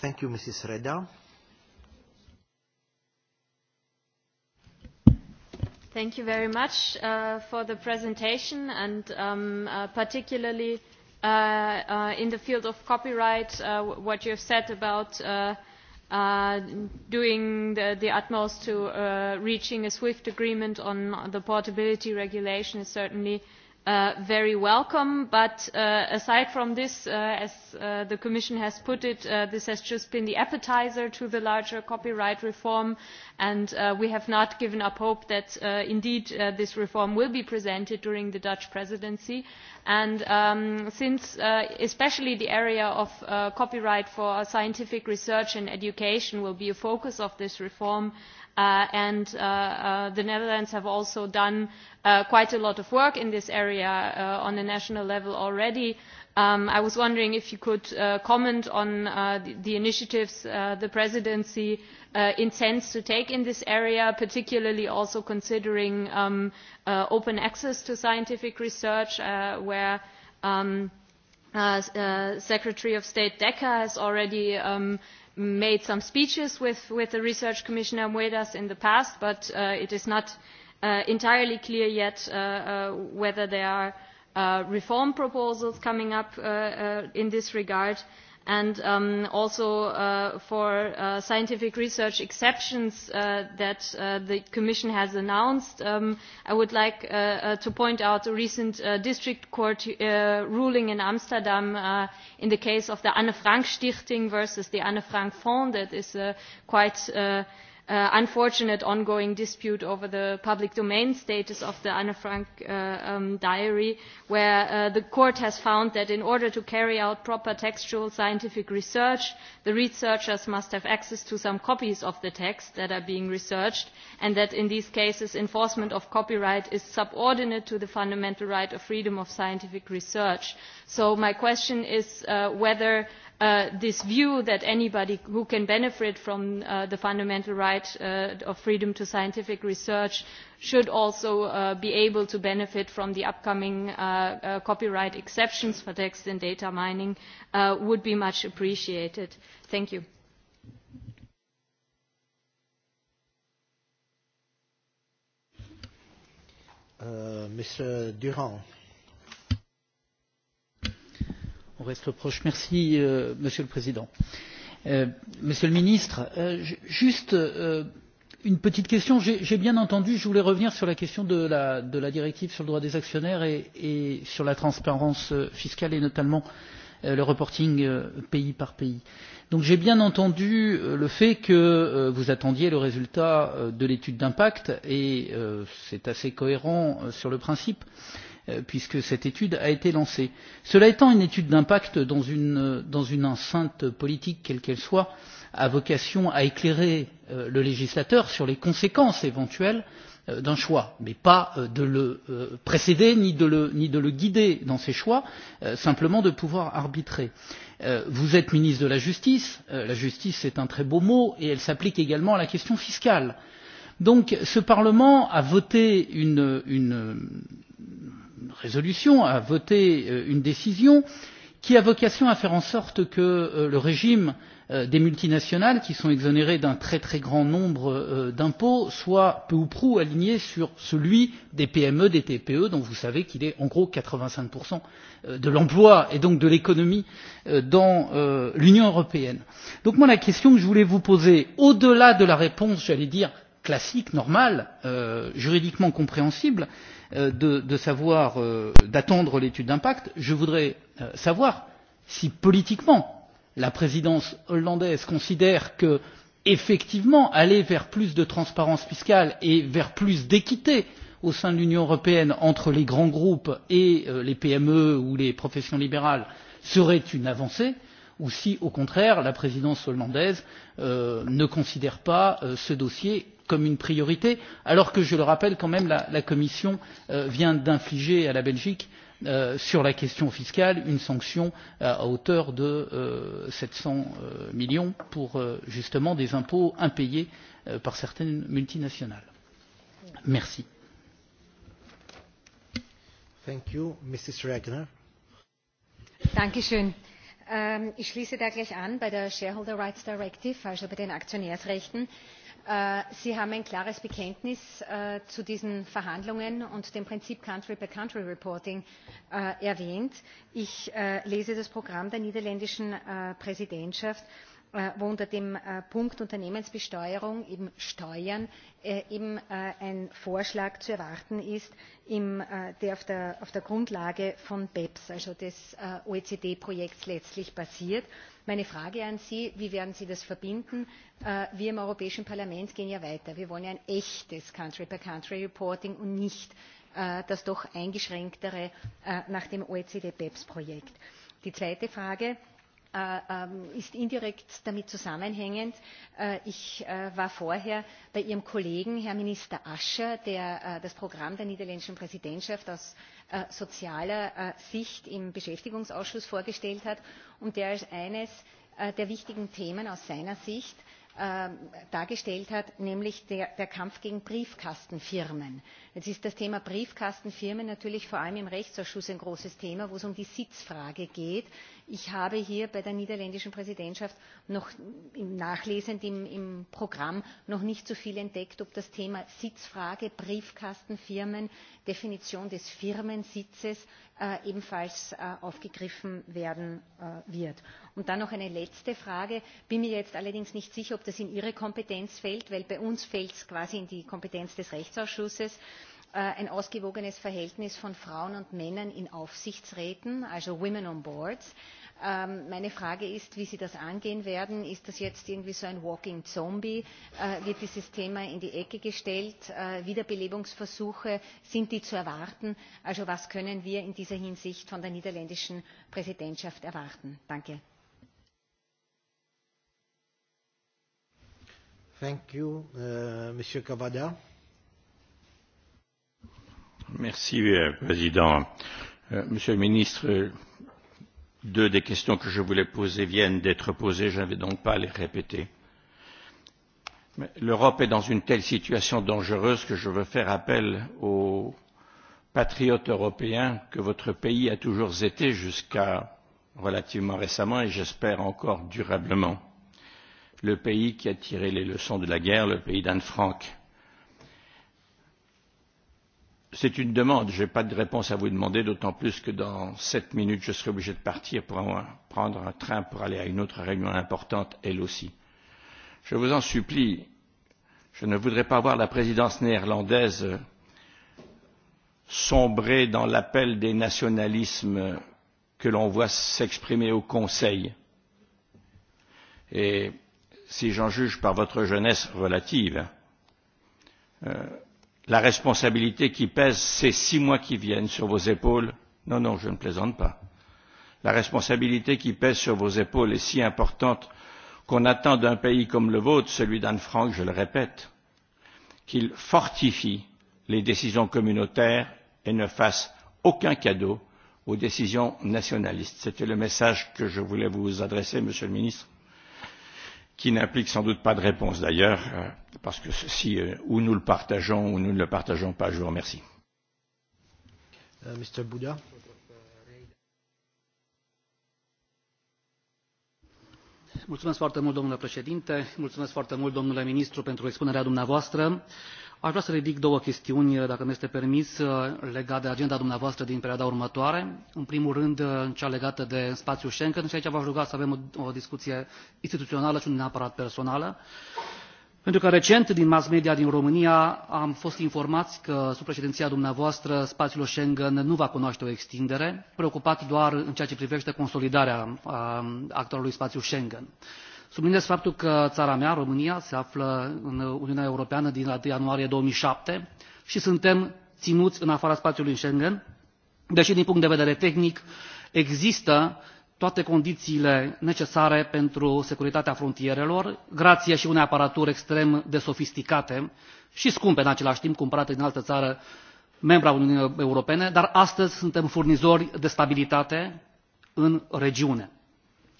Thank you, Mrs. Reda. Thank you very much for the presentation and particularly in the field of copyright what you have said about doing the utmost to reaching a swift agreement on the portability regulation is certainly very welcome but aside from this as the commission has put it this has just been the appetizer to the larger copyright reform and we have not given up hope that indeed this reform will be presented during the dutch presidency and since especially the area of copyright for scientific research and education will be a focus of this reform and the Netherlands have also done quite a lot of work in this area on a national level already. I was wondering if you could comment on the initiatives the Presidency intends to take in this area, particularly also considering open access to scientific research, where Secretary of State Decker has already made some speeches with the research commissioner Muedas in the past, but it is not entirely clear yet whether there are reform proposals coming up in this regard and also for scientific research exceptions that the Commission has announced. I would like to point out a recent district court ruling in Amsterdam in the case of the Anne Frank Stichting versus the Anne Frank Fond. That is quite unfortunate ongoing dispute over the public domain status of the Anne Frank diary, where the court has found that in order to carry out proper textual scientific research, the researchers must have access to some copies of the text that are being researched, and that in these cases enforcement of copyright is subordinate to the fundamental right of freedom of scientific research. So my question is whether this view that anybody who can benefit from the fundamental right of freedom to scientific research should also be able to benefit from the upcoming copyright exceptions for text and data mining would be much appreciated. Thank you. Mr. Durand on reste proche. Merci, Monsieur le Président. Monsieur le Ministre, juste une petite question. J'ai bien entendu, je voulais revenir sur la question de la directive sur le droit des actionnaires et sur la transparence fiscale et notamment le reporting pays par pays. Donc j'ai bien entendu le fait que vous attendiez le résultat de l'étude d'impact et c'est assez cohérent sur le principe puisque cette étude a été lancée. Cela étant une étude d'impact dans une enceinte politique, quelle qu'elle soit, a vocation à éclairer le législateur sur les conséquences éventuelles d'un choix, mais pas de le précéder ni de le guider dans ses choix, simplement de pouvoir arbitrer. Vous êtes ministre de la Justice, la justice est un très beau mot et elle s'applique également à la question fiscale. Donc ce Parlement a voté une résolution à voter une décision qui a vocation à faire en sorte que le régime des multinationales qui sont exonérées d'un très très grand nombre d'impôts soit peu ou prou aligné sur celui des PME, des TPE, dont vous savez qu'il est en gros quatre-vingt-cinq de l'emploi et donc de l'économie dans l'Union européenne. Donc moi la question que je voulais vous poser, au-delà de la réponse, j'allais dire, classique, normale, juridiquement compréhensible, de savoir d'attendre l'étude d'impact je voudrais savoir si politiquement la présidence hollandaise considère que effectivement aller vers plus de transparence fiscale et vers plus d'équité au sein de l'union européenne entre les grands groupes et les pme ou les professions libérales serait une avancée ou si au contraire la présidence hollandaise ne considère pas ce dossier comme une priorité alors que je le rappelle quand même la commission vient d'infliger à la belgique sur la question fiscale une sanction à hauteur de sept cents millions pour justement des impôts impayés par certaines multinationales. merci. ich schließe da gleich an bei der shareholder rights directive also bei den Sie haben ein klares Bekenntnis zu diesen Verhandlungen und dem Prinzip Country by Country Reporting erwähnt. Ich lese das Programm der niederländischen Präsidentschaft, wo unter dem Punkt Unternehmensbesteuerung eben Steuern ein Vorschlag zu erwarten ist, der auf der Grundlage von BEPS, also des OECD Projekts letztlich basiert meine frage an sie wie werden sie das verbinden? wir im europäischen parlament gehen ja weiter wir wollen ein echtes country by country reporting und nicht das doch eingeschränktere nach dem oecd beps projekt. die zweite frage ist indirekt damit zusammenhängend. Ich war vorher bei Ihrem Kollegen, Herrn Minister Ascher, der das Programm der niederländischen Präsidentschaft aus sozialer Sicht im Beschäftigungsausschuss vorgestellt hat und der als eines der wichtigen Themen aus seiner Sicht dargestellt hat, nämlich der Kampf gegen Briefkastenfirmen. Jetzt ist das Thema Briefkastenfirmen natürlich vor allem im Rechtsausschuss ein großes Thema, wo es um die Sitzfrage geht. Ich habe hier bei der niederländischen Präsidentschaft noch nachlesend im Programm noch nicht so viel entdeckt, ob das Thema Sitzfrage, Briefkastenfirmen, Definition des Firmensitzes ebenfalls aufgegriffen werden wird. Und dann noch eine letzte Frage. Bin mir jetzt allerdings nicht sicher, ob das in Ihre Kompetenz fällt, weil bei uns fällt es quasi in die Kompetenz des Rechtsausschusses ein ausgewogenes Verhältnis von Frauen und Männern in Aufsichtsräten, also Women on Boards. Meine Frage ist, wie Sie das angehen werden. Ist das jetzt irgendwie so ein Walking Zombie? Wird dieses Thema in die Ecke gestellt? Wiederbelebungsversuche, sind die zu erwarten? Also was können wir in dieser Hinsicht von der niederländischen Präsidentschaft erwarten? Danke. Monsieur le Président. Monsieur le Ministre, deux des questions que je voulais poser viennent d'être posées, je ne vais donc pas les répéter. L'Europe est dans une telle situation dangereuse que je veux faire appel aux patriotes européens que votre pays a toujours été jusqu'à relativement récemment et j'espère encore durablement. Le pays qui a tiré les leçons de la guerre, le pays d'Anne Frank C'est une demande. Je n'ai pas de réponse à vous demander, d'autant plus que dans sept minutes, je serai obligé de partir pour prendre un train pour aller à une autre réunion importante, elle aussi. Je vous en supplie, je ne voudrais pas voir la présidence néerlandaise sombrer dans l'appel des nationalismes que l'on voit s'exprimer au Conseil. Et si j'en juge par votre jeunesse relative, la responsabilité qui pèse ces six mois qui viennent sur vos épaules non non je ne plaisante pas la responsabilité qui pèse sur vos épaules est si importante qu'on attend d'un pays comme le vôtre celui d'anne frank je le répète qu'il fortifie les décisions communautaires et ne fasse aucun cadeau aux décisions nationalistes. c'était le message que je voulais vous adresser monsieur le ministre qui n'implique sans doute pas de réponse d'ailleurs, parce que ceci, ou nous le partageons ou nous ne le partageons pas. Je vous remercie. Mr. Buda. Mulțumesc foarte mult, domnule președinte. Mulțumesc foarte mult, domnule ministru, pentru expunerea dumneavoastră. Aș vrea să ridic două chestiuni, dacă mi este permis, legate de agenda dumneavoastră din perioada următoare. În primul rând, cea legată de spațiul Schengen și aici v-aș ruga să avem o, discuție instituțională și nu neapărat personală. Pentru că recent, din mass media din România, am fost informați că, sub președinția dumneavoastră, spațiul Schengen nu va cunoaște o extindere, preocupat doar în ceea ce privește consolidarea actorului spațiu Schengen. Subliniez faptul că țara mea, România, se află în Uniunea Europeană din 1 ianuarie 2007 și suntem ținuți în afara spațiului Schengen, deși din punct de vedere tehnic există toate condițiile necesare pentru securitatea frontierelor, grație și unei aparaturi extrem de sofisticate și scumpe în același timp, cumpărate din altă țară membra Uniunii Europene, dar astăzi suntem furnizori de stabilitate în regiune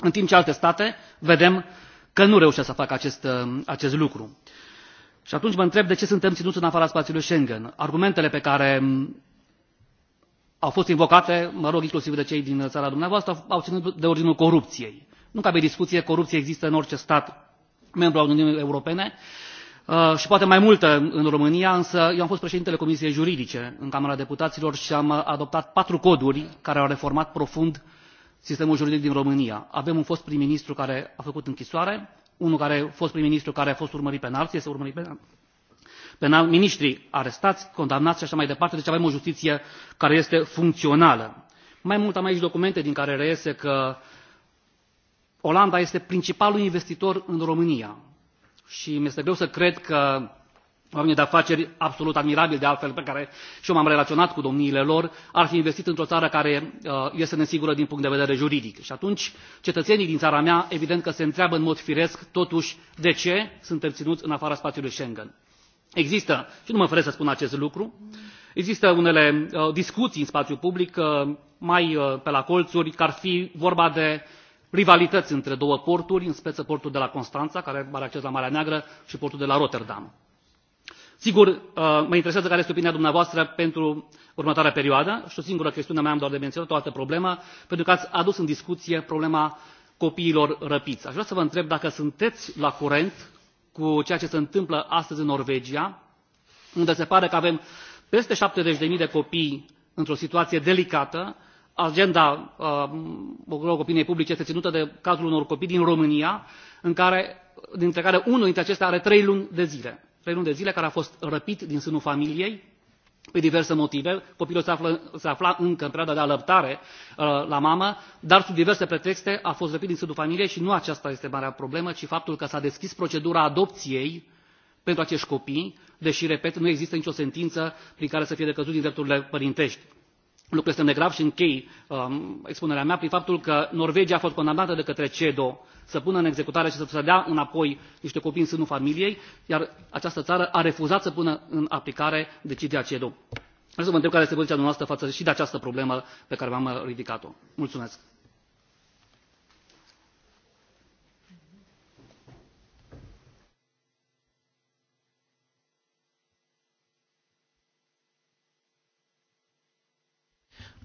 în timp ce alte state vedem că nu reușesc să facă acest lucru. Și atunci mă întreb de ce suntem ținuți în afara spațiului Schengen. Argumentele pe care au fost invocate, mă rog, inclusiv de cei din țara dumneavoastră, au ținut de ordinul corupției. Nu cabe discuție, corupție există în orice stat membru al Uniunii Europene și poate mai multă în România, însă eu am fost președintele Comisiei Juridice în Camera Deputaților și am adoptat patru coduri care au reformat profund sistemul juridic din România. Avem un fost prim-ministru care a făcut închisoare, unul care a fost prim-ministru care a fost urmărit penal, este urmărit penal, penal, miniștri arestați, condamnați și așa mai departe, deci avem o justiție care este funcțională. Mai mult am aici documente din care reiese că Olanda este principalul investitor în România și mi este greu să cred că oameni de afaceri absolut admirabili de altfel pe care și eu m-am relaționat cu domniile lor, ar fi investit într-o țară care este nesigură din punct de vedere juridic. Și atunci cetățenii din țara mea evident că se întreabă în mod firesc totuși de ce suntem ținuți în afara spațiului Schengen. Există, și nu mă feresc să spun acest lucru, există unele discuții în spațiul public mai pe la colțuri, că ar fi vorba de rivalități între două porturi, în speță portul de la Constanța, care are acces la Marea Neagră, și portul de la Rotterdam Sigur, mă interesează care este opinia dumneavoastră pentru următoarea perioadă și o singură chestiune mai am doar de menționat, o altă problemă, pentru că ați adus în discuție problema copiilor răpiți. Aș vrea să vă întreb dacă sunteți la curent cu ceea ce se întâmplă astăzi în Norvegia, unde se pare că avem peste 70.000 de copii într-o situație delicată. Agenda, uh, opiniei publice este ținută de cazul unor copii din România, în care, dintre care unul dintre acestea are trei luni de zile trei luni de zile, care a fost răpit din sânul familiei pe diverse motive. Copilul se afla, se afla încă în perioada de alăptare la mamă, dar sub diverse pretexte a fost răpit din sânul familiei și nu aceasta este marea problemă, ci faptul că s-a deschis procedura adopției pentru acești copii, deși, repet, nu există nicio sentință prin care să fie decăzut din drepturile părintești lucru este negrav și închei expunerea mea prin faptul că norvegia a fost condamnată de către cedo să pună în executare și să dea înapoi niște copii în sânul familiei iar această țară a refuzat să pună în aplicare decizia cedo. vreau să vă întreb care este poziția dumneavoastră față și de această problemă pe care v am ridicat o. mulțumesc.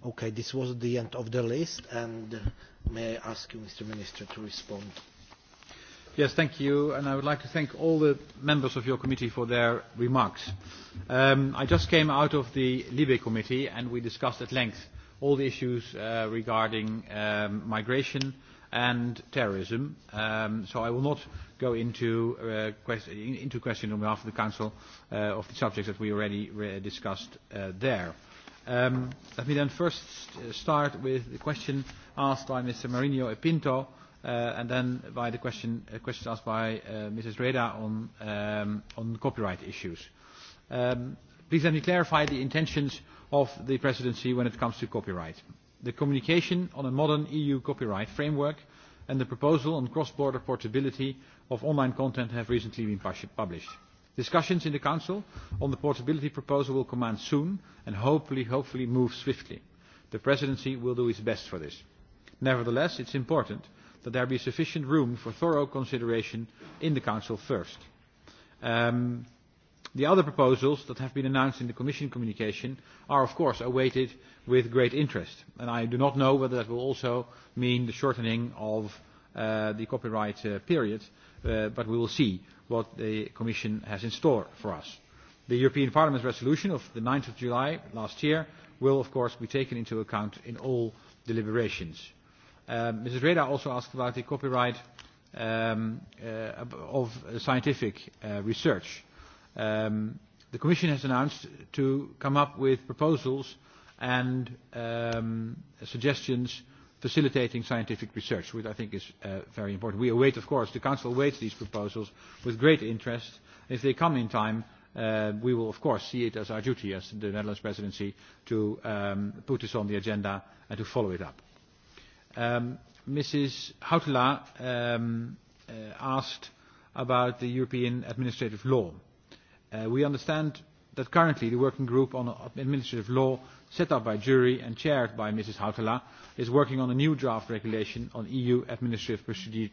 Okay, this was the end of the list, and may I ask you, Mr. Minister, to respond. Yes, thank you, and I would like to thank all the members of your committee for their remarks. I just came out of the LIBE committee, and we discussed at length all the issues regarding migration and terrorism. So I will not go into question on behalf of the Council of the subjects that we already discussed there. Um Let me then first start with the question asked by Mr. Marino Epinto and then by the question asked by Mrs. Reda on copyright issues. Please let me clarify the intentions of the presidency when it comes to copyright. The communication on a modern EU copyright framework and the proposal on cross-border portability of online content have recently been published. Discussions in the Council on the portability proposal will commence soon and hopefully hopefully move swiftly. The Presidency will do its best for this. Nevertheless, it is important that there be sufficient room for thorough consideration in the Council first. The other proposals that have been announced in the Commission communication are of course awaited with great interest, and I do not know whether that will also mean the shortening of the copyright period but we will see what the Commission has in store for us. The European Parliament's resolution of the 9th of July last year will, of course, be taken into account in all deliberations. Mrs. Reda also asked about the copyright of scientific research. The Commission has announced to come up with proposals and suggestions facilitating scientific research, which I think is very important. We await, of course, the Council awaits these proposals with great interest. If they come in time, we will, of course, see it as our duty as the Netherlands presidency to put this on the agenda and to follow it up. Mrs. Hautala asked about the European administrative law. We understand that currently the working group on administrative law set up by jury and chaired by Mrs. Hautala, is working on a new draft regulation on EU administrative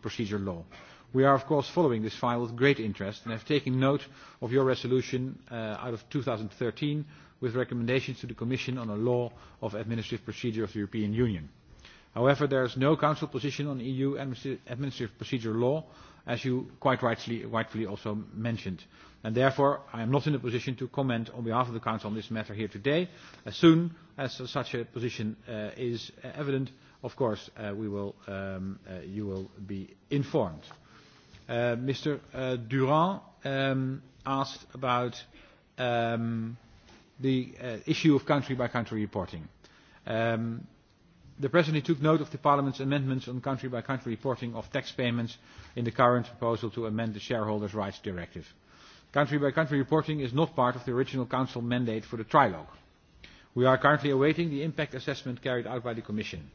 procedure law. We are, of course, following this file with great interest and have taken note of your resolution out of 2013 with recommendations to the Commission on a law of administrative procedure of the European Union. However, there is no Council position on EU administrative procedure law as you quite rightly rightfully also mentioned. And therefore, I am not in a position to comment on behalf of the Council on this matter here today. As soon as such a position is evident, of course, we will, you will be informed. Mr. Durand asked about the issue of country-by-country reporting. The President took note of the Parliament's amendments on country-by-country reporting of tax payments in the current proposal to amend the Shareholders' Rights Directive. Country-by-country reporting is not part of the original Council mandate for the trilogue. We are currently awaiting the impact assessment carried out by the Commission.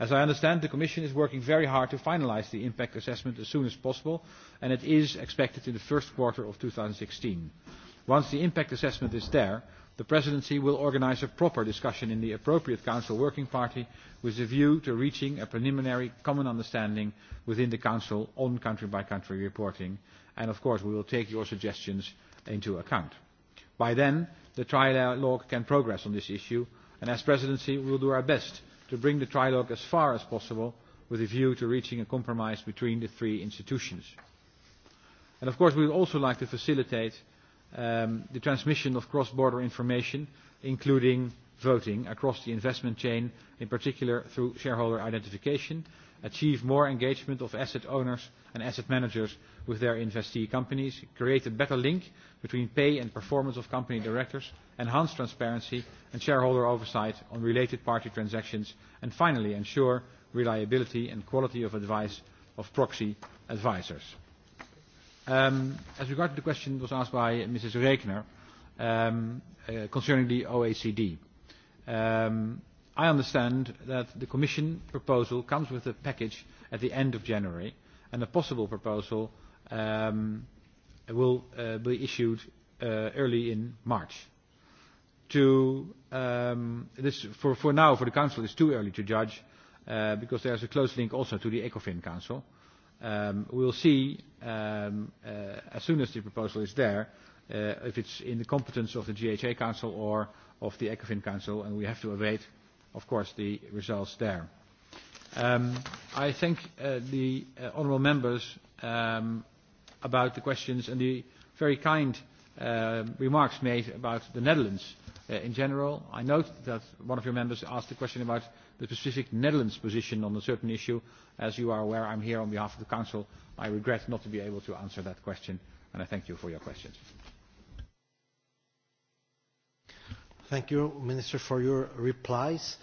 As I understand, the Commission is working very hard to finalise the impact assessment as soon as possible, and it is expected in the first quarter of 2016. Once the impact assessment is there, the presidency will organise a proper discussion in the appropriate council working party with a view to reaching a preliminary common understanding within the council on country by country reporting and of course we will take your suggestions into account. by then the trilogue can progress on this issue and as presidency we will do our best to bring the trilogue as far as possible with a view to reaching a compromise between the three institutions. and of course we would also like to facilitate the transmission of cross-border information, including voting across the investment chain, in particular through shareholder identification, achieve more engagement of asset owners and asset managers with their investee companies, create a better link between pay and performance of company directors, enhance transparency and shareholder oversight on related party transactions, and finally ensure reliability and quality of advice of proxy advisers. As regard to the question that was asked by Mrs. Regner concerning the OECD, I understand that the Commission proposal comes with a package at the end of January, and a possible proposal will be issued early in March. for now for the Council is too early to judge because there is a close link also to the ECOFIN Council We will see, as soon as the proposal is there, if it is in the competence of the GHA Council or of the ECOFIN Council, and we have to await, of course, the results there. I thank the honourable members about the questions and the very kind remarks made about the Netherlands in general. I note that one of your members asked a question about the specific Netherlands position on a certain issue. As you are aware, I'm here on behalf of the Council. I regret not to be able to answer that question, and I thank you for your questions. Thank you, Minister, for your replies.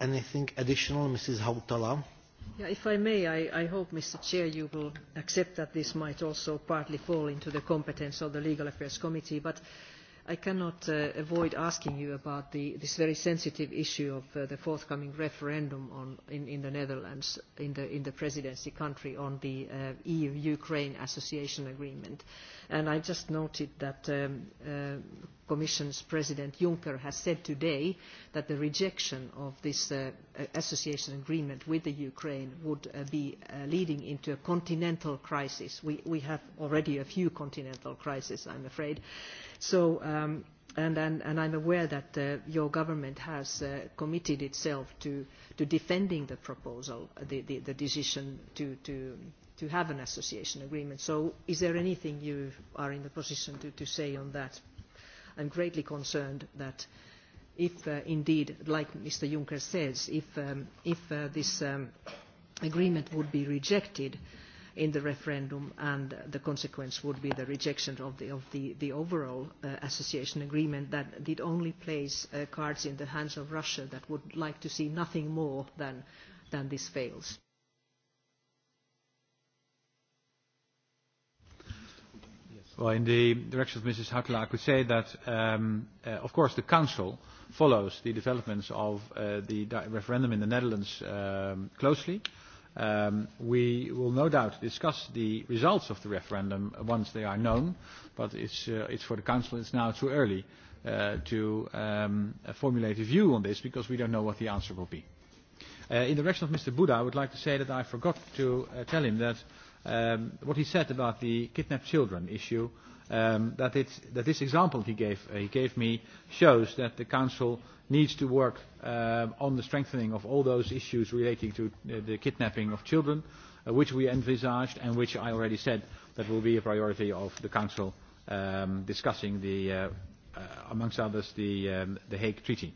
Anything additional, Mrs. Hautala? If I may, I hope, Mr. Chair, you will accept that this might also partly fall into the competence of the Legal Affairs Committee, but I cannot avoid asking you about this very sensitive issue of the forthcoming referendum in the Netherlands, in the presidency country, on the EU-Ukraine association agreement. And I just noted that Commission's President Juncker has said today that the rejection of this association agreement with the Ukraine would be leading into a continental crisis. We have already a few continental crises, I'm afraid So and I'm aware that your government has committed itself to defending the proposal, the decision to have an association agreement. So is there anything you are in the position to say on that? I'm greatly concerned that if indeed, like Mr. Juncker says, if this agreement would be rejected, in the referendum and the consequence would be the rejection of the overall association agreement that did only place cards in the hands of Russia that would like to see nothing more than this fails. Well, in the direction of Mrs. Hackler I could say that, of course, the Council follows the developments of the referendum in the Netherlands closely. We will no doubt discuss the results of the referendum once they are known, but it's for the Council it's now too early to formulate a view on this because we don't know what the answer will be. In the direction of Mr. Buda, I would like to say that I forgot to tell him that what he said about the kidnapped children issue that this example he gave me shows that the Council needs to work on the strengthening of all those issues relating to the kidnapping of children, which we envisaged and which I already said that will be a priority of the Council discussing, the amongst others, the Hague Treaty.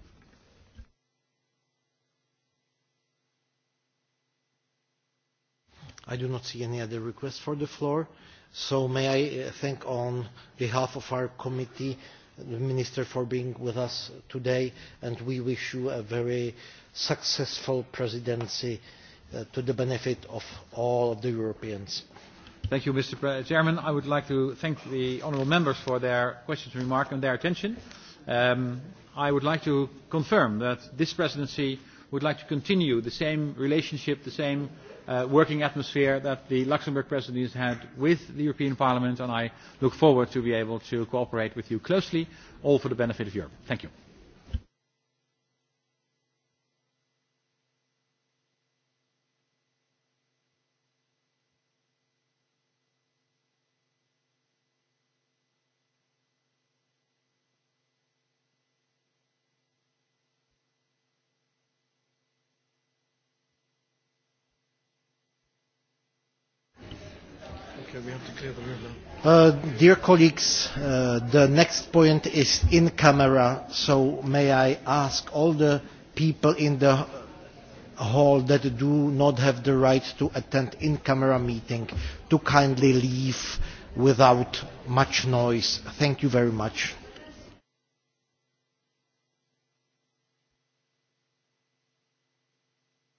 I do not see any other requests for the floor. So may I thank on behalf of our committee the Minister for being with us today and we wish you a very successful presidency to the benefit of all of the Europeans. Thank you, Mr. Chairman. I would like to thank the honourable members for their questions, remarks and their attention. I would like to confirm that this presidency would like to continue the same relationship, the same working atmosphere that the Luxembourg presidency has had with the European Parliament, and I look forward to be able to cooperate with you closely, all for the benefit of Europe. Thank you. Dear colleagues, the next point is in camera, so may I ask all the people in the hall that do not have the right to attend in camera meeting to kindly leave without much noise. Thank you very much.